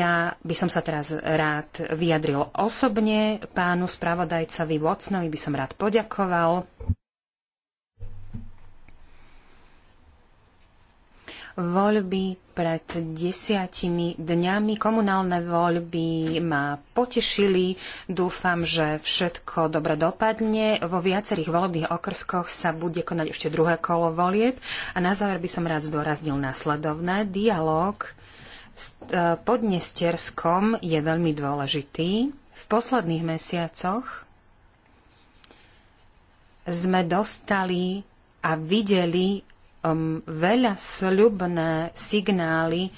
Ja by som sa teraz rád vyjadril osobne. Pánu spravodajcovi Vocnovi by som rád poďakoval voľby pred desiatimi dňami. Komunálne voľby ma potešili. Dúfam, že všetko dobre dopadne. Vo viacerých volebných okrskoch sa bude konať ešte druhé kolo volieb. A na záver by som rád zdôraznil následovné. Dialóg s e, podnestierskom je veľmi dôležitý. V posledných mesiacoch sme dostali a videli um, veľa sľubné signály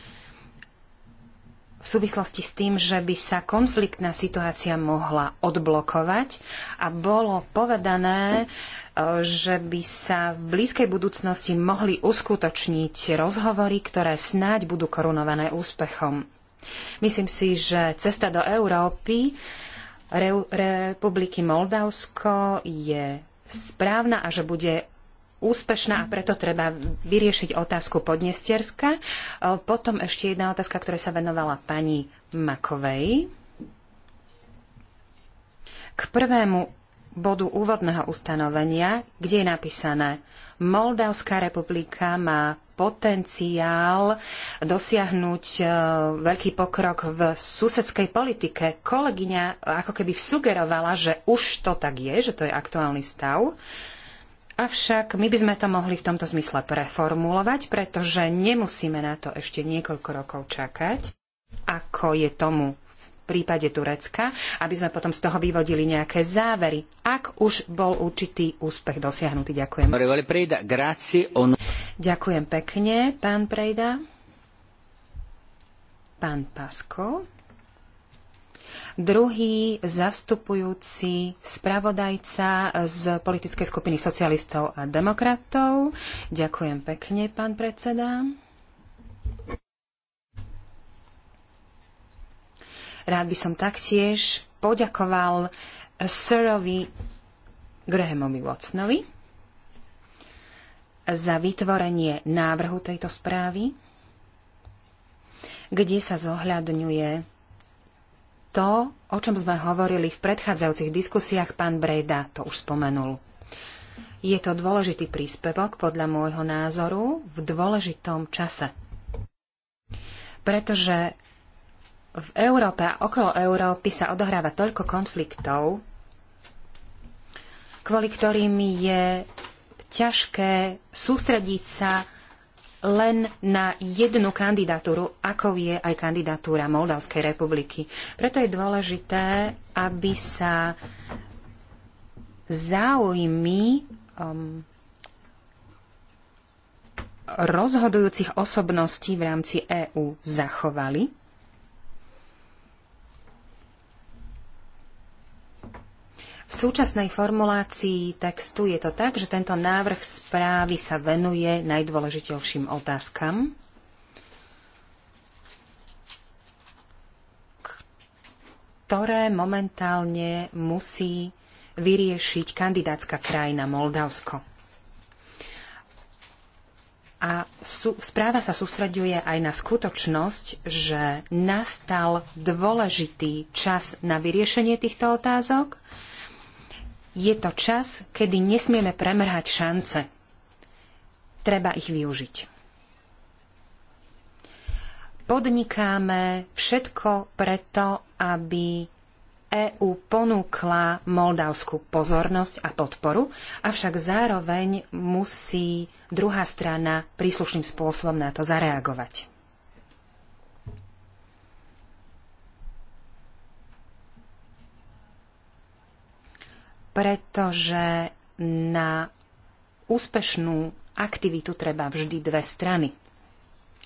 v súvislosti s tým, že by sa konfliktná situácia mohla odblokovať a bolo povedané, uh, že by sa v blízkej budúcnosti mohli uskutočniť rozhovory, ktoré snáď budú korunované úspechom. Myslím si, že cesta do Európy Republiky Moldavsko je správna a že bude úspešná a preto treba vyriešiť otázku Podnestierska. E, potom ešte jedna otázka, ktorá sa venovala pani Makovej. K prvému bodu úvodného ustanovenia, kde je napísané Moldavská republika má potenciál dosiahnuť e, veľký pokrok v susedskej politike. Kolegyňa ako keby sugerovala, že už to tak je, že to je aktuálny stav. E, Avšak my by sme to mohli v tomto zmysle preformulovať, pretože nemusíme na to ešte niekoľko rokov čakať, ako je tomu v prípade Turecka, aby sme potom z toho vyvodili nejaké závery, ak už bol určitý úspech dosiahnutý. Ďakujem. Ďakujem pekne, pán Prejda. Pán Pasko druhý zastupujúci spravodajca z politickej skupiny socialistov a demokratov. Ďakujem pekne, pán predseda. Rád by som taktiež poďakoval Sirovi Grahamovi Watsonovi za vytvorenie návrhu tejto správy, kde sa zohľadňuje to, o čom sme hovorili v predchádzajúcich diskusiách, pán Brejda to už spomenul. Je to dôležitý príspevok, podľa môjho názoru, v dôležitom čase. Pretože v Európe a okolo Európy sa odohráva toľko konfliktov, kvôli ktorým je ťažké sústrediť sa len na jednu kandidatúru, ako je aj kandidatúra Moldavskej republiky. Preto je dôležité, aby sa záujmy um, rozhodujúcich osobností v rámci EÚ zachovali V súčasnej formulácii textu je to tak, že tento návrh správy sa venuje najdôležitejším otázkam, ktoré momentálne musí vyriešiť kandidátska krajina Moldavsko. A sú, správa sa sústreďuje aj na skutočnosť, že nastal dôležitý čas na vyriešenie týchto otázok je to čas, kedy nesmieme premrhať šance. Treba ich využiť. Podnikáme všetko preto, aby EÚ ponúkla moldavskú pozornosť a podporu, avšak zároveň musí druhá strana príslušným spôsobom na to zareagovať. pretože na úspešnú aktivitu treba vždy dve strany.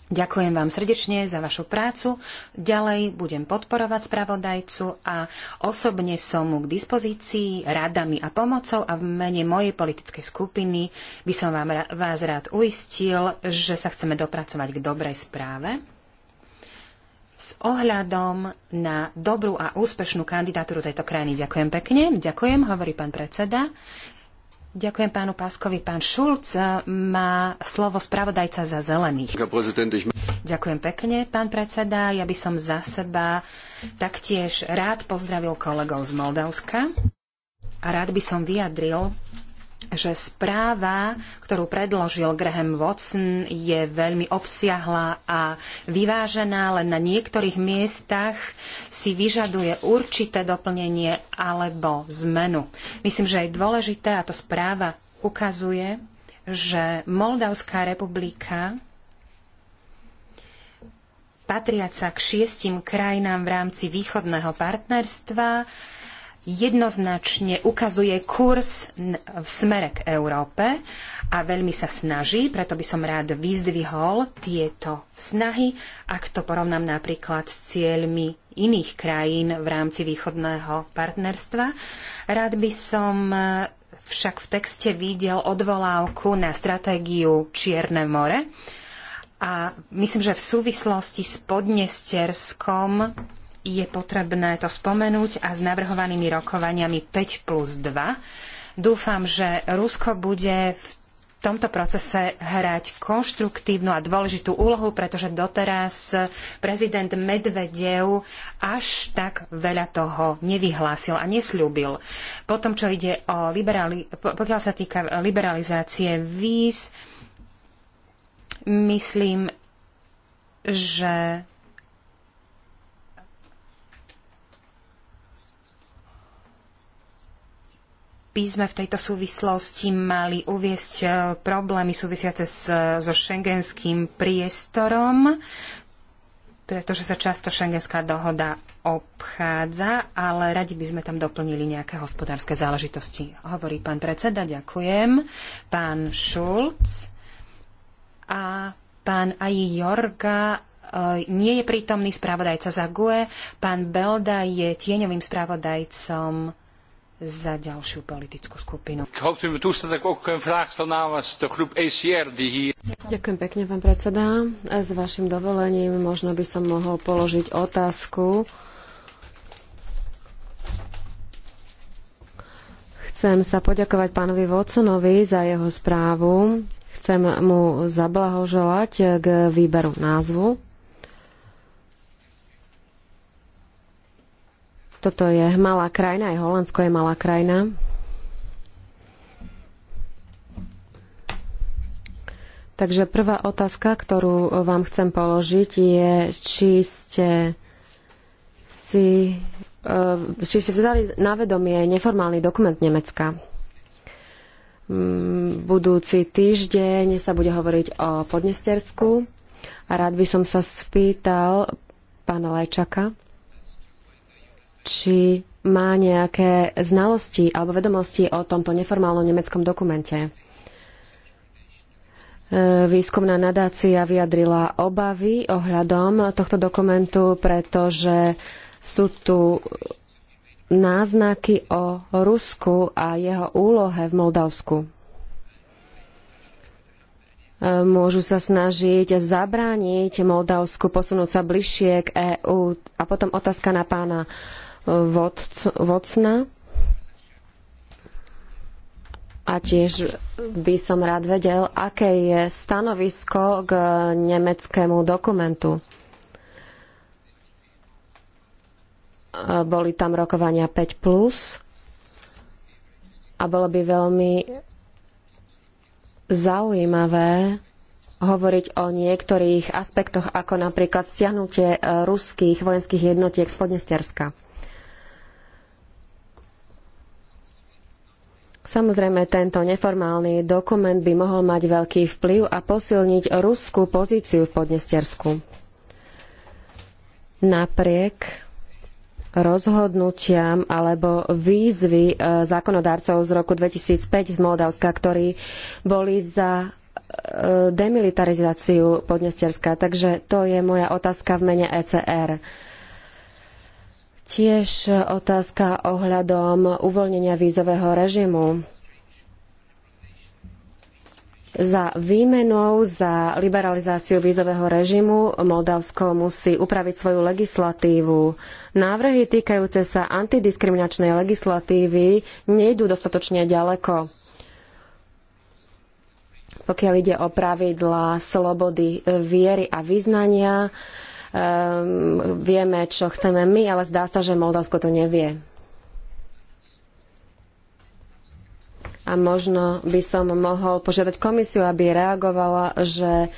Ďakujem vám srdečne za vašu prácu. Ďalej budem podporovať spravodajcu a osobne som mu k dispozícii radami a pomocou a v mene mojej politickej skupiny by som vám, vás rád uistil, že sa chceme dopracovať k dobrej správe s ohľadom na dobrú a úspešnú kandidatúru tejto krajiny. Ďakujem pekne. Ďakujem, hovorí pán predseda. Ďakujem pánu Páskovi. Pán Šulc eh, má slovo spravodajca za zelených. Ďakujem pekne, pán predseda. Ja by som za seba taktiež rád pozdravil kolegov z Moldavska a rád by som vyjadril že správa, ktorú predložil Graham Watson, je veľmi obsiahla a vyvážená, len na niektorých miestach si vyžaduje určité doplnenie alebo zmenu. Myslím, že je dôležité, a to správa ukazuje, že Moldavská republika patriaca k šiestim krajinám v rámci východného partnerstva jednoznačne ukazuje kurz v smere k Európe a veľmi sa snaží, preto by som rád vyzdvihol tieto snahy, ak to porovnám napríklad s cieľmi iných krajín v rámci východného partnerstva. Rád by som e, však v texte videl odvolávku na stratégiu Čierne more a myslím, že v súvislosti s Podnesterskom je potrebné to spomenúť a s navrhovanými rokovaniami 5 plus 2. Dúfam, že Rusko bude v tomto procese hrať konštruktívnu a dôležitú úlohu, pretože doteraz prezident Medvedev až tak veľa toho nevyhlásil a nesľúbil. Potom, čo ide o liberali- pokiaľ sa týka liberalizácie víz, myslím, že by sme v tejto súvislosti mali uviesť e, problémy súvisiace s, so šengenským priestorom, pretože sa často šengenská dohoda obchádza, ale radi by sme tam doplnili nejaké hospodárske záležitosti. Hovorí pán predseda, ďakujem. Pán Šulc a pán Aji Jorga e, nie je prítomný spravodajca za GUE. Pán Belda je tieňovým spravodajcom za ďalšiu politickú skupinu. E Ďakujem pekne, pán predseda. S vašim dovolením možno by som mohol položiť otázku. Chcem sa poďakovať pánovi Watsonovi za jeho správu. Chcem mu zablahoželať k výberu názvu. Toto je malá krajina, aj Holandsko je malá krajina. Takže prvá otázka, ktorú vám chcem položiť, je, či ste si eh, či ste vzali na vedomie neformálny dokument Nemecka. Mm, budúci týždeň sa bude hovoriť o Podnestersku a rád by som sa spýtal pána Lajčaka, či má nejaké znalosti alebo vedomosti o tomto neformálnom nemeckom dokumente. E, výskumná nadácia vyjadrila obavy ohľadom tohto dokumentu, pretože sú tu náznaky o Rusku a jeho úlohe v Moldavsku. E, môžu sa snažiť zabrániť Moldavsku, posunúť sa bližšie k EÚ. A potom otázka na pána vodc, vocna. A tiež by som rád vedel, aké je stanovisko k nemeckému dokumentu. Boli tam rokovania 5 plus a bolo by veľmi zaujímavé hovoriť o niektorých aspektoch, ako napríklad stiahnutie eh, ruských vojenských jednotiek z Podnesterska. Samozrejme, tento neformálny dokument by mohol mať veľký vplyv a posilniť ruskú pozíciu v Podnestersku. Napriek rozhodnutiam alebo výzvy e, zákonodarcov z roku 2005 z Moldavska, ktorí boli za e, demilitarizáciu Podnesterska. Takže to je moja otázka v mene ECR. Tiež otázka ohľadom uvoľnenia vízového režimu. Za výmenou za liberalizáciu vízového režimu Moldavsko musí upraviť svoju legislatívu. Návrhy týkajúce sa antidiskriminačnej legislatívy nejdú dostatočne ďaleko. Pokiaľ ide o pravidlá slobody viery a vyznania, um, vieme, čo chceme my, ale zdá sa, že Moldavsko to nevie. A možno by som mohol požiadať komisiu, aby reagovala, že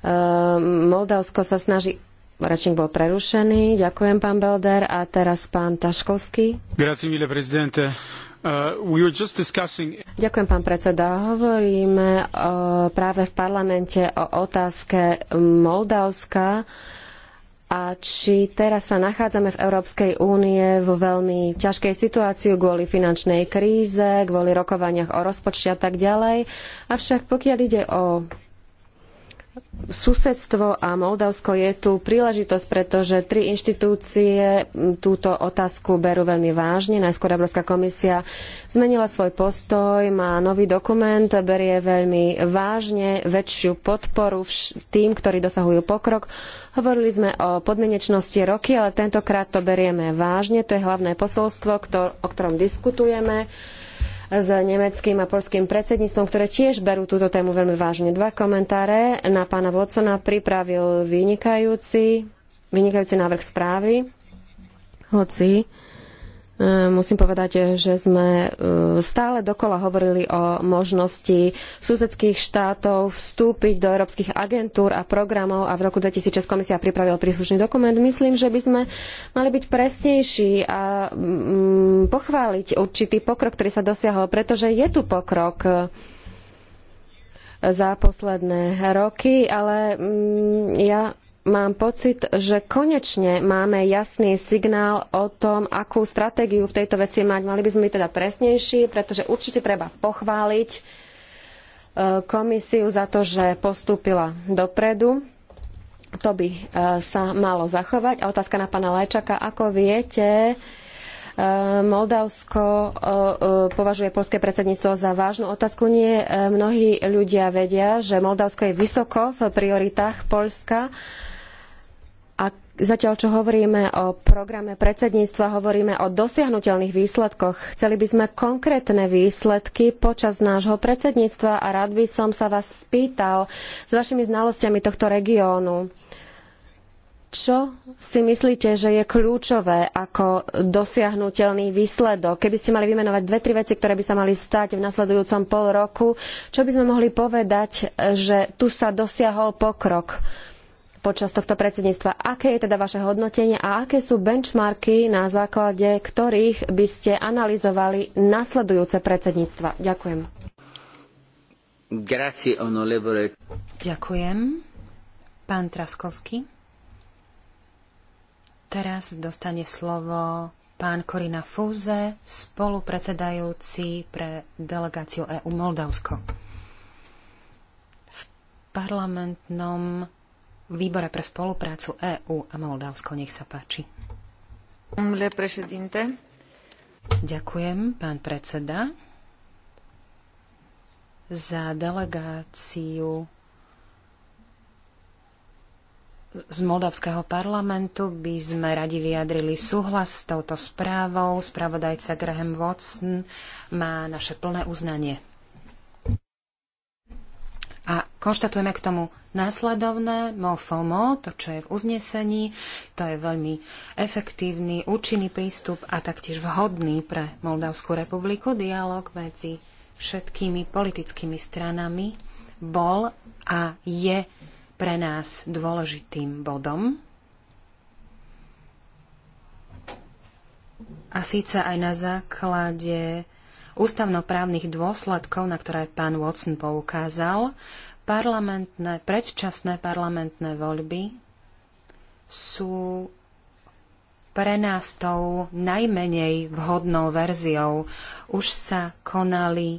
um, Moldavsko sa snaží Rečník bol prerušený. Ďakujem, pán Belder. A teraz pán Taškovský. Grazie, mille prezidente. Uh, we discussing... Ďakujem, pán predseda. Hovoríme práve v parlamente o otázke Moldavska. Uh, a či teraz sa nachádzame v Európskej únie vo veľmi ťažkej situácii kvôli finančnej kríze, kvôli rokovaniach o rozpočte a tak ďalej. Avšak pokiaľ ide o susedstvo a Moldavsko je tu príležitosť, pretože tri inštitúcie túto otázku berú veľmi vážne. Najskôr Európska komisia zmenila svoj postoj, má nový dokument, berie veľmi vážne väčšiu podporu tým, ktorí dosahujú pokrok. Hovorili sme o podmienečnosti roky, ale tentokrát to berieme vážne. To je hlavné posolstvo, ktor o ktorom diskutujeme s nemeckým a poľským predsedníctvom, ktoré tiež berú túto tému veľmi vážne. Dva komentáre na pána Watsona pripravil vynikajúci, vynikajúci návrh správy, hoci E, musím povedať, že sme e, stále dokola hovorili o možnosti susedských štátov vstúpiť do európskych agentúr a programov a v roku 2006 komisia pripravila príslušný dokument. Myslím, že by sme mali byť presnejší a mm, pochváliť určitý pokrok, ktorý sa dosiahol, pretože je tu pokrok e, za posledné roky, ale mm, ja mám pocit, že konečne máme jasný signál o tom, akú stratégiu v tejto veci mať. Mali by sme byť teda presnejší, pretože určite treba pochváliť e, komisiu za to, že postúpila dopredu. To by e, sa malo zachovať. A otázka na pána Lajčaka. Ako viete, e, Moldavsko považuje polské predsedníctvo za vážnu otázku. Nie mnohí ľudia vedia, že Moldavsko je vysoko v prioritách Poľska Zatiaľ, čo hovoríme o programe predsedníctva, hovoríme o dosiahnuteľných výsledkoch. Chceli by sme konkrétne výsledky počas nášho predsedníctva a rád by som sa vás spýtal s vašimi znalosťami tohto regiónu. Čo si myslíte, že je kľúčové ako dosiahnuteľný výsledok? Keby ste mali vymenovať dve, tri veci, ktoré by sa mali stať v nasledujúcom pol roku, čo by sme mohli povedať, že tu sa dosiahol pokrok? počas tohto predsedníctva. Aké je teda vaše hodnotenie a aké sú benchmarky, na základe ktorých by ste analyzovali nasledujúce predsedníctva? Ďakujem. Grazie, Ďakujem. Pán Traskovský. Teraz dostane slovo pán Korina Fúze, spolupredsedajúci pre delegáciu EU Moldavsko. V parlamentnom výbore pre spoluprácu EÚ a Moldavsko. Nech sa páči. Ďakujem, pán predseda, za delegáciu z Moldavského parlamentu by sme radi vyjadrili súhlas s touto správou. Spravodajca Graham Watson má naše plné uznanie. A konštatujeme k tomu následovné, MOFOMO, to, čo je v uznesení, to je veľmi efektívny, účinný prístup a taktiež vhodný pre Moldavskú republiku. Dialóg medzi všetkými politickými stranami bol a je pre nás dôležitým bodom. A síce aj na základe ústavnoprávnych dôsledkov, na ktoré pán Watson poukázal, parlamentné, predčasné parlamentné voľby sú pre nás tou najmenej vhodnou verziou. Už sa konali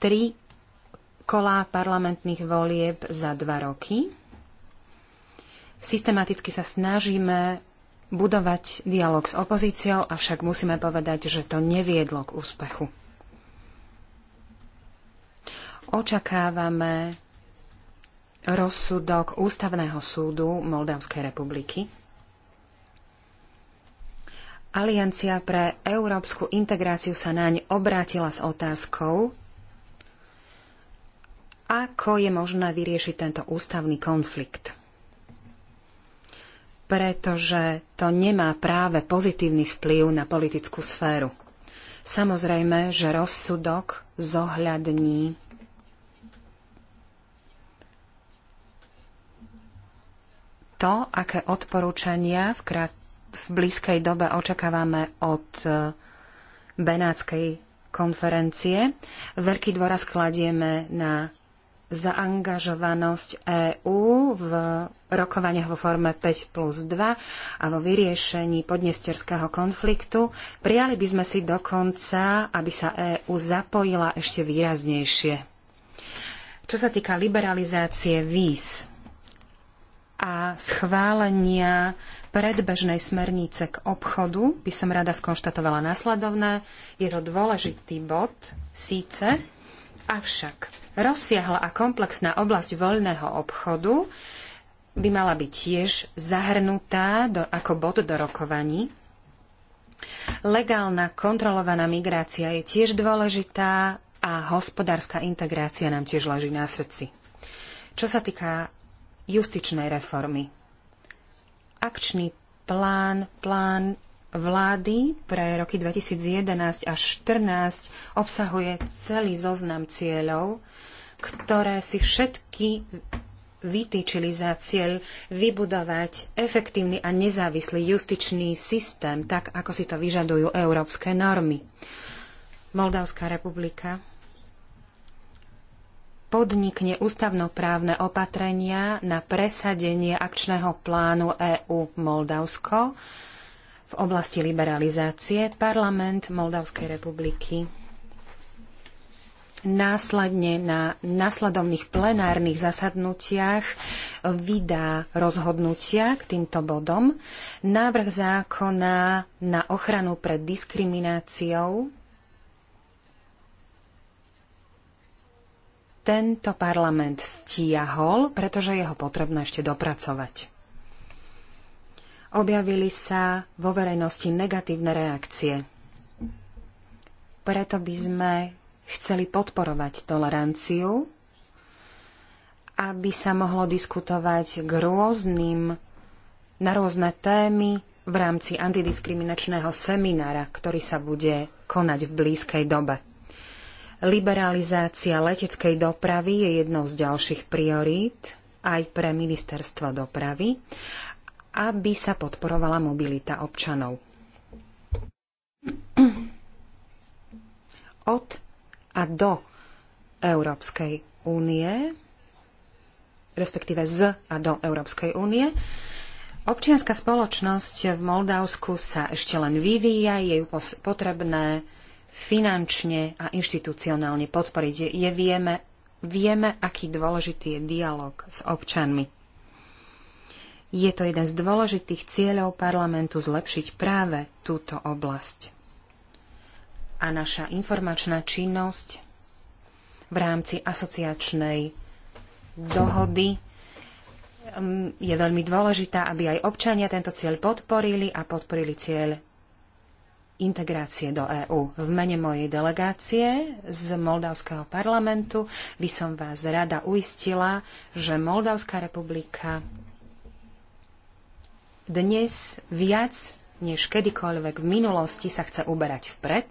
tri kolá parlamentných volieb za dva roky. Systematicky sa snažíme budovať dialog s opozíciou, avšak musíme povedať, že to neviedlo k úspechu. Očakávame rozsudok Ústavného súdu Moldavskej republiky. Aliancia pre európsku integráciu sa naň obrátila s otázkou, ako je možné vyriešiť tento ústavný konflikt pretože to nemá práve pozitívny vplyv na politickú sféru. Samozrejme, že rozsudok zohľadní to, aké odporúčania v, krát- v blízkej dobe očakávame od e, Benátskej konferencie. Veľký dôraz kladieme na zaangažovanosť EÚ v rokovaniach vo forme 5 plus 2 a vo vyriešení podnesterského konfliktu. Prijali by sme si dokonca, aby sa EÚ zapojila ešte výraznejšie. Čo sa týka liberalizácie víz a schválenia predbežnej smernice k obchodu, by som rada skonštatovala následovné. Je to dôležitý bod, síce Avšak rozsiahla a komplexná oblasť voľného obchodu by mala byť tiež zahrnutá do, ako bod do rokovaní. Legálna kontrolovaná migrácia je tiež dôležitá a hospodárska integrácia nám tiež leží na srdci. Čo sa týka justičnej reformy, akčný plán, plán vlády pre roky 2011 až 2014 obsahuje celý zoznam cieľov, ktoré si všetky vytýčili za cieľ vybudovať efektívny a nezávislý justičný systém, tak ako si to vyžadujú európske normy. Moldavská republika podnikne ústavnoprávne opatrenia na presadenie akčného plánu EÚ Moldavsko, v oblasti liberalizácie parlament Moldavskej republiky následne na následovných plenárnych zasadnutiach vydá rozhodnutia k týmto bodom. Návrh zákona na ochranu pred diskrimináciou tento parlament stiahol, pretože je ho potrebné ešte dopracovať objavili sa vo verejnosti negatívne reakcie. Preto by sme chceli podporovať toleranciu, aby sa mohlo diskutovať k rôznym, na rôzne témy v rámci antidiskriminačného seminára, ktorý sa bude konať v blízkej dobe. Liberalizácia leteckej dopravy je jednou z ďalších priorít aj pre ministerstvo dopravy aby sa podporovala mobilita občanov. Od a do Európskej únie, respektíve z a do Európskej únie, Občianská spoločnosť v Moldavsku sa ešte len vyvíja, je ju potrebné finančne a inštitucionálne podporiť. Je, vieme, vieme, aký dôležitý je dialog s občanmi. Je to jeden z dôležitých cieľov parlamentu zlepšiť práve túto oblasť. A naša informačná činnosť v rámci asociačnej dohody um, je veľmi dôležitá, aby aj občania tento cieľ podporili a podporili cieľ integrácie do EÚ. V mene mojej delegácie z Moldavského parlamentu by som vás rada uistila, že Moldavská republika dnes viac než kedykoľvek v minulosti sa chce uberať vpred.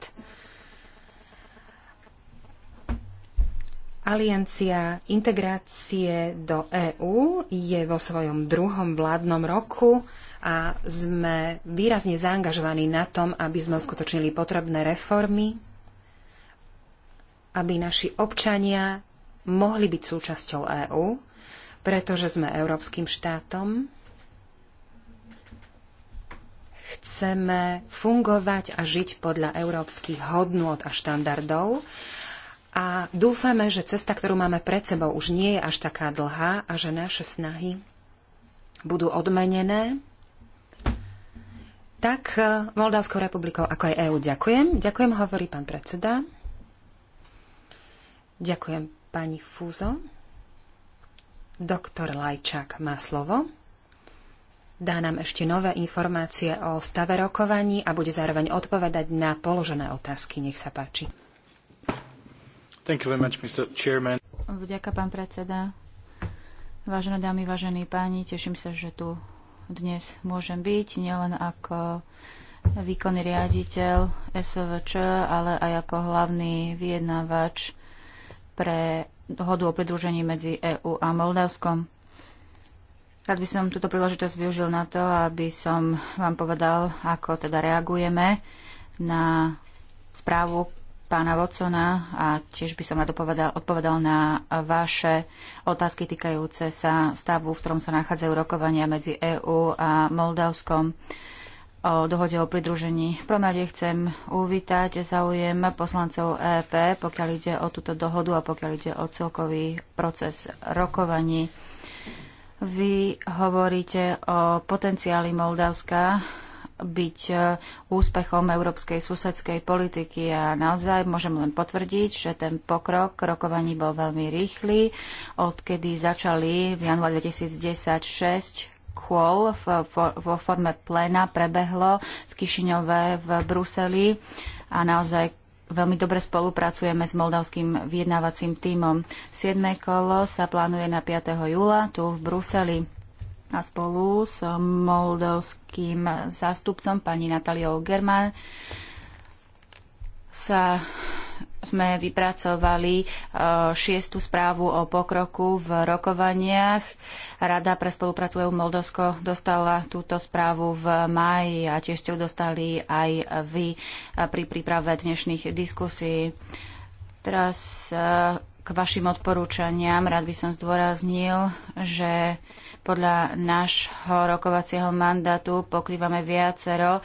Aliancia integrácie do EÚ je vo svojom druhom vládnom roku a sme výrazne zaangažovaní na tom, aby sme uskutočnili potrebné reformy, aby naši občania mohli byť súčasťou EÚ, pretože sme európskym štátom chceme fungovať a žiť podľa európskych hodnôt a štandardov. A dúfame, že cesta, ktorú máme pred sebou, už nie je až taká dlhá a že naše snahy budú odmenené tak e, Moldavskou republikou, ako aj EÚ. Ďakujem. Ďakujem, hovorí pán predseda. Ďakujem, pani Fúzo. Doktor Lajčák má slovo dá nám ešte nové informácie o stave rokovaní a bude zároveň odpovedať na položené otázky. Nech sa páči. Thank you very much, Mr. Chairman. Vďaka, pán predseda. Vážené dámy, vážení páni, teším sa, že tu dnes môžem byť, nielen ako výkonný riaditeľ SOVČ, ale aj ako hlavný vyjednávač pre dohodu o pridružení medzi EÚ a Moldavskom. Rád by som túto príležitosť využil na to, aby som vám povedal, ako teda reagujeme na správu pána Vocona a tiež by som rád odpovedal na vaše otázky týkajúce sa stavu, v ktorom sa nachádzajú rokovania medzi EÚ a Moldavskom o dohode o pridružení. Promade chcem uvítať záujem poslancov EP, pokiaľ ide o túto dohodu a pokiaľ ide o celkový proces rokovaní. Vy hovoríte o potenciáli Moldavska byť e, úspechom európskej susedskej politiky a naozaj môžem len potvrdiť, že ten pokrok rokovaní bol veľmi rýchly, odkedy začali v januári 2016 kôl vo forme pléna prebehlo v Kišiňove v Bruseli a naozaj Veľmi dobre spolupracujeme s moldavským vyjednávacím tímom. Siedme kolo sa plánuje na 5. júla tu v Bruseli a spolu s moldovským zástupcom pani Nataliou German sa sme vypracovali e, šiestu správu o pokroku v rokovaniach. Rada pre spoluprácu EU Moldovsko dostala túto správu v máji a tiež ste ju dostali aj vy e, pri príprave dnešných diskusí. Teraz e, k vašim odporúčaniam rád by som zdôraznil, že podľa nášho rokovacieho mandátu pokrývame viacero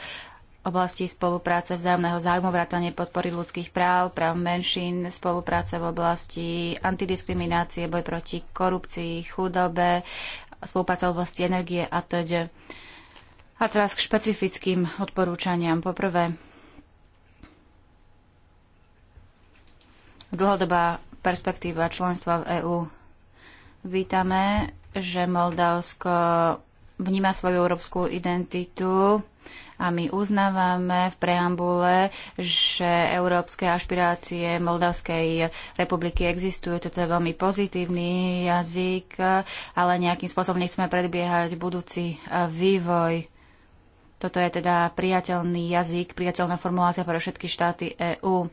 oblasti spolupráce vzájomného záujmu, vrátanie podpory ľudských práv, práv menšín, spolupráce v oblasti antidiskriminácie, boj proti korupcii, chudobe, spolupráca v oblasti energie a teď. Teda. A teraz k špecifickým odporúčaniam. Poprvé, dlhodobá perspektíva členstva v EÚ. Vítame, že Moldavsko vníma svoju európsku identitu a my uznávame v preambule, že európske ašpirácie Moldavskej republiky existujú. Toto je veľmi pozitívny jazyk, ale nejakým spôsobom nechceme predbiehať budúci e, vývoj. Toto je teda priateľný jazyk, priateľná formulácia pre všetky štáty EÚ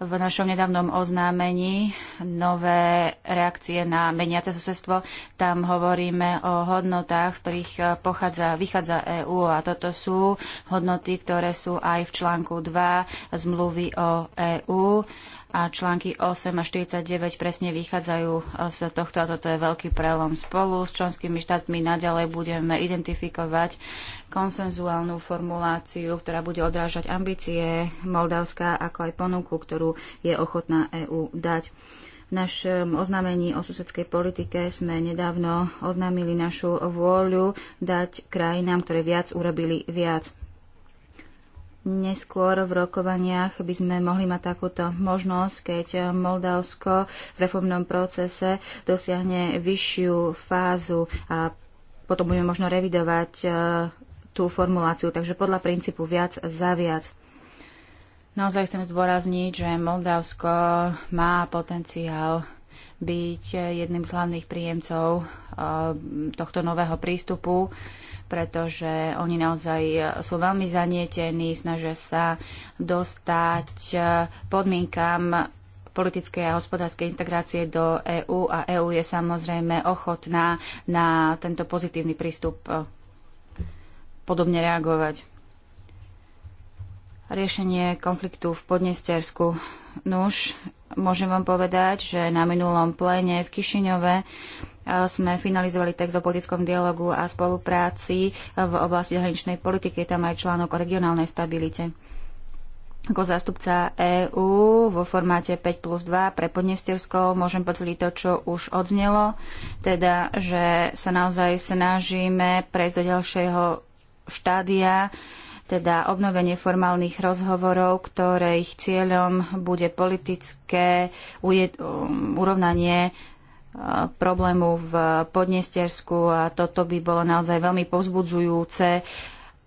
v našom nedávnom oznámení nové reakcie na meniace susedstvo. Tam hovoríme o hodnotách, z ktorých eh, pochádza, vychádza EÚ a toto sú hodnoty, ktoré sú aj v článku 2 zmluvy o EÚ a články 8 a 49 presne vychádzajú e, z tohto a toto je veľký prelom. Spolu s členskými štátmi naďalej budeme identifikovať konsenzuálnu formuláciu, ktorá bude odrážať ambície Moldavska, ako aj ponuku, ktorú je ochotná EÚ dať. V našom oznámení o susedskej politike sme nedávno oznámili našu vôľu dať krajinám, ktoré viac urobili viac Neskôr v rokovaniach by sme mohli mať takúto možnosť, keď Moldavsko v reformnom procese dosiahne vyššiu fázu a potom budeme možno revidovať e, tú formuláciu. Takže podľa princípu viac za viac. Naozaj chcem zdôrazniť, že Moldavsko má potenciál byť jedným z hlavných príjemcov e, tohto nového prístupu pretože oni naozaj e, sú veľmi zanietení, snažia sa dostať e, podmienkam politickej a hospodárskej integrácie do EÚ a EÚ je samozrejme ochotná na tento pozitívny prístup e, podobne reagovať. Riešenie konfliktu v Podnestersku. Nuž, môžem vám povedať, že na minulom pléne v Kišiňove sme finalizovali text o politickom dialogu a spolupráci v oblasti zahraničnej politiky. Je tam aj článok o regionálnej stabilite. Ako zástupca EÚ vo formáte 5 plus 2 pre Podnestersko môžem potvrdiť to, čo už odznelo, teda, že sa naozaj snažíme prejsť do ďalšieho štádia teda obnovenie formálnych rozhovorov, ktorých cieľom bude politické um, urovnanie problému v Podnestersku a toto by bolo naozaj veľmi povzbudzujúce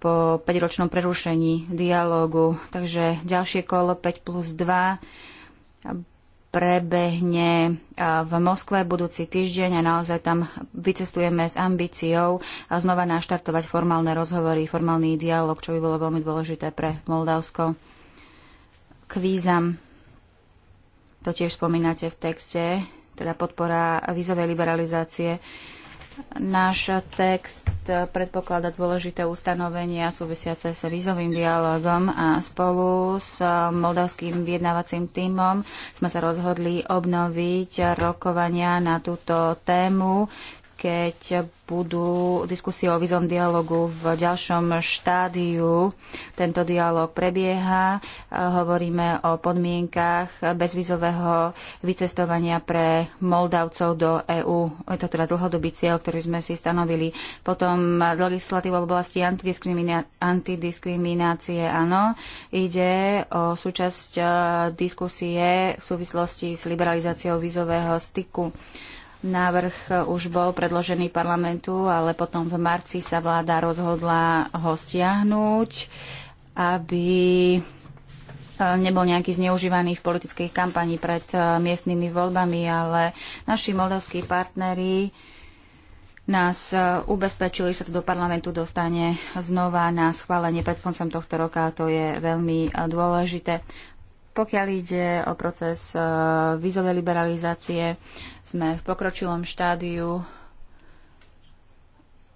po 5-ročnom prerušení dialógu. Takže ďalšie kolo 5 plus 2 prebehne v Moskve budúci týždeň a naozaj tam vycestujeme s ambíciou a znova naštartovať formálne rozhovory, formálny dialog, čo by bolo veľmi dôležité pre Moldavsko. Kvízam. To tiež spomínate v texte teda podpora vízovej liberalizácie. Náš text predpokladá dôležité ustanovenia súvisiace s vízovým dialogom a spolu s moldavským vyjednávacím týmom sme sa rozhodli obnoviť rokovania na túto tému keď budú diskusie o vizom dialogu v ďalšom štádiu. Tento dialog prebieha. Hovoríme o podmienkach bezvizového vycestovania pre Moldavcov do EÚ. Je to teda dlhodobý cieľ, ktorý sme si stanovili. Potom legislatíva v oblasti antidiskriminácie. Áno, ide o súčasť eh, diskusie v súvislosti s liberalizáciou vizového styku. Návrh eh, už bol predložený parlamentu, ale potom v marci sa vláda rozhodla ho stiahnuť, aby eh, nebol nejaký zneužívaný v politickej kampani pred eh, miestnymi voľbami, ale naši moldovskí partneri nás ubezpečili, že sa to do parlamentu dostane znova na schválenie pred koncom tohto roka, to je veľmi dôležité. Pokiaľ ide o proces e, vízovej liberalizácie, sme v pokročilom štádiu.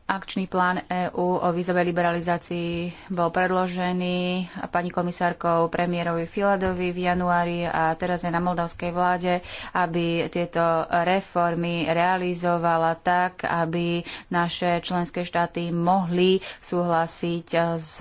Akčný plán EÚ o vízovej liberalizácii bol predložený pani komisárkou premiérovi Filadovi v januári a teraz je na moldavskej vláde, aby tieto reformy realizovala tak, aby naše členské štáty mohli súhlasiť s,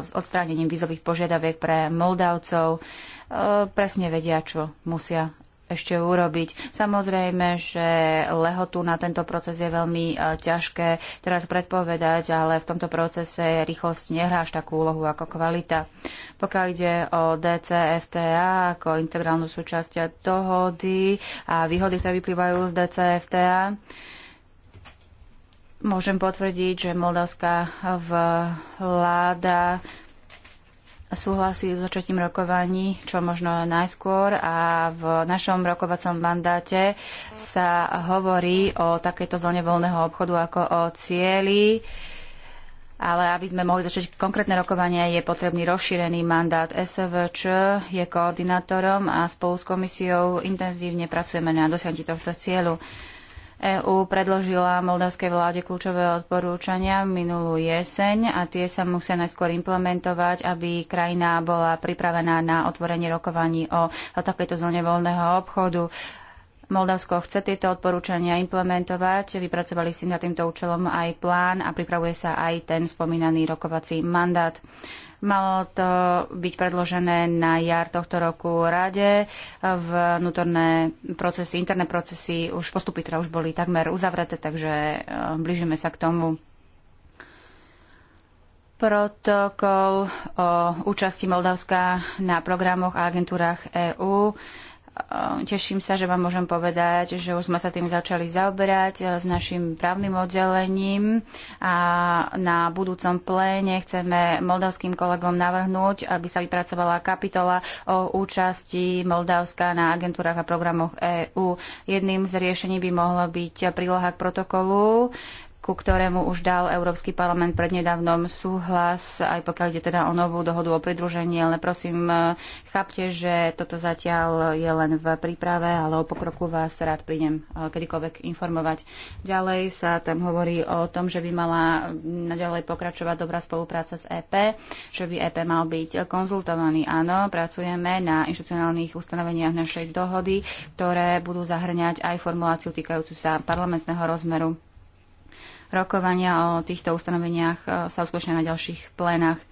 s odstránením vízových požiadaviek pre Moldavcov. Eh, presne vedia, čo musia ešte urobiť. Samozrejme, že lehotu na tento proces je veľmi eh, ťažké teraz predpovedať, ale v tomto procese rýchlosť nehrá až takú úlohu ako kvalita. Pokiaľ ide o DCFTA ako integrálnu súčasť dohody a výhody, ktoré vyplývajú z DCFTA, môžem potvrdiť, že moldavská vláda súhlasí s začatím rokovaní čo možno najskôr a v našom rokovacom mandáte sa hovorí o takejto zóne voľného obchodu ako o cieli. Ale aby sme mohli začať konkrétne rokovanie, je potrebný rozšírený mandát. SVČ je koordinátorom a spolu s komisiou intenzívne pracujeme na dosiahnutí tohto cieľu. EÚ predložila moldavskej vláde kľúčové odporúčania minulú jeseň a tie sa musia najskôr implementovať, aby krajina bola pripravená na otvorenie rokovaní o takejto zóne voľného obchodu. Moldavsko chce tieto odporúčania implementovať. Vypracovali si na týmto účelom aj plán a pripravuje sa aj ten spomínaný rokovací mandát. Malo to byť predložené na jar tohto roku rade. Vnútorné procesy, interné procesy, už postupy ktoré teda už boli takmer uzavreté, takže e, blížime sa k tomu protokol o účasti Moldavska na programoch a agentúrach EÚ. Ehm, teším sa, že vám môžem povedať, že už sme sa tým začali zaoberať eh, s našim právnym oddelením a na budúcom pléne chceme moldavským kolegom navrhnúť, aby sa vypracovala kapitola o účasti Moldavska na agentúrach a programoch EÚ. Jedným z riešení by mohla byť príloha k protokolu, ku ktorému už dal Európsky parlament prednedávnom súhlas, aj pokiaľ ide teda o novú dohodu o pridružení, ale prosím, e, chápte, že toto zatiaľ je len v príprave, ale o pokroku vás rád prídem e, kedykoľvek informovať. Ďalej sa tam hovorí o tom, že by mala naďalej pokračovať dobrá spolupráca s EP, že by EP mal byť konzultovaný. Áno, pracujeme na inštitucionálnych ustanoveniach našej dohody, ktoré budú zahrňať aj formuláciu týkajúcu sa parlamentného rozmeru Rokovania o týchto ustanoveniach e, sa uskutočnia na ďalších plénach.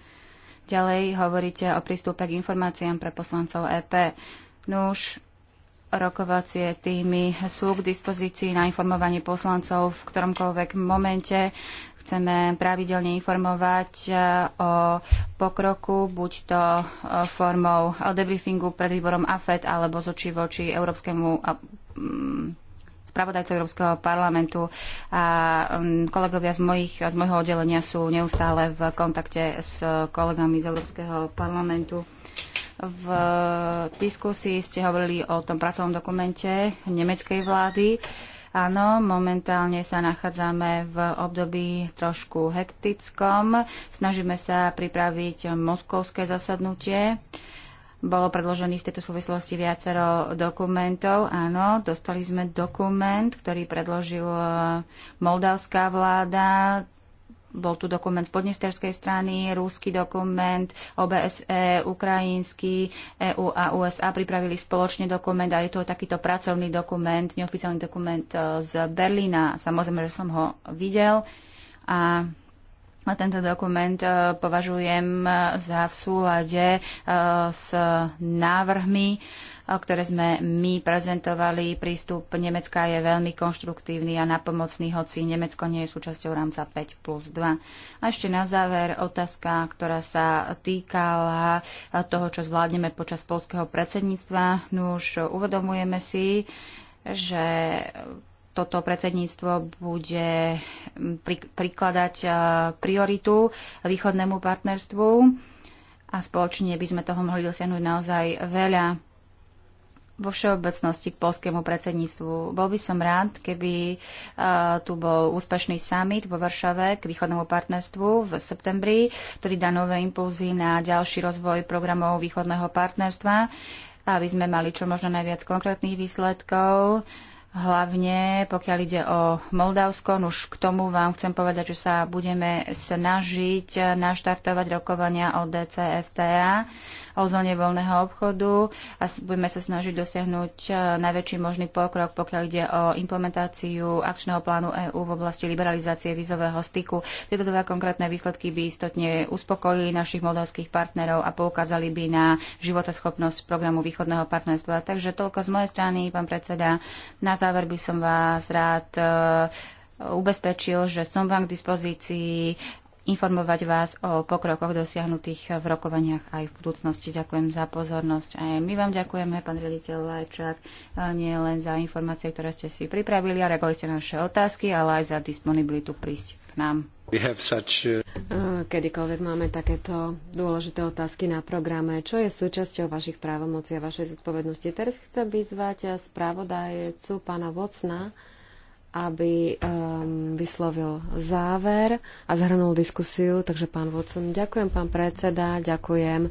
Ďalej hovoríte o prístupe k informáciám pre poslancov EP. No už rokovacie týmy sú k dispozícii na informovanie poslancov v ktoromkoľvek momente. Chceme pravidelne informovať e, o pokroku, buď to e, formou debriefingu pred výborom AFED alebo z očí voči Európskemu mm, spravodajcov Európskeho parlamentu a um, kolegovia z, mojich, z mojho oddelenia sú neustále v kontakte s kolegami z Európskeho parlamentu. V diskusii ste hovorili o tom pracovnom dokumente nemeckej vlády. Áno, momentálne sa nachádzame v období trošku hektickom. Snažíme sa pripraviť moskovské zasadnutie. Uh, bolo predložených v tejto súvislosti viacero dokumentov. Áno, dostali sme dokument, ktorý predložil e, moldavská vláda. Bol tu dokument z podnesterskej strany, rúský dokument, OBSE, ukrajinský, EU a USA pripravili spoločne dokument a je tu takýto pracovný dokument, neoficiálny dokument e, z Berlína. Samozrejme, že som ho videl. A a tento dokument e, považujem e, za v súlade e, s návrhmi, ktoré sme my prezentovali. Prístup Nemecka je veľmi konštruktívny a napomocný, hoci Nemecko nie je súčasťou rámca 5 plus 2. A ešte na záver otázka, ktorá sa týkala toho, čo zvládneme počas polského predsedníctva. No už uvedomujeme si, že toto predsedníctvo bude prikladať e, prioritu východnému partnerstvu a spoločne by sme toho mohli dosiahnuť naozaj veľa vo všeobecnosti k polskému predsedníctvu. Bol by som rád, keby e, tu bol úspešný summit vo Varšave k východnému partnerstvu v septembri, ktorý dá nové impulzy na ďalší rozvoj programov východného partnerstva, aby sme mali čo možno najviac konkrétnych výsledkov hlavne pokiaľ ide o Moldavsko. Už k tomu vám chcem povedať, že sa budeme snažiť naštartovať rokovania o DCFTA, o zóne voľného obchodu a budeme sa snažiť dosiahnuť e, najväčší možný pokrok, pokiaľ ide o implementáciu akčného plánu EÚ v oblasti liberalizácie vizového styku. Tieto dva konkrétne výsledky by istotne uspokojili našich moldavských partnerov a poukázali by na životoschopnosť programu východného partnerstva. Takže toľko z mojej strany, pán predseda, na záver by som vás rád eh, ubezpečil, že som vám k dispozícii informovať vás o pokrokoch dosiahnutých v rokovaniach aj v budúcnosti. Ďakujem za pozornosť. Aj my vám ďakujeme, pán riaditeľ Lajčák, nie len za informácie, ktoré ste si pripravili a reagovali ste na naše otázky, ale aj za disponibilitu prísť k nám. Such... Uh, e, kedykoľvek máme takéto dôležité otázky na programe, čo je súčasťou vašich právomocí a vašej zodpovednosti. Teraz chcem vyzvať správodajcu pána Vocna, aby um, vyslovil záver a zhrnul diskusiu. Takže pán Vodson, ďakujem pán predseda, ďakujem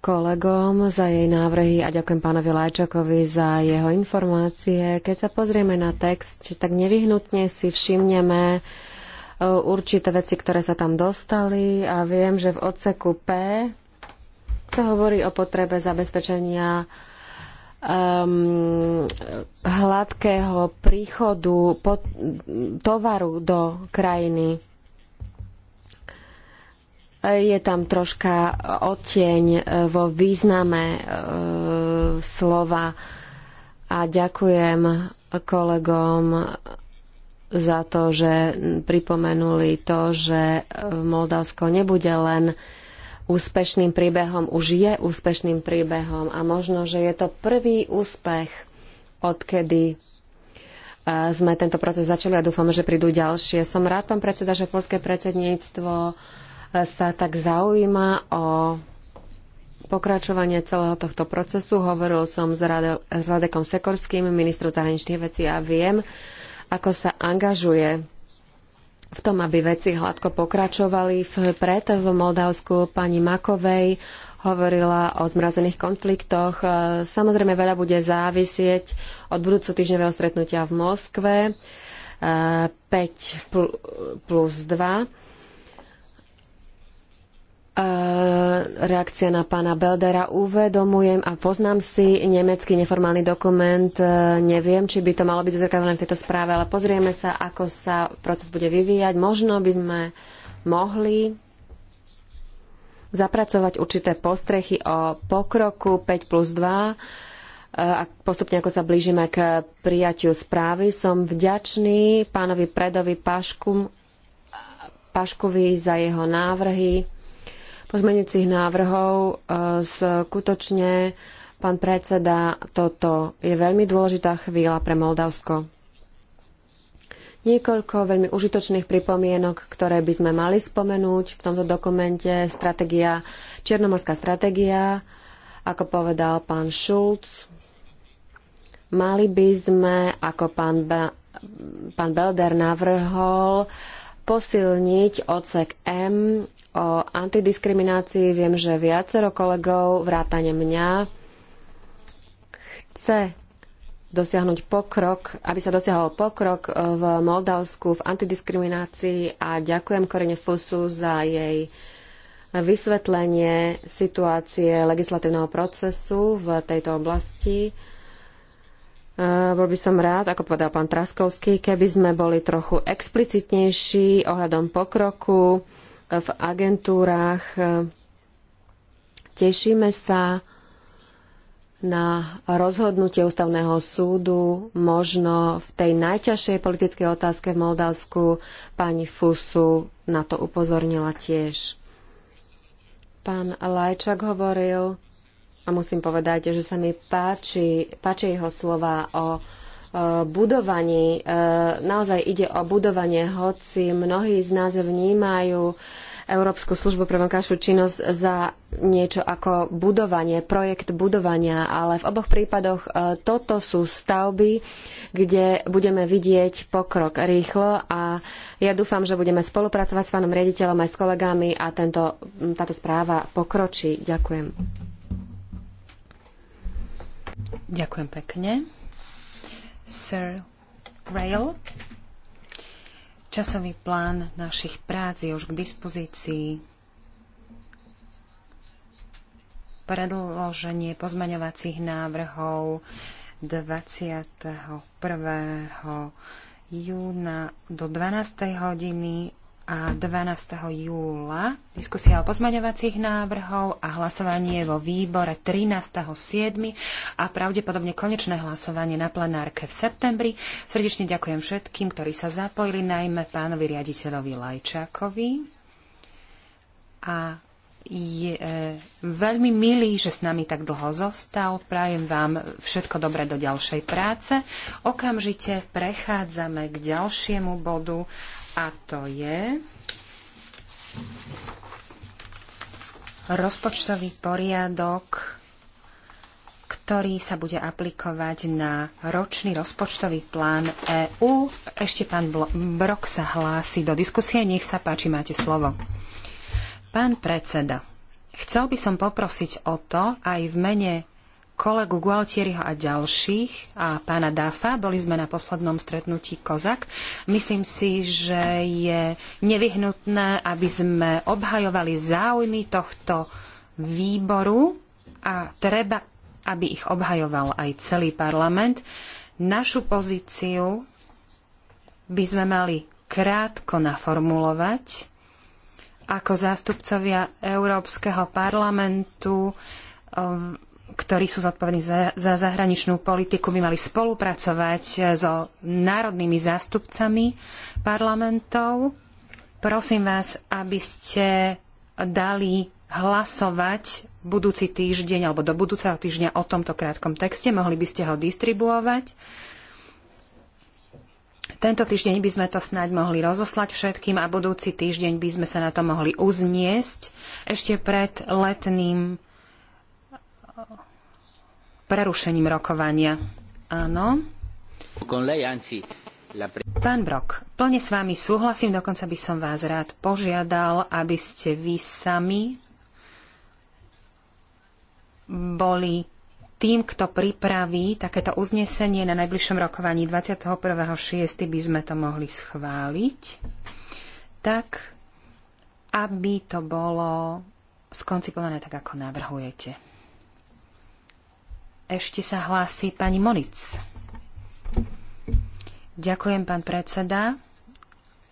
kolegom za jej návrhy a ďakujem pánovi Lajčakovi za jeho informácie. Keď sa pozrieme na text, tak nevyhnutne si všimneme e, určité veci, ktoré sa tam dostali a viem, že v odseku P sa hovorí o potrebe zabezpečenia uh, um, hladkého príchodu tovaru do krajiny. Je tam troška odtieň vo význame e, slova a ďakujem kolegom za to, že pripomenuli to, že uh, Moldavsko nebude len úspešným príbehom, už je úspešným príbehom a možno, že je to prvý úspech, odkedy e, sme tento proces začali a dúfam, že prídu ďalšie. Som rád, pán predseda, že polské predsedníctvo e, sa tak zaujíma o pokračovanie celého tohto procesu. Hovoril som s, Rade, s Radekom Sekorským, ministrom zahraničných vecí a viem, ako sa angažuje v tom, aby veci hladko pokračovali. Vpred v Moldavsku pani Makovej hovorila o zmrazených konfliktoch. Samozrejme, veľa bude závisieť od budúco týždňového stretnutia v Moskve. 5 plus 2 E, reakcia na pána Beldera. Uvedomujem a poznám si nemecký neformálny dokument. E, neviem, či by to malo byť zrkadlené v tejto správe, ale pozrieme sa, ako sa proces bude vyvíjať. Možno by sme mohli zapracovať určité postrechy o pokroku 5 plus 2 e, a postupne ako sa blížime k prijatiu správy. Som vďačný pánovi Predovi Pašku, Paškovi za jeho návrhy pozmenujúcich návrhov. E, skutočne, pán predseda, toto je veľmi dôležitá chvíľa pre Moldavsko. Niekoľko veľmi užitočných pripomienok, ktoré by sme mali spomenúť v tomto dokumente. Stratégia, Černomorská stratégia, ako povedal pán Šulc, mali by sme, ako pán, pán Belder navrhol, posilniť odsek M o antidiskriminácii. Viem, že viacero kolegov, vrátane mňa, chce dosiahnuť pokrok, aby sa dosiahol pokrok v Moldavsku v antidiskriminácii a ďakujem Korene Fusu za jej vysvetlenie situácie legislatívneho procesu v tejto oblasti. Eh, bol by som rád, ako povedal pán Traskovský, keby sme boli trochu explicitnejší ohľadom pokroku eh, v agentúrach. Eh, tešíme sa na rozhodnutie ústavného súdu, možno v tej najťažšej politickej otázke v Moldavsku. Pani Fusu na to upozornila tiež. Pán Lajčak hovoril a musím povedať, že sa mi páči, páči jeho slova o budovaní. E, naozaj ide o budovanie, hoci mnohí z nás vnímajú Európsku službu pre vonkajšiu činnosť za niečo ako budovanie, projekt budovania, ale v oboch prípadoch e, toto sú stavby, kde budeme vidieť pokrok rýchlo a ja dúfam, že budeme spolupracovať s pánom riaditeľom aj s kolegami a tento, táto správa pokročí. Ďakujem. Ďakujem pekne. Sir Rail. Časový plán našich prác je už k dispozícii. Predloženie pozmeňovacích návrhov 21. júna do 12. hodiny a 12. júla diskusia o pozmaňovacích návrhov a hlasovanie vo výbore 13.7. a pravdepodobne konečné hlasovanie na plenárke v septembri. Srdečne ďakujem všetkým, ktorí sa zapojili, najmä pánovi riaditeľovi Lajčákovi. A je e, veľmi milý, že s nami tak dlho zostal. Prajem vám všetko dobré do ďalšej práce. Okamžite prechádzame k ďalšiemu bodu a to je rozpočtový poriadok, ktorý sa bude aplikovať na ročný rozpočtový plán EÚ. Ešte pán Brok sa hlási do diskusie. Nech sa páči, máte slovo. Pán predseda, chcel by som poprosiť o to aj v mene kolegu Gualtieriho a ďalších a pána Dafa. Boli sme na poslednom stretnutí Kozak. Myslím si, že je nevyhnutné, aby sme obhajovali záujmy tohto výboru a treba, aby ich obhajoval aj celý parlament. Našu pozíciu by sme mali krátko naformulovať ako zástupcovia Európskeho parlamentu ehm, ktorí sú zodpovední za, za zahraničnú politiku, by mali spolupracovať so národnými zástupcami parlamentov. Prosím vás, aby ste dali hlasovať budúci týždeň alebo do budúceho týždňa o tomto krátkom texte. Mohli by ste ho distribuovať. Tento týždeň by sme to snáď mohli rozoslať všetkým a budúci týždeň by sme sa na to mohli uzniesť ešte pred letným prerušením rokovania. Áno. Pán Brok, plne s vami súhlasím, dokonca by som vás rád požiadal, aby ste vy sami boli tým, kto pripraví takéto uznesenie na najbližšom rokovaní 21.6. by sme to mohli schváliť, tak aby to bolo skoncipované tak, ako navrhujete. Ešte sa hlási pani Monic. Ďakujem, pán predseda.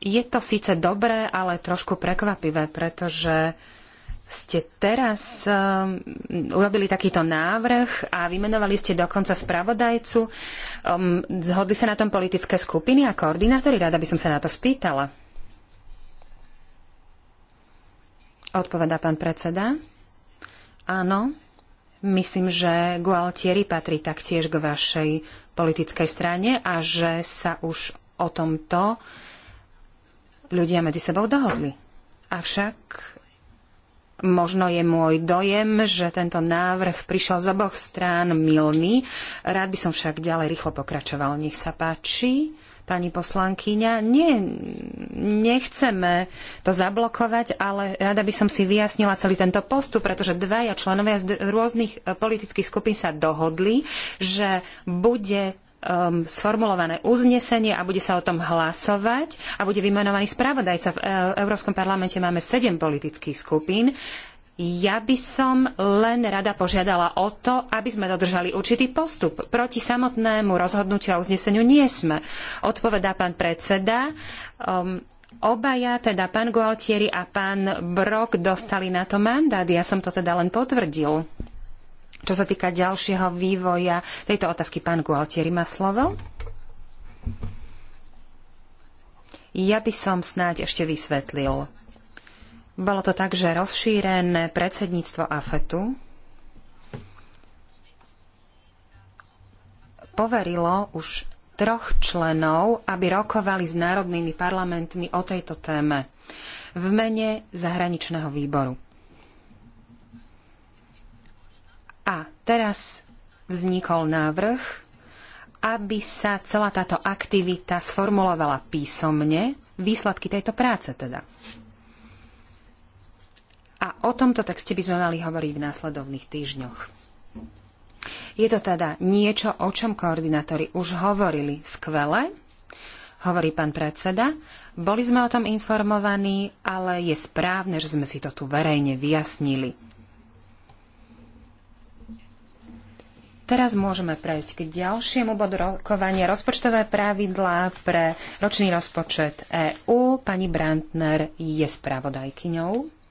Je to síce dobré, ale trošku prekvapivé, pretože ste teraz um, urobili takýto návrh a vymenovali ste dokonca spravodajcu. Um, zhodli sa na tom politické skupiny a koordinátori? Rada by som sa na to spýtala. Odpovedá pán predseda. Áno. Myslím, že Gualtieri patrí taktiež k vašej politickej strane a že sa už o tomto ľudia medzi sebou dohodli. Avšak možno je môj dojem, že tento návrh prišiel z oboch strán milný. Rád by som však ďalej rýchlo pokračoval. Nech sa páči pani poslankyňa. Nie, nechceme to zablokovať, ale rada by som si vyjasnila celý tento postup, pretože dvaja členovia z rôznych e, politických skupín sa dohodli, že bude um, sformulované uznesenie a bude sa o tom hlasovať a bude vymenovaný spravodajca. V e, Európskom parlamente máme sedem politických skupín. Ja by som len rada požiadala o to, aby sme dodržali určitý postup. Proti samotnému rozhodnutiu a uzneseniu nie sme. Odpovedá pán predseda. Um, obaja, teda pán Gualtieri a pán Brok, dostali na to mandát. Ja som to teda len potvrdil. Čo sa týka ďalšieho vývoja tejto otázky, pán Gualtieri má slovo. Ja by som snáď ešte vysvetlil bolo to tak, že rozšírené predsedníctvo AFETu poverilo už troch členov, aby rokovali s národnými parlamentmi o tejto téme v mene zahraničného výboru. A teraz vznikol návrh, aby sa celá táto aktivita sformulovala písomne, výsledky tejto práce teda. A o tomto texte by sme mali hovoriť v následovných týždňoch. Je to teda niečo, o čom koordinátori už hovorili skvele, hovorí pán predseda. Boli sme o tom informovaní, ale je správne, že sme si to tu verejne vyjasnili. Teraz môžeme prejsť k ďalšiemu bodu rokovania rozpočtové pravidlá pre ročný rozpočet EÚ. Pani Brandner je spravodajkyňou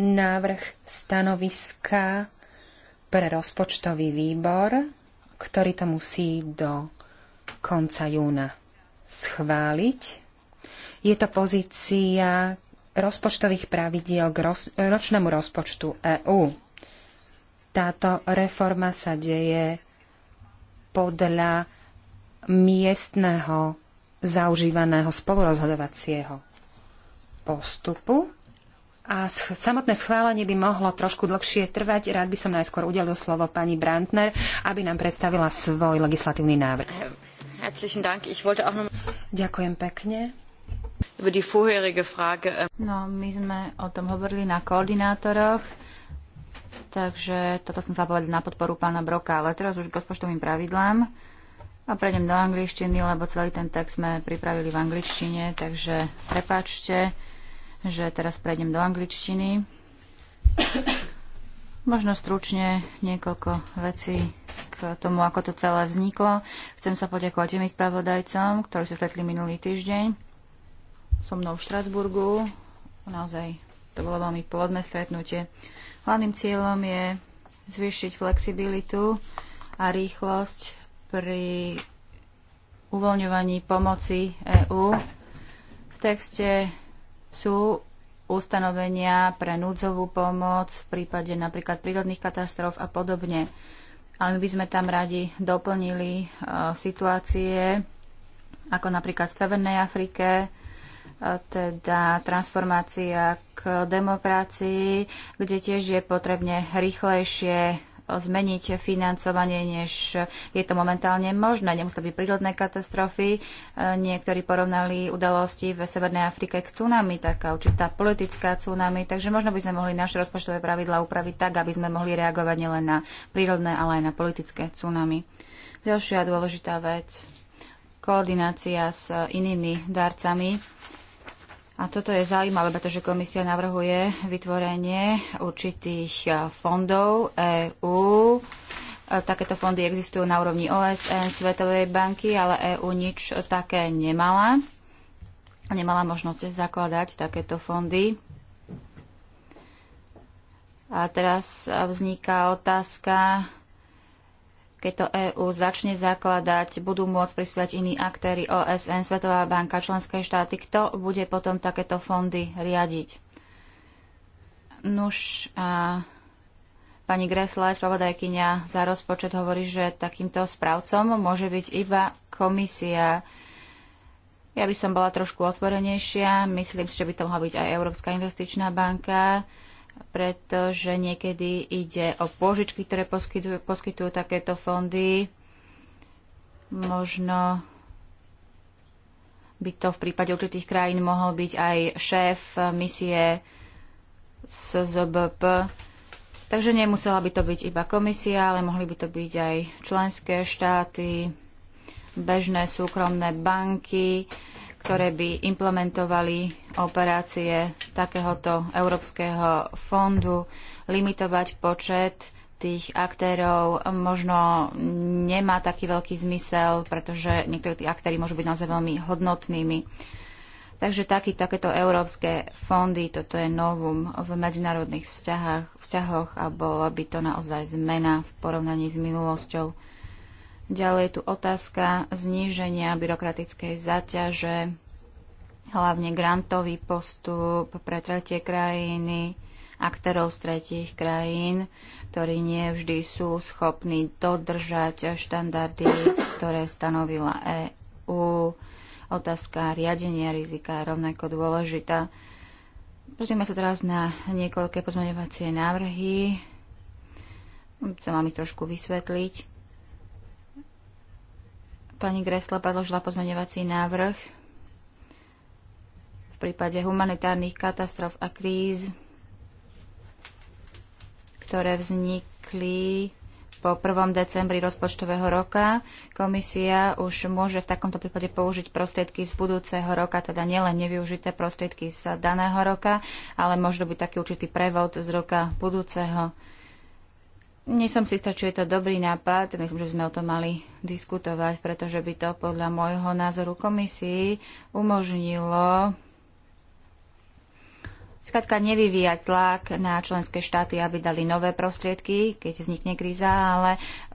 návrh stanoviska pre rozpočtový výbor, ktorý to musí do konca júna schváliť. Je to pozícia rozpočtových pravidiel k roz, ročnému rozpočtu EÚ. Táto reforma sa deje podľa miestného zaužívaného spolurozhodovacieho postupu a samotné schválenie by mohlo trošku dlhšie trvať. Rád by som najskôr udelil slovo pani Brandner, aby nám predstavila svoj legislatívny návrh. Ďakujem pekne. Ähm, no, my sme o tom hovorili na koordinátoroch, takže toto som sa na podporu pána Broka, ale teraz už k rozpočtovým pravidlám. A prejdem do angličtiny, lebo celý ten text sme pripravili v angličtine, takže prepáčte že teraz prejdem do angličtiny. Možno stručne niekoľko vecí k tomu, ako to celé vzniklo. Chcem sa poďakovať tým spravodajcom, ktorí sa stretli minulý týždeň so mnou v Štrasburgu. Naozaj to bolo veľmi plodné stretnutie. Hlavným cieľom je zvýšiť flexibilitu a rýchlosť pri uvoľňovaní pomoci EÚ. V texte sú ustanovenia pre núdzovú pomoc v prípade napríklad prírodných katastrof a podobne. Ale my by sme tam radi doplnili e, situácie ako napríklad v Severnej Afrike, e, teda transformácia k demokracii, kde tiež je potrebne rýchlejšie zmeniť financovanie, než je to momentálne možné. Nemusí byť prírodné katastrofy. Niektorí porovnali udalosti v Severnej Afrike k tsunami, taká určitá politická tsunami, takže možno by sme mohli naše rozpočtové pravidla upraviť tak, aby sme mohli reagovať nielen na prírodné, ale aj na politické tsunami. Ďalšia dôležitá vec koordinácia s inými darcami a toto je zaujímavé, pretože komisia navrhuje vytvorenie určitých e, fondov EÚ. E, takéto fondy existujú na úrovni OSN, Svetovej banky, ale EÚ nič také nemala. Nemala možnosť zakladať takéto fondy. A teraz vzniká otázka, keď to EÚ začne zakladať, budú môcť prispievať iní aktéry OSN, Svetová banka, členské štáty. Kto bude potom takéto fondy riadiť? Nuž a pani Gresla, spravodajkynia za rozpočet, hovorí, že takýmto správcom môže byť iba komisia. Ja by som bola trošku otvorenejšia. Myslím si, že by to mohla byť aj Európska investičná banka pretože niekedy ide o pôžičky, ktoré poskytujú, poskytujú takéto fondy. Možno by to v prípade určitých krajín mohol byť aj šéf misie SZBP. Takže nemusela by to byť iba komisia, ale mohli by to byť aj členské štáty, bežné súkromné banky, ktoré by implementovali operácie takéhoto Európskeho fondu, limitovať počet tých aktérov možno nemá taký veľký zmysel, pretože niektorí tí aktéry môžu byť naozaj veľmi hodnotnými. Takže taký, takéto európske fondy, toto je novum v medzinárodných vzťahoch a bola by to naozaj zmena v porovnaní s minulosťou. Ďalej je tu otázka zníženia byrokratickej zaťaže, hlavne grantový postup pre tretie krajiny, aktérov z tretich krajín, ktorí nie vždy sú schopní dodržať štandardy, ktoré stanovila EÚ. Otázka riadenia rizika je rovnako dôležitá. Pozrieme sa teraz na niekoľké pozmeňovacie návrhy. Chcem vám ich trošku vysvetliť. Pani Gresla predložila pozmeňovací návrh v prípade humanitárnych katastrof a kríz, ktoré vznikli po 1. decembri rozpočtového roka. Komisia už môže v takomto prípade použiť prostriedky z budúceho roka, teda nielen nevyužité prostriedky z daného roka, ale môže byť taký určitý prevod z roka budúceho roka nie som si istá, je to dobrý nápad. Myslím, že sme o tom mali diskutovať, pretože by to podľa môjho názoru komisii umožnilo skladka nevyvíjať tlak na členské štáty, aby dali nové prostriedky, keď vznikne kríza, ale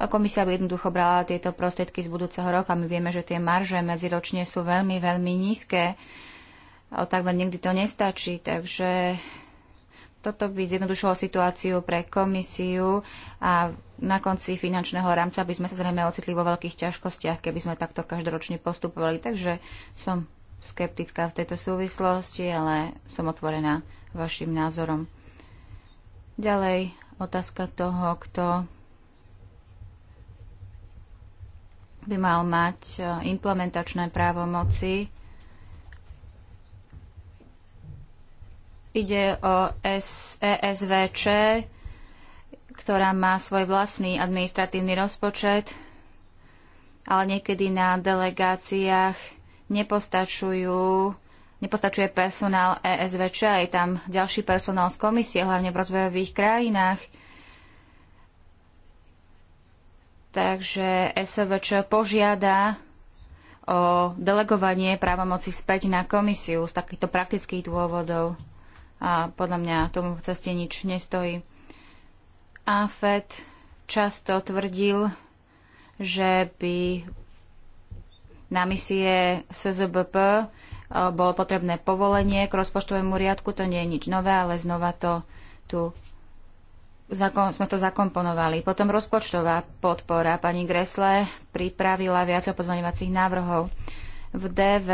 komisia by jednoducho brala tieto prostriedky z budúceho roka. My vieme, že tie marže medziročne sú veľmi, veľmi nízke. O takmer nikdy to nestačí, takže toto by zjednodušilo situáciu pre komisiu a na konci finančného rámca by sme sa zrejme ocitli vo veľkých ťažkostiach, keby sme takto každoročne postupovali. Takže som skeptická v tejto súvislosti, ale som otvorená vašim názorom. Ďalej otázka toho, kto by mal mať eh, implementačné právomoci Ide o ESVČ, ktorá má svoj vlastný administratívny rozpočet, ale niekedy na delegáciách nepostačujú nepostačuje personál ESVČ, a je tam ďalší personál z komisie, hlavne v rozvojových krajinách. Takže ESVČ požiada o delegovanie právomoci späť na komisiu z takýchto praktických dôvodov a podľa mňa tomu v ceste nič nestojí. AFED často tvrdil, že by na misie SZBP e, bolo potrebné povolenie k rozpočtovému riadku. To nie je nič nové, ale znova to tu Zakon, sme to zakomponovali. Potom rozpočtová podpora. Pani Gresle pripravila viac pozmaňovacích návrhov. V DV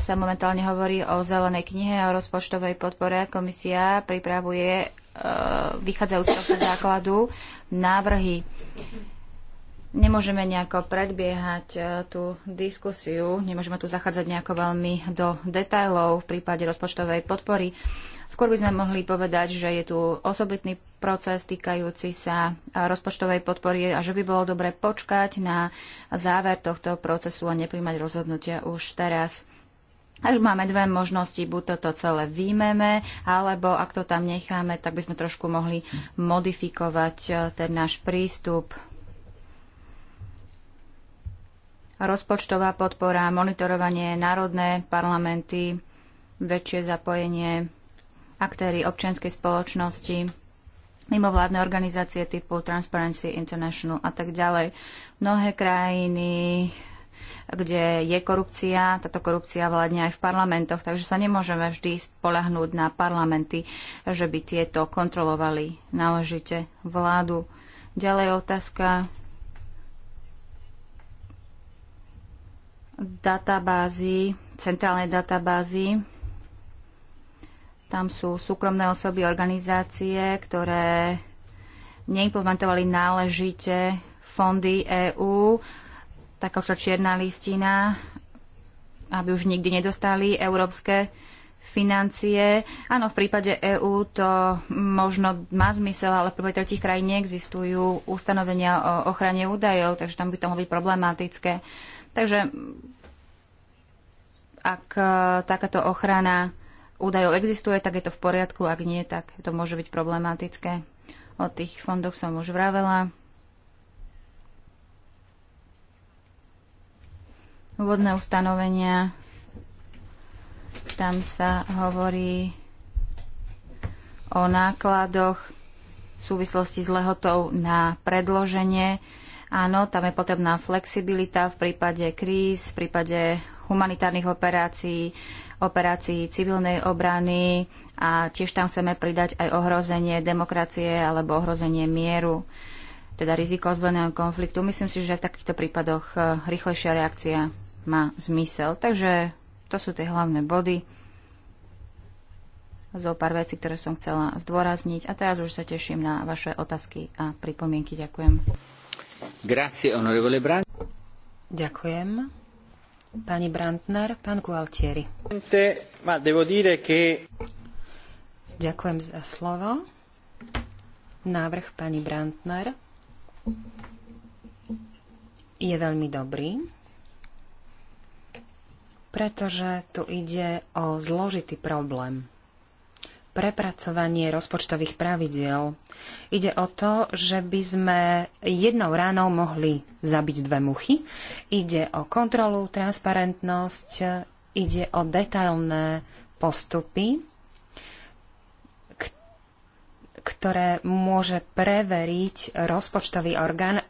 sa momentálne hovorí o zelenej knihe a o rozpočtovej podpore. Komisia pripravuje e, vychádzajúce z tohto základu návrhy. Nemôžeme nejako predbiehať e, tú diskusiu, nemôžeme tu zachádzať nejako veľmi do detajlov v prípade rozpočtovej podpory. Skôr by sme mohli povedať, že je tu osobitný proces týkajúci sa rozpočtovej podpory a že by bolo dobre počkať na záver tohto procesu a nepríjmať rozhodnutia už teraz. Až máme dve možnosti, buď toto celé výjmeme, alebo ak to tam necháme, tak by sme trošku mohli modifikovať eh, ten náš prístup. Rozpočtová podpora, monitorovanie, národné parlamenty, väčšie zapojenie aktéry občianskej spoločnosti, mimovládne organizácie typu Transparency International a tak ďalej. Mnohé krajiny kde je korupcia. Táto korupcia vládne aj v parlamentoch, takže sa nemôžeme vždy spolahnúť na parlamenty, že by tieto kontrolovali náležite vládu. Ďalej otázka databázy, centrálnej databázy tam sú súkromné osoby, organizácie, ktoré neimplementovali náležite fondy EÚ, taká čierna listina, aby už nikdy nedostali európske financie. Áno, v prípade EÚ to možno má zmysel, ale v prípade tretich krajín neexistujú ustanovenia o ochrane údajov, takže tam by to mohlo byť problematické. Takže ak takáto ochrana údajov existuje, tak je to v poriadku, ak nie, tak to môže byť problematické. O tých fondoch som už vravela. Úvodné ustanovenia. Tam sa hovorí o nákladoch v súvislosti s lehotou na predloženie. Áno, tam je potrebná flexibilita v prípade kríz, v prípade humanitárnych operácií, operácií civilnej obrany a tiež tam chceme pridať aj ohrozenie demokracie alebo ohrozenie mieru, teda riziko ozbrojeného konfliktu. Myslím si, že v takýchto prípadoch e, rýchlejšia reakcia má zmysel. Takže to sú tie hlavné body. Zo pár vecí, ktoré som chcela zdôrazniť. A teraz už sa teším na vaše otázky a pripomienky. Ďakujem. Grazie, Ďakujem. Pani Brandner, pán Gualtieri. Ďakujem za slovo. Návrh pani Brandner je veľmi dobrý, pretože tu ide o zložitý problém prepracovanie rozpočtových pravidiel. Ide o to, že by sme jednou ránou mohli zabiť dve muchy. Ide o kontrolu, transparentnosť, ide o detailné postupy, ktoré môže preveriť rozpočtový orgán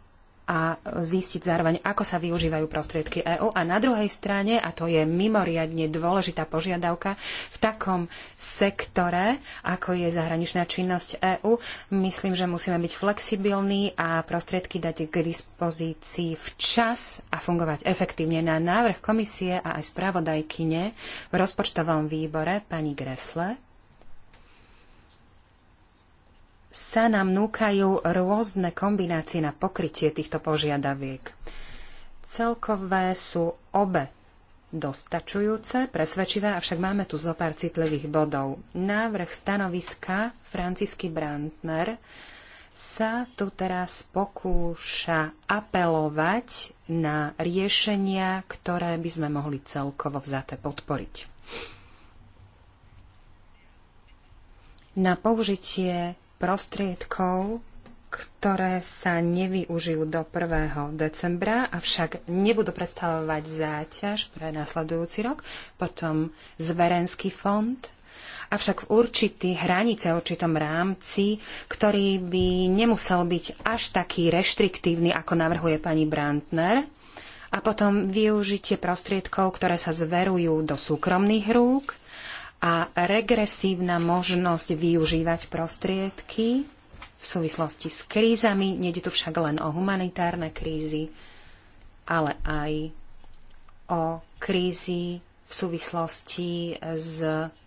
a zistiť zároveň, ako sa využívajú prostriedky EÚ. A na druhej strane, a to je mimoriadne dôležitá požiadavka, v takom sektore, ako je zahraničná činnosť EÚ, myslím, že musíme byť flexibilní a prostriedky dať k dispozícii včas a fungovať efektívne. Na návrh komisie a aj spravodajkyne v rozpočtovom výbore pani Gresle sa nám núkajú rôzne kombinácie na pokrytie týchto požiadaviek. Celkové sú obe dostačujúce, presvedčivé, avšak máme tu zo pár citlivých bodov. Návrh stanoviska Francisky Brandner sa tu teraz pokúša apelovať na riešenia, ktoré by sme mohli celkovo vzaté podporiť. Na použitie prostriedkov, ktoré sa nevyužijú do 1. decembra, avšak nebudú predstavovať záťaž pre následujúci rok, potom zverenský fond, avšak v určitých hranice, určitom rámci, ktorý by nemusel byť až taký reštriktívny, ako navrhuje pani Brandner, a potom využitie prostriedkov, ktoré sa zverujú do súkromných rúk, a regresívna možnosť využívať prostriedky v súvislosti s krízami. Nede tu však len o humanitárne krízy, ale aj o krízy v súvislosti s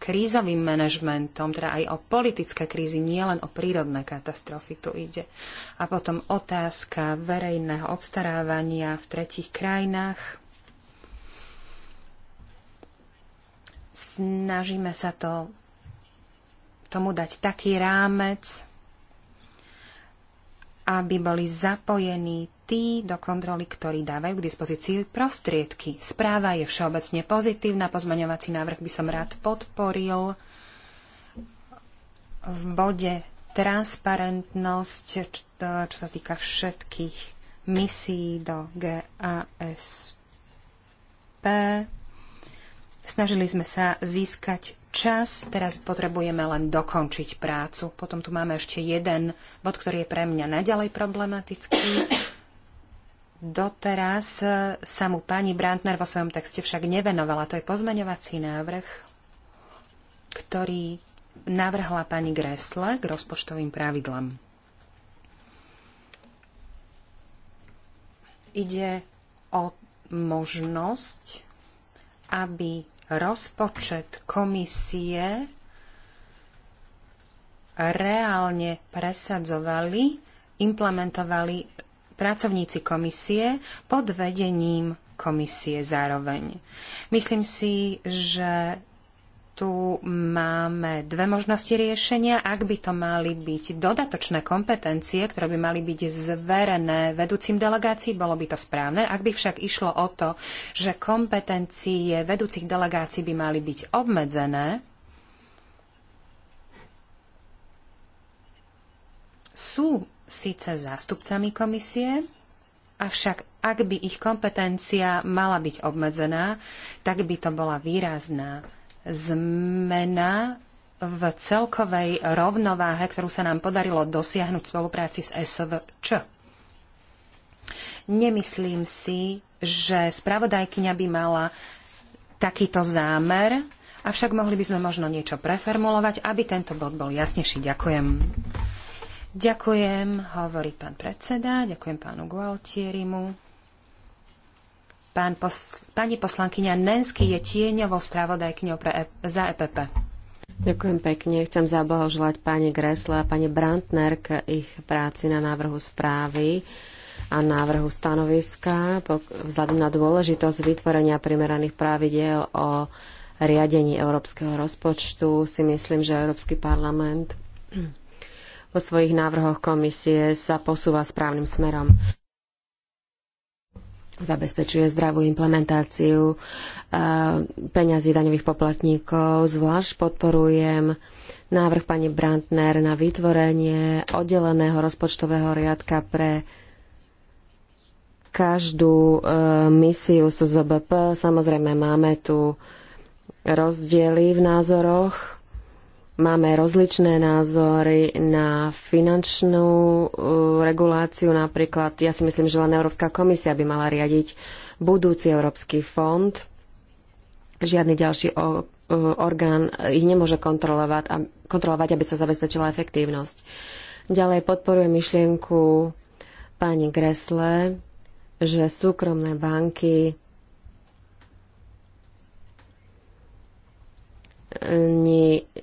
krízovým manažmentom, teda aj o politické krízy, nielen o prírodné katastrofy tu ide. A potom otázka verejného obstarávania v tretich krajinách Snažíme sa to tomu dať taký rámec, aby boli zapojení tí do kontroly, ktorí dávajú k dispozícii prostriedky. Správa je všeobecne pozitívna, pozmaňovací návrh by som rád podporil. V bode transparentnosť, čo sa týka všetkých misií do GASP. Snažili sme sa získať čas, teraz potrebujeme len dokončiť prácu. Potom tu máme ešte jeden bod, ktorý je pre mňa naďalej problematický. Doteraz e, sa mu pani Brandner vo svojom texte však nevenovala. To je pozmeňovací návrh, ktorý navrhla pani Gresle k rozpočtovým pravidlám. Ide o možnosť, aby rozpočet komisie reálne presadzovali, implementovali pracovníci komisie pod vedením komisie zároveň. Myslím si, že tu máme dve možnosti riešenia. Ak by to mali byť dodatočné kompetencie, ktoré by mali byť zverené vedúcim delegácií, bolo by to správne. Ak by však išlo o to, že kompetencie vedúcich delegácií by mali byť obmedzené, sú síce zástupcami komisie, avšak ak by ich kompetencia mala byť obmedzená, tak by to bola výrazná zmena v celkovej rovnováhe, ktorú sa nám podarilo dosiahnuť v spolupráci s SVČ. Nemyslím si, že spravodajkyňa by mala takýto zámer, avšak mohli by sme možno niečo preformulovať, aby tento bod bol jasnejší. Ďakujem. Ďakujem, hovorí pán predseda, ďakujem pánu Gualtierimu. Pán posl- pani poslankyňa Nensky je tieňovou spravodajkňou pre e- za EPP. Ďakujem pekne. Chcem zablahoželať pani Gresle a pani Brantner k ich práci na návrhu správy a návrhu stanoviska vzhľadom na dôležitosť vytvorenia primeraných pravidiel o riadení európskeho rozpočtu. Si myslím, že Európsky parlament vo svojich návrhoch komisie sa posúva správnym smerom zabezpečuje zdravú implementáciu e, peňazí daňových poplatníkov. Zvlášť podporujem návrh pani Brandner na vytvorenie oddeleného rozpočtového riadka pre každú e, misiu SZBP. Samozrejme, máme tu rozdiely v názoroch Máme rozličné názory na finančnú uh, reguláciu. Napríklad, ja si myslím, že len Európska komisia by mala riadiť budúci Európsky fond. Žiadny ďalší uh, orgán ich nemôže kontrolovať, kontrolovať aby sa zabezpečila efektívnosť. Ďalej podporujem myšlienku pani Gresle, že súkromné banky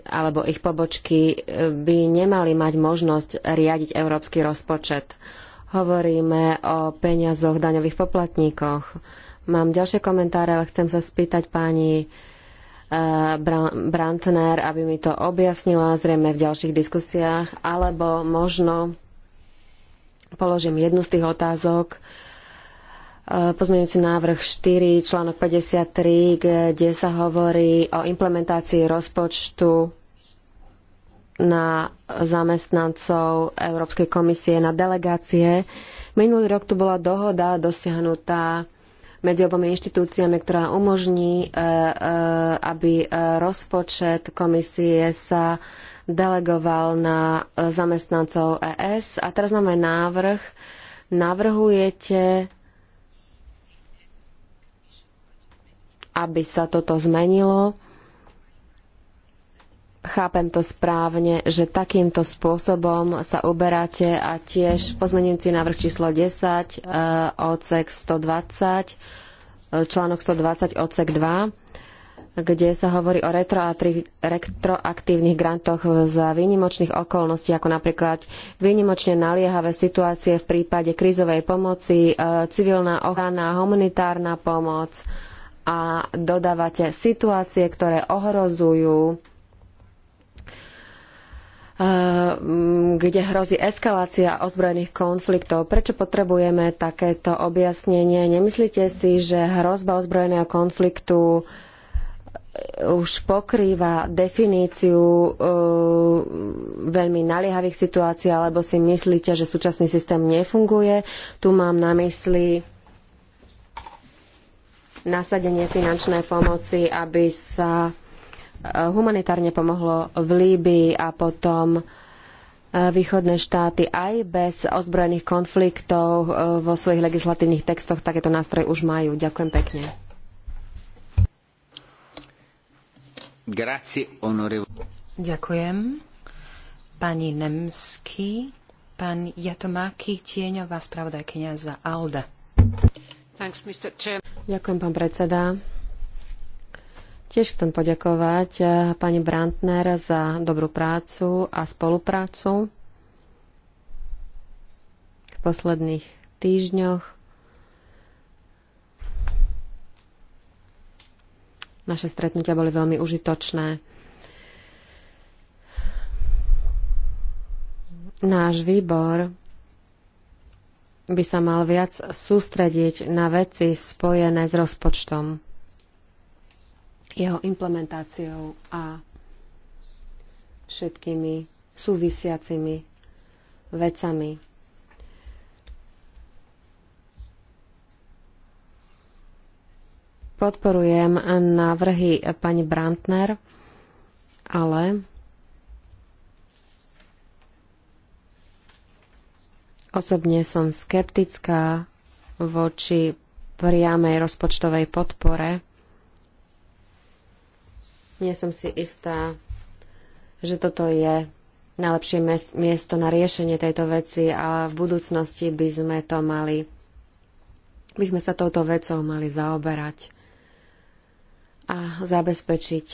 alebo ich pobočky e, by nemali mať možnosť riadiť európsky rozpočet. Hovoríme o peniazoch daňových poplatníkoch. Mám ďalšie komentáre, ale chcem sa spýtať pani e, Brantner, aby mi to objasnila zrejme v ďalších diskusiách, alebo možno položím jednu z tých otázok, pozmeňujúci návrh 4, článok 53, kde sa hovorí o implementácii rozpočtu na zamestnancov Európskej komisie na delegácie. Minulý rok tu bola dohoda dosiahnutá medzi obomi inštitúciami, ktorá umožní, e, e, aby e, rozpočet komisie sa delegoval na zamestnancov ES. A teraz máme návrh. Navrhujete aby sa toto zmenilo. Chápem to správne, že takýmto spôsobom sa uberáte a tiež pozmenujúci návrh číslo 10, e, odsek 120, e, článok 120, odsek 2, kde sa hovorí o retroaktívnych grantoch za výnimočných okolností, ako napríklad výnimočne naliehavé situácie v prípade krízovej pomoci, e, civilná ochrana, humanitárna pomoc, a dodávate situácie, ktoré ohrozujú eh, kde hrozí eskalácia ozbrojených konfliktov. Prečo potrebujeme takéto objasnenie? Nemyslíte si, že hrozba ozbrojeného konfliktu eh, už pokrýva definíciu eh, veľmi naliehavých situácií, alebo si myslíte, že súčasný systém nefunguje? Tu mám na mysli nasadenie finančnej pomoci, aby sa e, humanitárne pomohlo v Líbii a potom e, východné štáty aj bez ozbrojených konfliktov e, vo svojich legislatívnych textoch takéto nástroje už majú. Ďakujem pekne. Grazie, Ďakujem. Pani Nemsky, pán Jatomáky, tieňová spravodajkynia za Ďakujem, pán predseda. Tiež chcem poďakovať eh, pani Brantner za dobrú prácu a spoluprácu v posledných týždňoch. Naše stretnutia boli veľmi užitočné. Náš výbor by sa mal viac sústrediť na veci spojené s rozpočtom, jeho implementáciou a všetkými súvisiacimi vecami. Podporujem návrhy pani Brantner, ale Osobne som skeptická voči priamej rozpočtovej podpore. Nie som si istá, že toto je najlepšie miesto na riešenie tejto veci a v budúcnosti by sme to mali by sme sa touto vecou mali zaoberať a zabezpečiť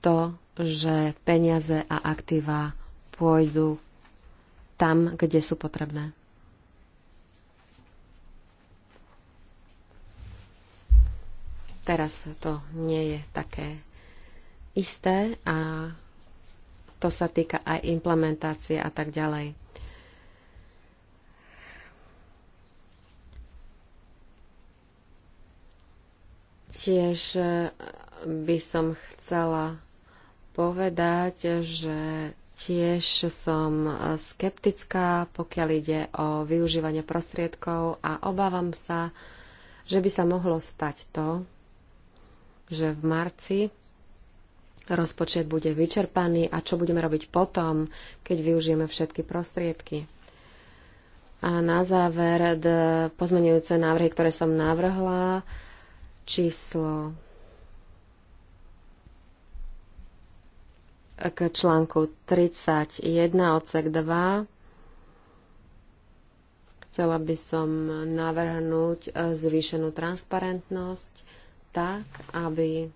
to, že peniaze a aktíva pôjdu tam, kde sú potrebné. Teraz to nie je také isté a to sa týka aj implementácie a tak ďalej. Tiež eh, by som chcela povedať, že Tiež som skeptická, pokiaľ ide o využívanie prostriedkov a obávam sa, že by sa mohlo stať to, že v marci rozpočet bude vyčerpaný a čo budeme robiť potom, keď využijeme všetky prostriedky. A na záver pozmenujúce návrhy, ktoré som navrhla, číslo k článku 31 odsek 2 chcela by som navrhnúť e, zvýšenú transparentnosť tak, aby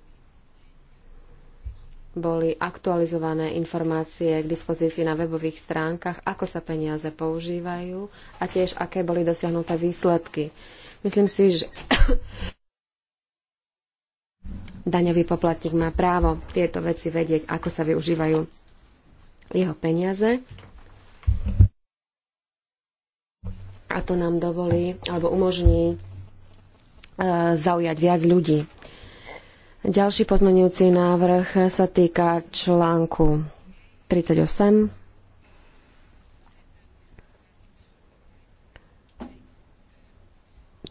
boli aktualizované informácie k dispozícii na webových stránkach, ako sa peniaze používajú a tiež aké boli dosiahnuté výsledky. Myslím si, že daňový poplatník má právo tieto veci vedieť, ako sa využívajú jeho peniaze. A to nám dovolí alebo umožní e, zaujať viac ľudí. Ďalší pozmenujúci návrh sa týka článku 38.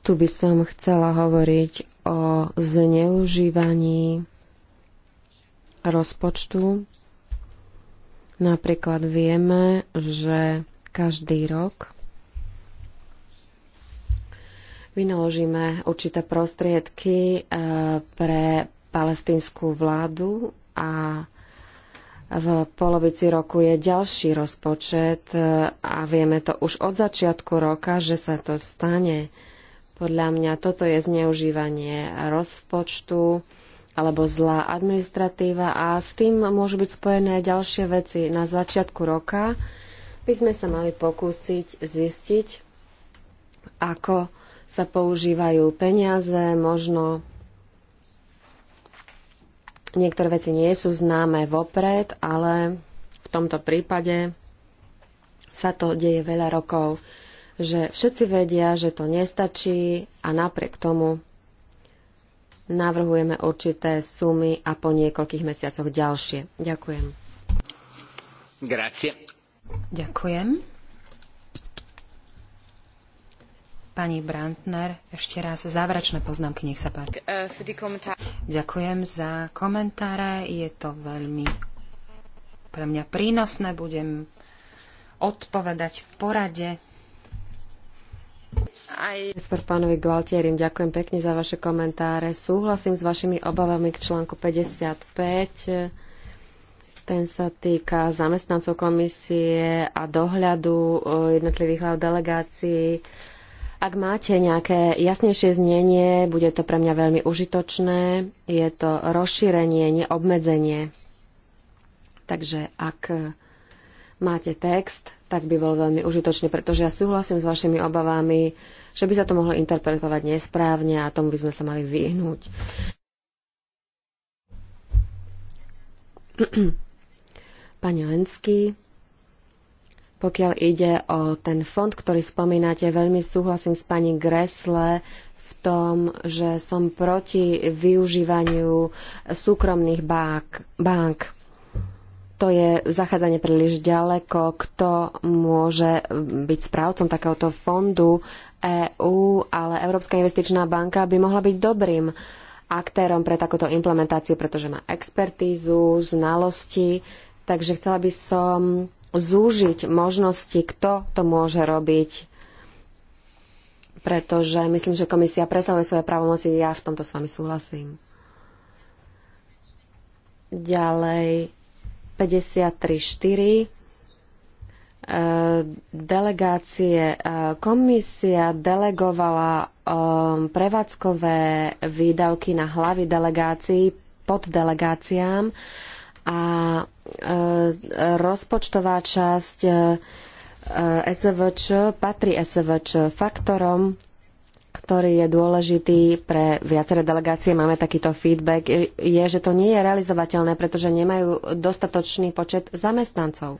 Tu by som chcela hovoriť o zneužívaní rozpočtu. Napríklad vieme, že každý rok vynaložíme určité prostriedky e, pre palestinskú vládu a v polovici roku je ďalší rozpočet e, a vieme to už od začiatku roka, že sa to stane. Podľa mňa toto je zneužívanie rozpočtu alebo zlá administratíva a s tým môžu byť spojené ďalšie veci. Na začiatku roka by sme sa mali pokúsiť zistiť, ako sa používajú peniaze, možno niektoré veci nie sú známe vopred, ale v tomto prípade sa to deje veľa rokov že všetci vedia, že to nestačí a napriek tomu navrhujeme určité sumy a po niekoľkých mesiacoch ďalšie. Ďakujem. Grazie. Ďakujem. Pani Brandner, ešte raz záverečné poznámky, nech sa páči. Ďakujem za komentáre, je to veľmi pre mňa prínosné, budem odpovedať v porade, aj... pánovi Gualtierim, ďakujem pekne za vaše komentáre. Súhlasím s vašimi obavami k článku 55. Ten sa týka zamestnancov komisie a dohľadu e, jednotlivých hlav delegácií. Ak máte nejaké jasnejšie znenie, bude to pre mňa veľmi užitočné. Je to rozšírenie, neobmedzenie. Takže ak máte text, tak by bol veľmi užitočný, pretože ja súhlasím s vašimi obavami že by sa to mohlo interpretovať nesprávne a tomu by sme sa mali vyhnúť. Pani Lenský, pokiaľ ide o ten fond, ktorý spomínate, veľmi súhlasím s pani Gresle, v tom, že som proti využívaniu súkromných bánk. bank. To je zachádzanie príliš ďaleko, kto môže byť správcom takéhoto fondu EÚ, EU, ale Európska investičná banka by mohla byť dobrým aktérom pre takúto implementáciu, pretože má expertízu, znalosti, takže chcela by som zúžiť možnosti, kto to môže robiť, pretože myslím, že komisia presahuje svoje právomoci, ja v tomto s vami súhlasím. Ďalej 53.4 Eh, delegácie. Eh, komisia delegovala eh, prevádzkové výdavky na hlavy delegácií pod delegáciám a rozpočtová časť SVČ patrí SVČ faktorom, ktorý je dôležitý pre viaceré delegácie, máme takýto feedback, je, že to nie je realizovateľné, pretože nemajú dostatočný počet zamestnancov.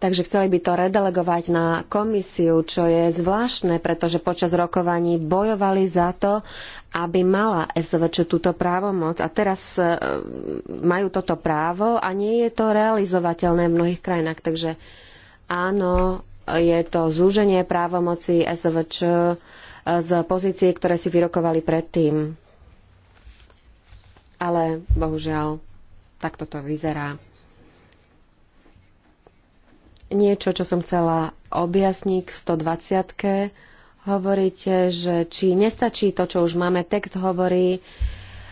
Takže chceli by to redelegovať na komisiu, čo je zvláštne, pretože počas rokovaní bojovali za to, aby mala SVČ túto právomoc a teraz e, majú toto právo a nie je to realizovateľné v mnohých krajinách. Takže áno, je to zúženie právomoci SVČ e, z pozície, ktoré si vyrokovali predtým. Ale bohužiaľ, takto to vyzerá niečo, čo som chcela objasniť k 120. Hovoríte, že či nestačí to, čo už máme, text hovorí,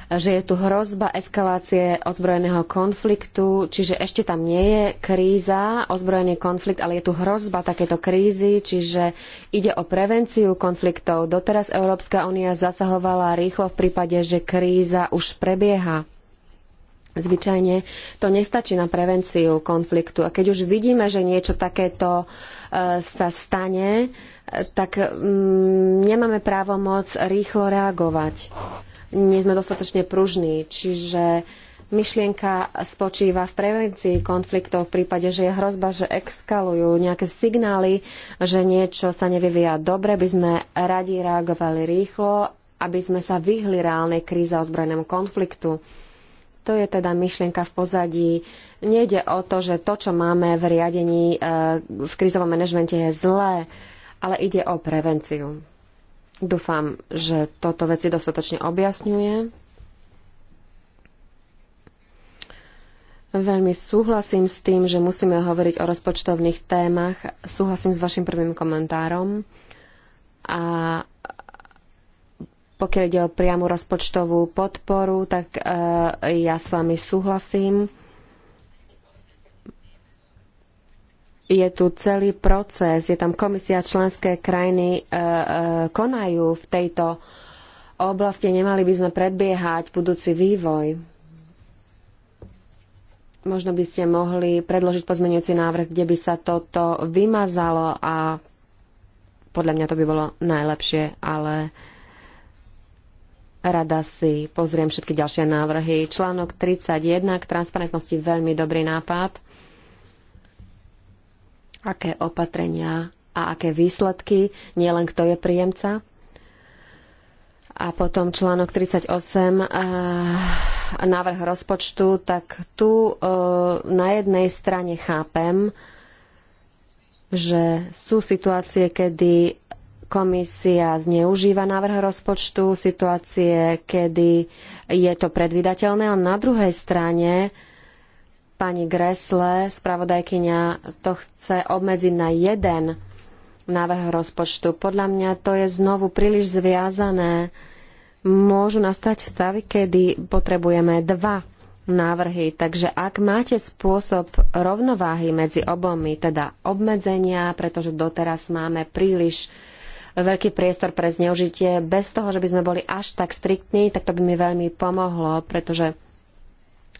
že je tu hrozba eskalácie ozbrojeného konfliktu, čiže ešte tam nie je kríza, ozbrojený konflikt, ale je tu hrozba takéto krízy, čiže ide o prevenciu konfliktov. Doteraz Európska únia zasahovala rýchlo v prípade, že kríza už prebieha. Zvyčajne to nestačí na prevenciu konfliktu. A keď už vidíme, že niečo takéto e, sa stane, e, tak mm, nemáme právo moc rýchlo reagovať. Nie sme dostatočne pružní, čiže myšlienka spočíva v prevencii konfliktov v prípade, že je hrozba, že exkalujú nejaké signály, že niečo sa nevyvíja dobre, by sme radi reagovali rýchlo, aby sme sa vyhli reálnej kríze ozbrojenému konfliktu. To je teda myšlienka v pozadí. Nejde o to, že to, čo máme v riadení, e, v krizovom manažmente je zlé, ale ide o prevenciu. Dúfam, že toto veci dostatočne objasňuje. Veľmi súhlasím s tým, že musíme hovoriť o rozpočtovných témach. Súhlasím s vašim prvým komentárom. A pokiaľ ide o priamu rozpočtovú podporu, tak e, ja s vami súhlasím. Je tu celý proces, je tam komisia, členské krajiny e, e, konajú v tejto oblasti, nemali by sme predbiehať budúci vývoj. Možno by ste mohli predložiť pozmeňujúci návrh, kde by sa toto vymazalo a podľa mňa to by bolo najlepšie, ale Rada si pozriem všetky ďalšie návrhy. Článok 31 k transparentnosti veľmi dobrý nápad. Aké opatrenia a aké výsledky, nielen kto je príjemca. A potom článok 38, eh, návrh rozpočtu, tak tu eh, na jednej strane chápem, že sú situácie, kedy komisia zneužíva návrh rozpočtu, situácie, kedy je to predvydateľné. A na druhej strane pani Gresle, spravodajkyňa, to chce obmedziť na jeden návrh rozpočtu. Podľa mňa to je znovu príliš zviazané. Môžu nastať stavy, kedy potrebujeme dva návrhy. Takže ak máte spôsob rovnováhy medzi obomi, teda obmedzenia, pretože doteraz máme príliš uh, veľký priestor pre zneužitie bez toho, že by sme boli až tak striktní, tak to by mi veľmi pomohlo, pretože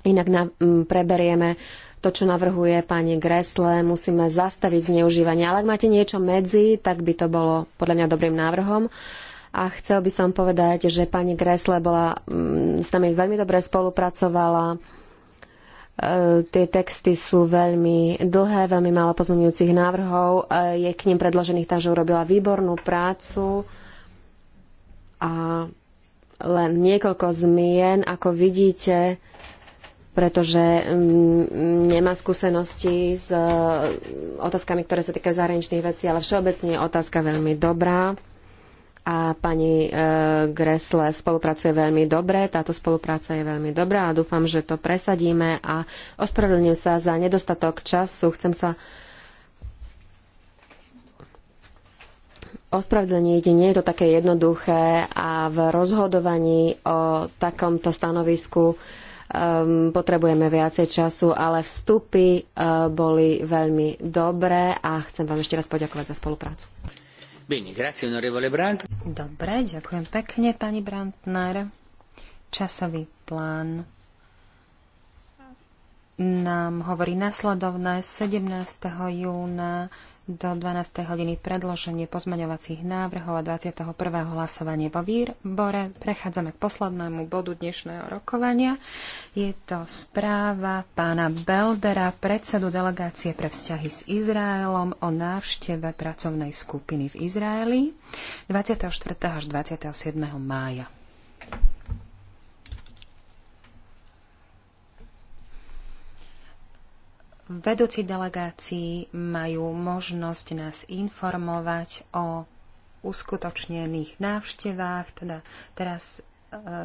inak na, m, preberieme to, čo navrhuje pani Gresle, musíme zastaviť zneužívanie. Ale ak máte niečo medzi, tak by to bolo podľa mňa dobrým návrhom. A chcel by som povedať, že pani Gresle bola, m, s nami veľmi dobre spolupracovala E, tie texty sú veľmi dlhé, veľmi málo pozmenujúcich návrhov. E, je k nim predložených, takže urobila výbornú prácu a len niekoľko zmien, ako vidíte, pretože mm, nemá skúsenosti s e, otázkami, ktoré sa týkajú zahraničných vecí, ale všeobecne je otázka veľmi dobrá a pani e, Gresle spolupracuje veľmi dobre. Táto spolupráca je veľmi dobrá a dúfam, že to presadíme a ospravedlňujem sa za nedostatok času. Chcem sa ospravedlniť. Nie je to také jednoduché a v rozhodovaní o takomto stanovisku um, potrebujeme viacej času, ale vstupy uh, boli veľmi dobré a chcem vám ešte raz poďakovať za spoluprácu. Dobre, ďakujem pekne, pani Brandner. Časový plán nám hovorí nasledovné 17. júna do 12. hodiny predloženie pozmaňovacích návrhov a 21. hlasovanie vo výbore. Prechádzame k poslednému bodu dnešného rokovania. Je to správa pána Beldera, predsedu delegácie pre vzťahy s Izraelom o návšteve pracovnej skupiny v Izraeli 24. až 27. mája. vedúci delegácií majú možnosť nás informovať o uskutočnených návštevách. Teda teraz e,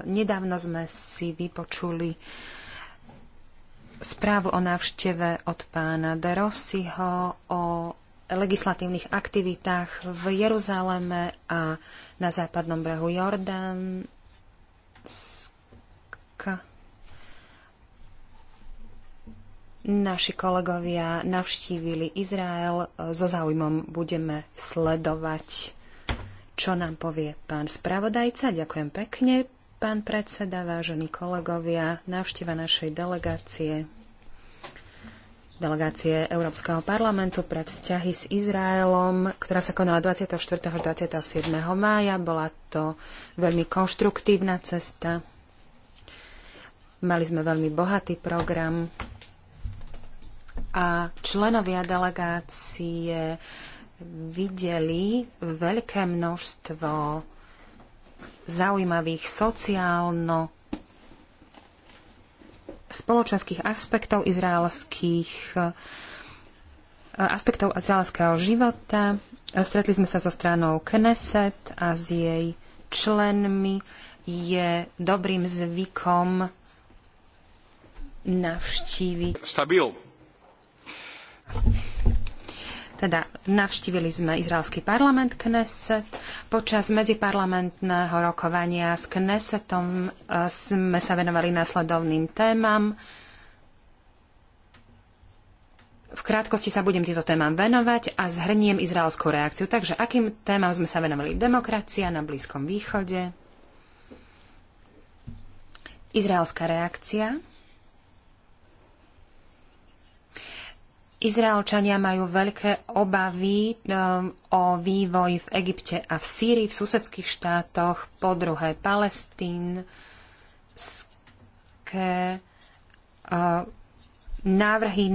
nedávno sme si vypočuli správu o návšteve od pána De Rossiho o legislatívnych aktivitách v Jeruzaleme a na západnom brehu Jordánska. Naši kolegovia navštívili Izrael. E, so záujmom budeme sledovať, čo nám povie pán spravodajca. Ďakujem pekne, pán predseda, vážení kolegovia, navštíva našej delegácie delegácie Európskeho parlamentu pre vzťahy s Izraelom, ktorá sa konala 24. až 27. mája. Bola to veľmi konštruktívna cesta. Mali sme veľmi bohatý program, a členovia delegácie videli veľké množstvo zaujímavých sociálno spoločenských aspektov izraelských eh, aspektov izraelského života. Stretli sme sa so stranou Kneset a s jej členmi je dobrým zvykom navštíviť stabil teda navštívili sme izraelský parlament Kneset. Počas medziparlamentného rokovania s Knesetom e, sme sa venovali následovným témam. V krátkosti sa budem týmto témam venovať a zhrniem izraelskú reakciu. Takže akým témam sme sa venovali? Demokracia na Blízkom východe, izraelská reakcia Izraelčania majú veľké obavy um, o vývoj v Egypte a v Sýrii, v susedských štátoch, po druhé palestínske uh, návrhy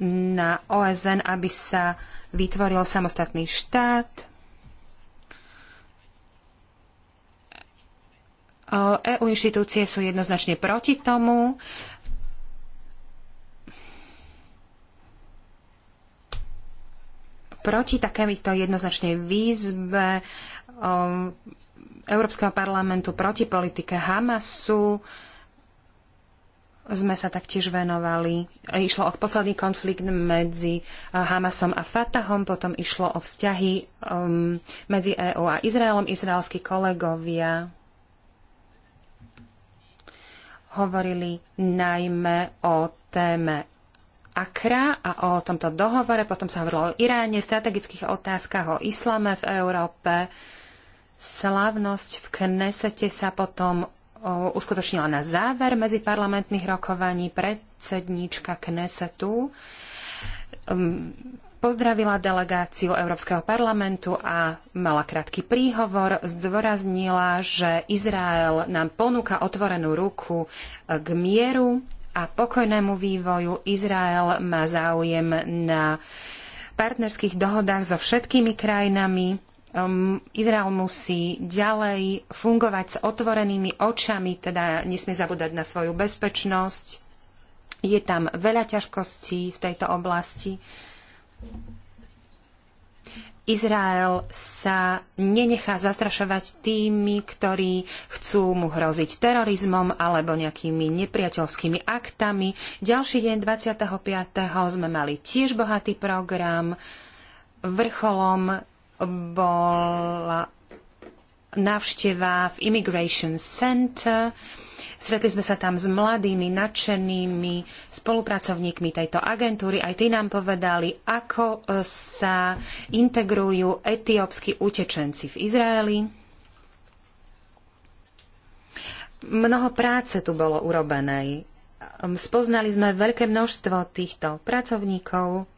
na OSN, aby sa vytvoril samostatný štát, uh, EU inštitúcie sú jednoznačne proti tomu proti takémito jednoznačnej výzve um, Európskeho parlamentu proti politike Hamasu. Sme sa taktiež venovali. Eh, išlo o posledný konflikt medzi eh, Hamasom a Fatahom, potom išlo o vzťahy um, medzi EÚ a Izraelom. Izraelskí kolegovia hovorili najmä o téme Akra a o tomto dohovore. Potom sa hovorilo o Iráne, strategických otázkach, o islame v Európe. Slavnosť v Knesete sa potom uskutočnila na záver medziparlamentných rokovaní predsedníčka Knesetu. Um, pozdravila delegáciu Európskeho parlamentu a mala krátky príhovor. Zdôraznila, že Izrael nám ponúka otvorenú ruku e, k mieru a pokojnému vývoju. Izrael má záujem na partnerských dohodách so všetkými krajinami. Um, Izrael musí ďalej fungovať s otvorenými očami, teda nesmie zabúdať na svoju bezpečnosť. Je tam veľa ťažkostí v tejto oblasti. Izrael sa nenechá zastrašovať tými, ktorí chcú mu hroziť terorizmom alebo nejakými nepriateľskými aktami. Ďalší deň 25. sme mali tiež bohatý program. Vrcholom bola návšteva v Immigration Center Stretli sme sa tam s mladými, nadšenými spolupracovníkmi tejto agentúry. Aj tí nám povedali, ako e, sa integrujú etiópsky utečenci v Izraeli. Mnoho práce tu bolo urobenej. Spoznali sme veľké množstvo týchto pracovníkov,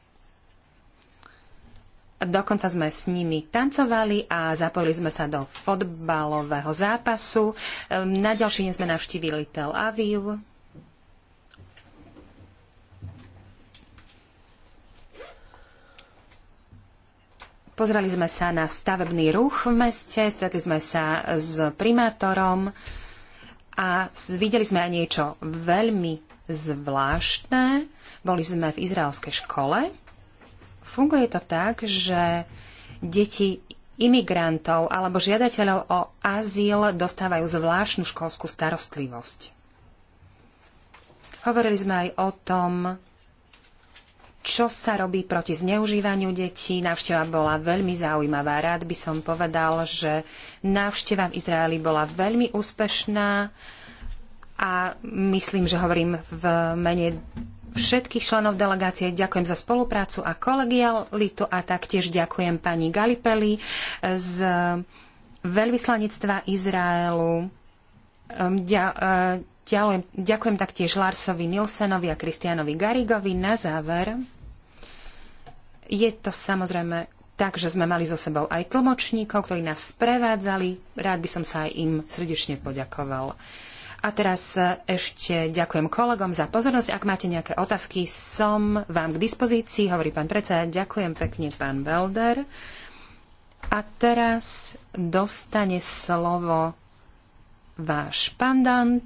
Dokonca sme s nimi tancovali a zapojili sme sa do fotbalového zápasu. Ehm, na ďalší deň sme navštívili Tel Aviv. Pozreli sme sa na stavebný ruch v meste, stretli sme sa s primátorom a videli sme aj niečo veľmi zvláštne. Boli sme v izraelskej škole Funguje to tak, že deti imigrantov alebo žiadateľov o azyl dostávajú zvláštnu školskú starostlivosť. Hovorili sme aj o tom, čo sa robí proti zneužívaniu detí. Návšteva bola veľmi zaujímavá. Rád by som povedal, že návšteva v Izraeli bola veľmi úspešná a myslím, že hovorím v mene všetkých členov delegácie. Ďakujem za spoluprácu a kolegialitu a taktiež ďakujem pani Galipeli z veľvyslanectva Izraelu. Ehm, ďakujem, e, ďakujem taktiež Larsovi Nilsenovi a Kristianovi Garigovi. Na záver je to samozrejme tak, že sme mali so sebou aj tlmočníkov, ktorí nás sprevádzali. Rád by som sa aj im srdečne poďakoval. A teraz e, ešte ďakujem kolegom za pozornosť. Ak máte nejaké otázky, som vám k dispozícii, hovorí pán predseda. Ďakujem pekne, pán Belder. A teraz dostane slovo váš pandant,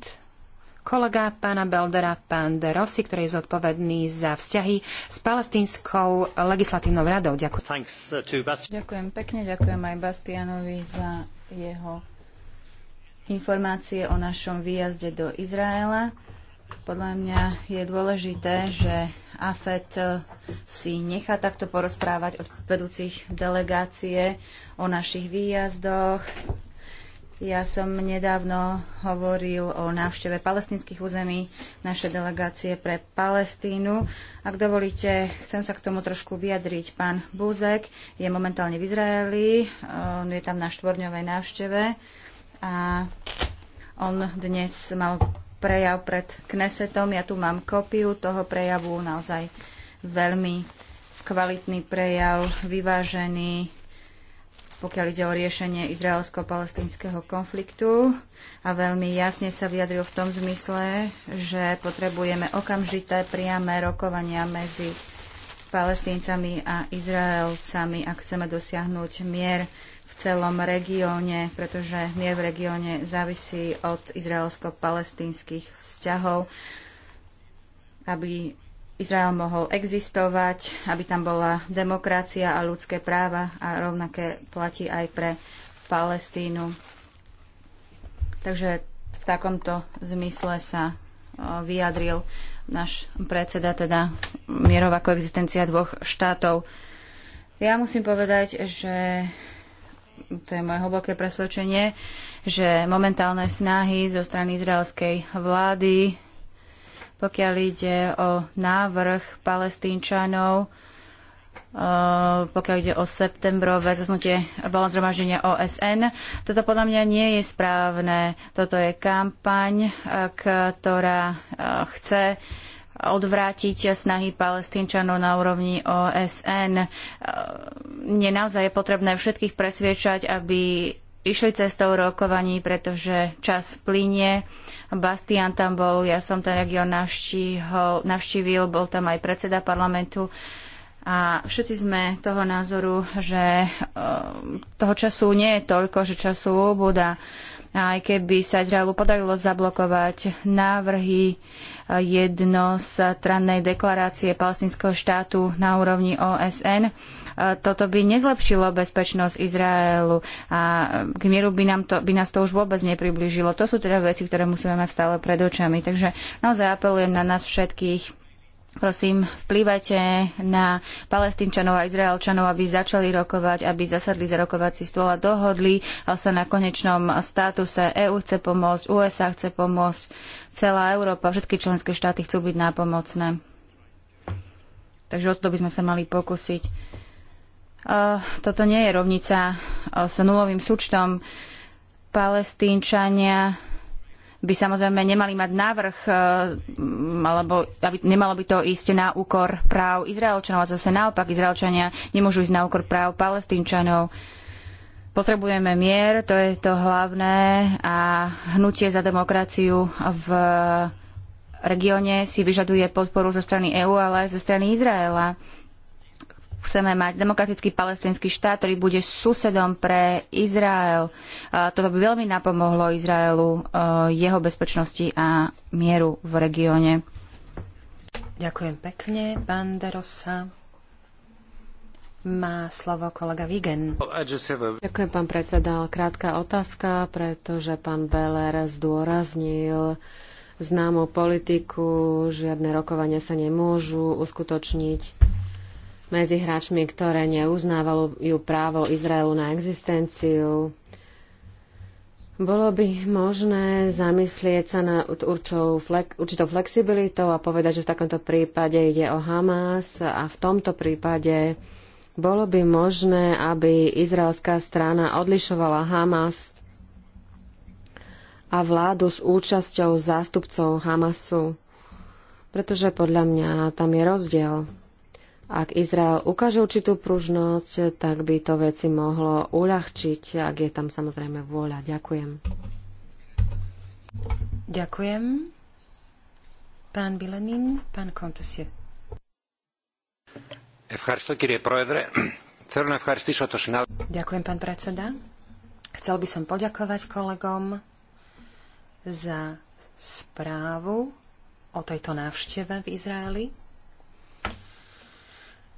kolega pána Beldera, pán De Rossi, ktorý je zodpovedný za vzťahy s palestínskou legislatívnou radou. Ďakujem. Uh, ďakujem pekne, ďakujem aj Bastianovi za jeho informácie o našom výjazde do Izraela. Podľa mňa je dôležité, že AFET eh, si nechá takto porozprávať od vedúcich delegácie o našich výjazdoch. Ja som nedávno hovoril o návšteve palestinských území naše delegácie pre Palestínu. Ak dovolíte, chcem sa k tomu trošku vyjadriť. Pán Búzek je momentálne v Izraeli, eh, on je tam na štvorňovej návšteve a on dnes mal prejav pred Knesetom. Ja tu mám kopiu toho prejavu, naozaj veľmi kvalitný prejav, vyvážený, pokiaľ ide o riešenie izraelsko-palestinského konfliktu a veľmi jasne sa vyjadril v tom zmysle, že potrebujeme okamžité priame rokovania medzi palestíncami a Izraelcami, ak chceme dosiahnuť mier v celom regióne, pretože mier v regióne závisí od izraelsko-palestínskych vzťahov, aby Izrael mohol existovať, aby tam bola demokracia a ľudské práva a rovnaké platí aj pre Palestínu. Takže v takomto zmysle sa vyjadril náš predseda, teda mierová koexistencia dvoch štátov. Ja musím povedať, že to je moje hlboké presvedčenie, že momentálne snahy zo strany izraelskej vlády, pokiaľ ide o návrh palestínčanov, eh, pokiaľ ide o septembrové zaznutie bola zhromaždenia OSN. Toto podľa mňa nie je správne. Toto je kampaň, eh, ktorá eh, chce odvrátiť snahy palestínčanov na úrovni OSN. Je naozaj potrebné všetkých presviečať, aby išli cestou rokovaní, pretože čas plynie. Bastian tam bol, ja som ten región navštívil, bol tam aj predseda parlamentu. A všetci sme toho názoru, že eh, toho času nie je toľko, že času ubúda. Aj keby sa Izraelu podarilo zablokovať návrhy eh, jednostrannej deklarácie palestinského štátu na úrovni OSN, eh, toto by nezlepšilo bezpečnosť Izraelu a eh, k mieru by, nám to, by nás to už vôbec nepriblížilo. To sú teda veci, ktoré musíme mať stále pred očami. Takže naozaj apelujem na nás všetkých Prosím, vplývajte na palestínčanov a izraelčanov, aby začali rokovať, aby zasadli za rokovací stôl a dohodli sa na konečnom statuse. EÚ chce pomôcť, USA chce pomôcť, celá Európa, všetky členské štáty chcú byť nápomocné. Takže o to by sme sa mali pokúsiť. Toto nie je rovnica s nulovým súčtom. Palestínčania by samozrejme nemali mať návrh, e, alebo aby, nemalo by to ísť na úkor práv Izraelčanov a zase naopak Izraelčania nemôžu ísť na úkor práv Palestínčanov. Potrebujeme mier, to je to hlavné a hnutie za demokraciu v regióne si vyžaduje podporu zo strany EÚ, ale aj zo strany Izraela. Chceme mať demokratický palestinský štát, ktorý bude susedom pre Izrael. Toto by veľmi napomohlo Izraelu, e, jeho bezpečnosti a mieru v regióne. Ďakujem pekne, pán Derosa. Má slovo kolega Vigen. Ďakujem, pán predseda. Krátka otázka, pretože pán Beller zdôraznil známu politiku, žiadne rokovania sa nemôžu uskutočniť medzi hráčmi, ktoré neuznávalo ju právo Izraelu na existenciu. Bolo by možné zamyslieť sa na určitou flexibilitou a povedať, že v takomto prípade ide o Hamas a v tomto prípade bolo by možné, aby izraelská strana odlišovala Hamas a vládu s účasťou zástupcov Hamasu, pretože podľa mňa tam je rozdiel. Ak Izrael ukáže určitú pružnosť, tak by to veci mohlo uľahčiť, ak je tam samozrejme vôľa. Ďakujem. Ďakujem. Pán Bilenin, pán Kontosie. Ďakujem, pán predseda. Chcel by som poďakovať kolegom za správu o tejto návšteve v Izraeli.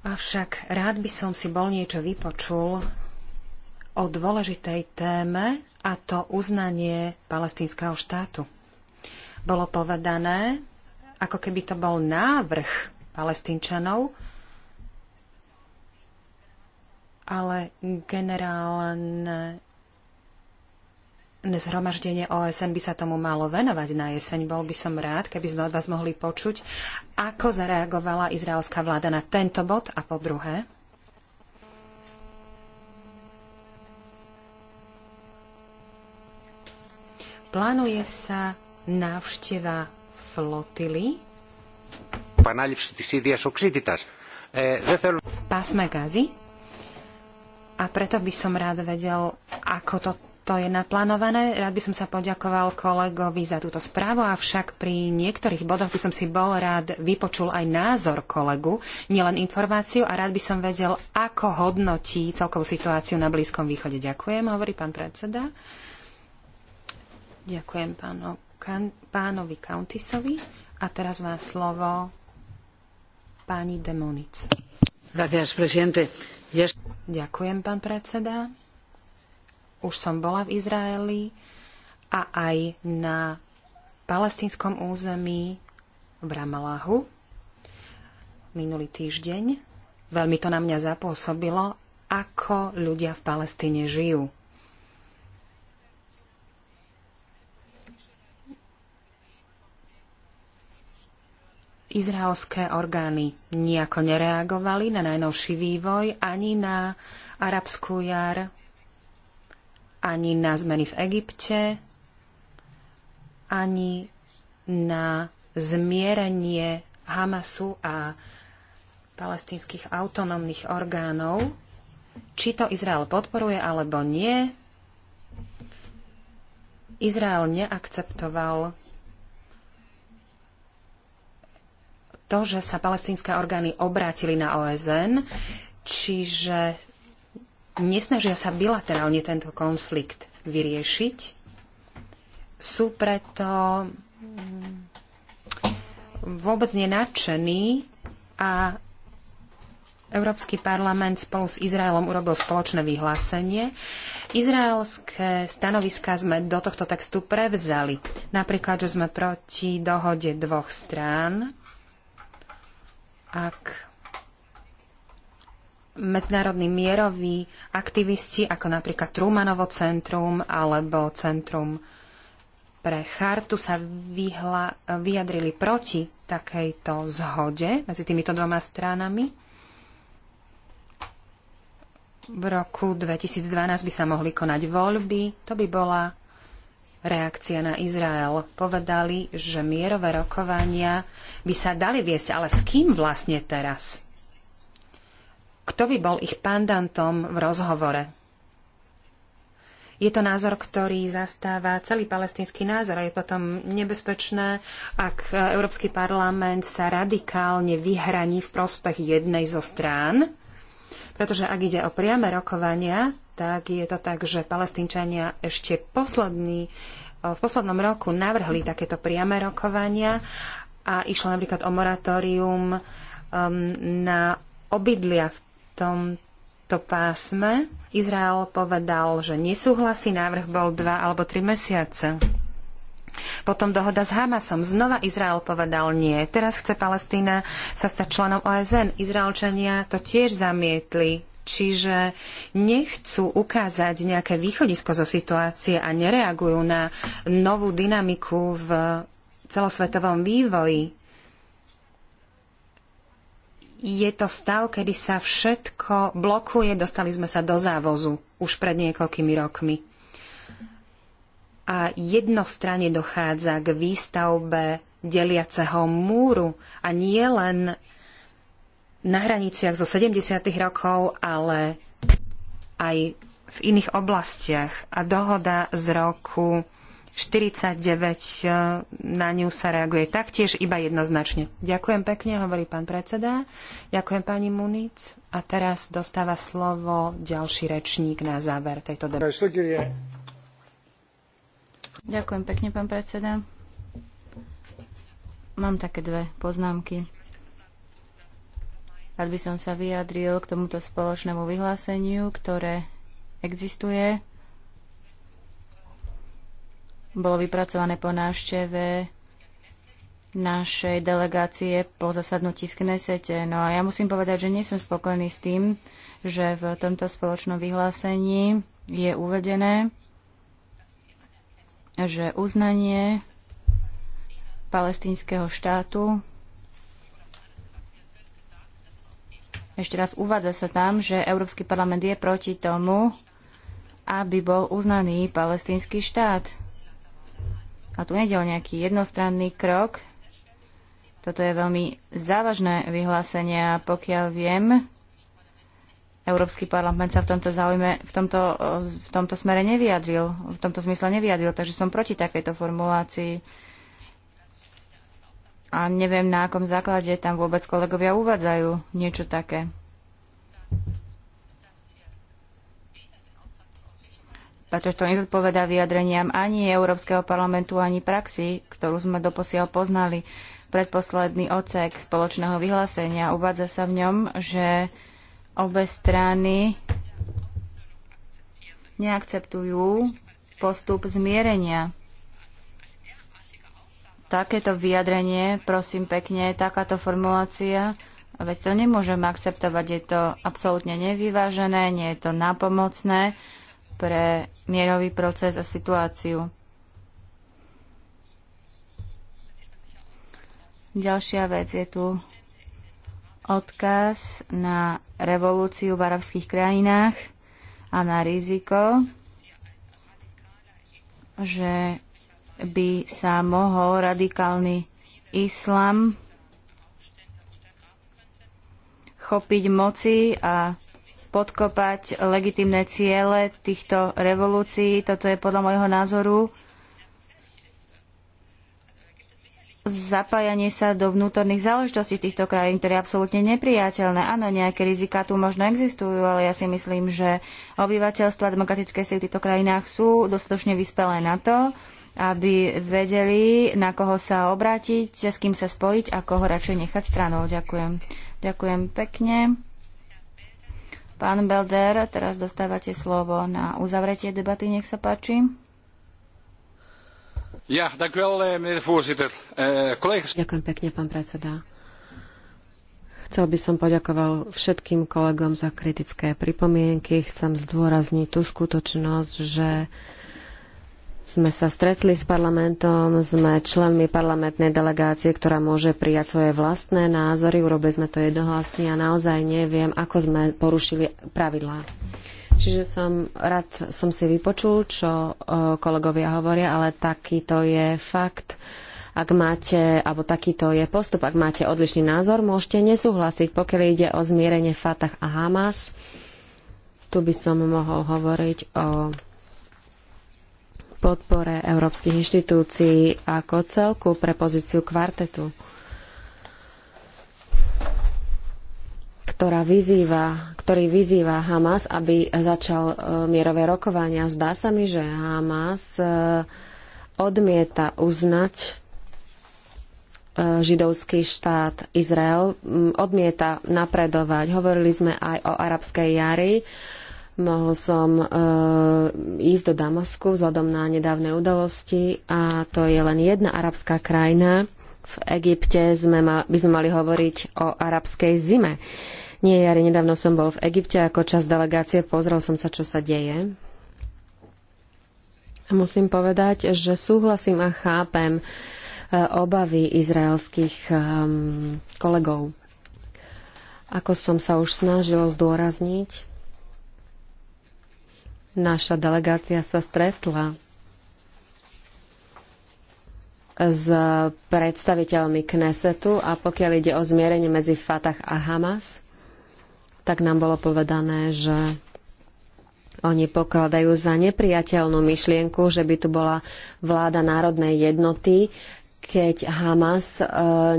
Avšak rád by som si bol niečo vypočul o dôležitej téme a to uznanie palestínskeho štátu. Bolo povedané, ako keby to bol návrh palestínčanov, ale generálne zhromaždenie OSN by sa tomu malo venovať na jeseň. Bol by som rád, keby sme od vás mohli počuť, ako zareagovala izraelská vláda na tento bod a po druhé. Plánuje sa návšteva flotily v pásme Gazy a preto by som rád vedel, ako to to je naplánované. Rád by som sa poďakoval kolegovi za túto správu, avšak pri niektorých bodoch by som si bol rád vypočul aj názor kolegu, nielen informáciu a rád by som vedel, ako hodnotí celkovú situáciu na Blízkom východe. Ďakujem, hovorí pán predseda. Ďakujem pánu, kan, pánovi Countisovi. A teraz má slovo pani Demonic. Gracias, presidente. Yes. Ďakujem, pán predseda. Už som bola v Izraeli a aj na palestínskom území v Ramalahu minulý týždeň. Veľmi to na mňa zapôsobilo, ako ľudia v Palestíne žijú. Izraelské orgány nejako nereagovali na najnovší vývoj ani na arabskú jar, ani na zmeny v Egypte, ani na zmierenie Hamasu a palestinských autonómnych orgánov, či to Izrael podporuje alebo nie. Izrael neakceptoval to, že sa palestínske orgány obrátili na OSN, čiže nesnažia sa bilaterálne tento konflikt vyriešiť. Sú preto mm, vôbec nenadšení a Európsky parlament spolu s Izraelom urobil spoločné vyhlásenie. Izraelské stanoviská sme do tohto textu prevzali. Napríklad, že sme proti dohode dvoch strán, ak medzinárodní mieroví aktivisti, ako napríklad Trumanovo centrum alebo Centrum pre chartu sa vyhla, vyjadrili proti takejto zhode medzi týmito dvoma stranami. V roku 2012 by sa mohli konať voľby. To by bola reakcia na Izrael. Povedali, že mierové rokovania by sa dali viesť, ale s kým vlastne teraz? Kto by bol ich pandantom v rozhovore? Je to názor, ktorý zastáva celý palestínsky názor a je potom nebezpečné, ak Európsky parlament sa radikálne vyhraní v prospech jednej zo strán, pretože ak ide o priame rokovania, tak je to tak, že palestínčania ešte posledný, eh, v poslednom roku navrhli takéto priame rokovania a išlo napríklad o moratórium um, na obydlia v tomto pásme. Izrael povedal, že nesúhlasí, návrh bol dva alebo tri mesiace. Potom dohoda s Hamasom. Znova Izrael povedal nie. Teraz chce Palestína sa stať členom OSN. Izraelčania to tiež zamietli. Čiže nechcú ukázať nejaké východisko zo situácie a nereagujú na novú dynamiku v celosvetovom vývoji je to stav, kedy sa všetko blokuje. Dostali sme sa do závozu už pred niekoľkými rokmi. A jednostranne dochádza k výstavbe deliaceho múru a nie len na hraniciach zo 70. rokov, ale aj v iných oblastiach. A dohoda z roku 49 e, na ňu sa reaguje taktiež iba jednoznačne. Ďakujem pekne, hovorí pán predseda. Ďakujem pani Munic. A teraz dostáva slovo ďalší rečník na záver tejto debaty. Ďakujem pekne, pán predseda. Mám také dve poznámky. Rád by som sa vyjadril k tomuto spoločnému vyhláseniu, ktoré existuje bolo vypracované po návšteve našej delegácie po zasadnutí v Knesete. No a ja musím povedať, že nie som spokojný s tým, že v tomto spoločnom vyhlásení je uvedené, že uznanie palestínskeho štátu ešte raz uvádza sa tam, že Európsky parlament je proti tomu, aby bol uznaný palestínsky štát. A tu nejde o nejaký jednostranný krok. Toto je veľmi závažné vyhlásenie a pokiaľ viem, Európsky parlament sa v tomto záujme, v tomto, v tomto smere nevyjadril, v tomto zmysle nevyjadril, takže som proti takejto formulácii. A neviem, na akom základe tam vôbec kolegovia uvádzajú niečo také. pretože to nezodpovedá vyjadreniam ani Európskeho parlamentu, ani praxi, ktorú sme doposiaľ poznali. Predposledný ocek spoločného vyhlásenia uvádza sa v ňom, že obe strany neakceptujú postup zmierenia. Takéto vyjadrenie, prosím pekne, takáto formulácia, veď to nemôžeme akceptovať, je to absolútne nevyvážené, nie je to napomocné pre mierový proces a situáciu. Ďalšia vec je tu odkaz na revolúciu v arabských krajinách a na riziko, že by sa mohol radikálny islam chopiť moci a podkopať legitimné ciele týchto revolúcií. Toto je podľa môjho názoru zapájanie sa do vnútorných záležitostí týchto krajín, ktoré je absolútne nepriateľné. Áno, nejaké rizika tu možno existujú, ale ja si myslím, že obyvateľstva demokratickej sily v týchto krajinách sú dostatočne vyspelé na to, aby vedeli, na koho sa obrátiť, s kým sa spojiť a koho radšej nechať stranou. Ďakujem. Ďakujem pekne. Pán Belder, teraz dostávate slovo na uzavretie debaty, nech sa páči. Ja, ďakujem, eh, eh, ďakujem pekne, pán predseda. Chcel by som poďakoval všetkým kolegom za kritické pripomienky. Chcem zdôrazniť tú skutočnosť, že sme sa stretli s parlamentom, sme členmi parlamentnej delegácie, ktorá môže prijať svoje vlastné názory. Urobili sme to jednohlasne a naozaj neviem, ako sme porušili pravidlá. Čiže som rád som si vypočul, čo e, kolegovia hovoria, ale takýto je fakt. Ak máte, alebo takýto je postup, ak máte odlišný názor, môžete nesúhlasiť, pokiaľ ide o zmierenie Fatah a Hamas. Tu by som mohol hovoriť o podpore európskych inštitúcií ako celku pre pozíciu kvartetu, ktorá vyzýva, ktorý vyzýva Hamas, aby začal e, mierové rokovania. Zdá sa mi, že Hamas e, odmieta uznať e, židovský štát Izrael odmieta napredovať. Hovorili sme aj o arabskej jari Mohol som e, ísť do Damasku vzhľadom na nedávne udalosti a to je len jedna arabská krajina. V Egypte sme mal, by sme mali hovoriť o arabskej zime. Nie, Jari, nedávno som bol v Egypte ako čas delegácie, pozrel som sa, čo sa deje. A musím povedať, že súhlasím a chápem e, obavy izraelských e, kolegov. Ako som sa už snažil zdôrazniť, Naša delegácia sa stretla s predstaviteľmi Knesetu a pokiaľ ide o zmierenie medzi Fatah a Hamas, tak nám bolo povedané, že oni pokladajú za nepriateľnú myšlienku, že by tu bola vláda národnej jednoty, keď Hamas e,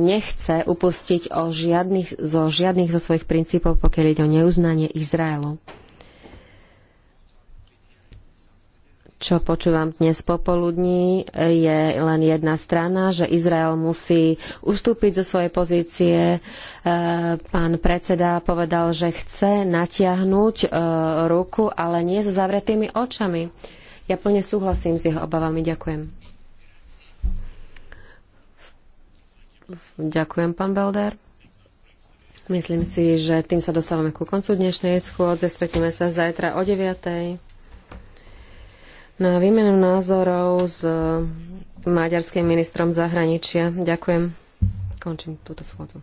nechce upustiť žiadnych, zo žiadnych zo svojich princípov, pokiaľ ide o neuznanie Izraelu. čo počúvam dnes popoludní, je len jedna strana, že Izrael musí ustúpiť zo svojej pozície. E, pán predseda povedal, že chce natiahnuť e, ruku, ale nie so zavretými očami. Ja plne súhlasím s jeho obavami. Ďakujem. Ďakujem, pán Belder. Myslím si, že tým sa dostávame ku koncu dnešnej schôdze. Stretneme sa zajtra o 9 na výmenu názorov s maďarským ministrom zahraničia. Ďakujem. Končím túto schôdzu.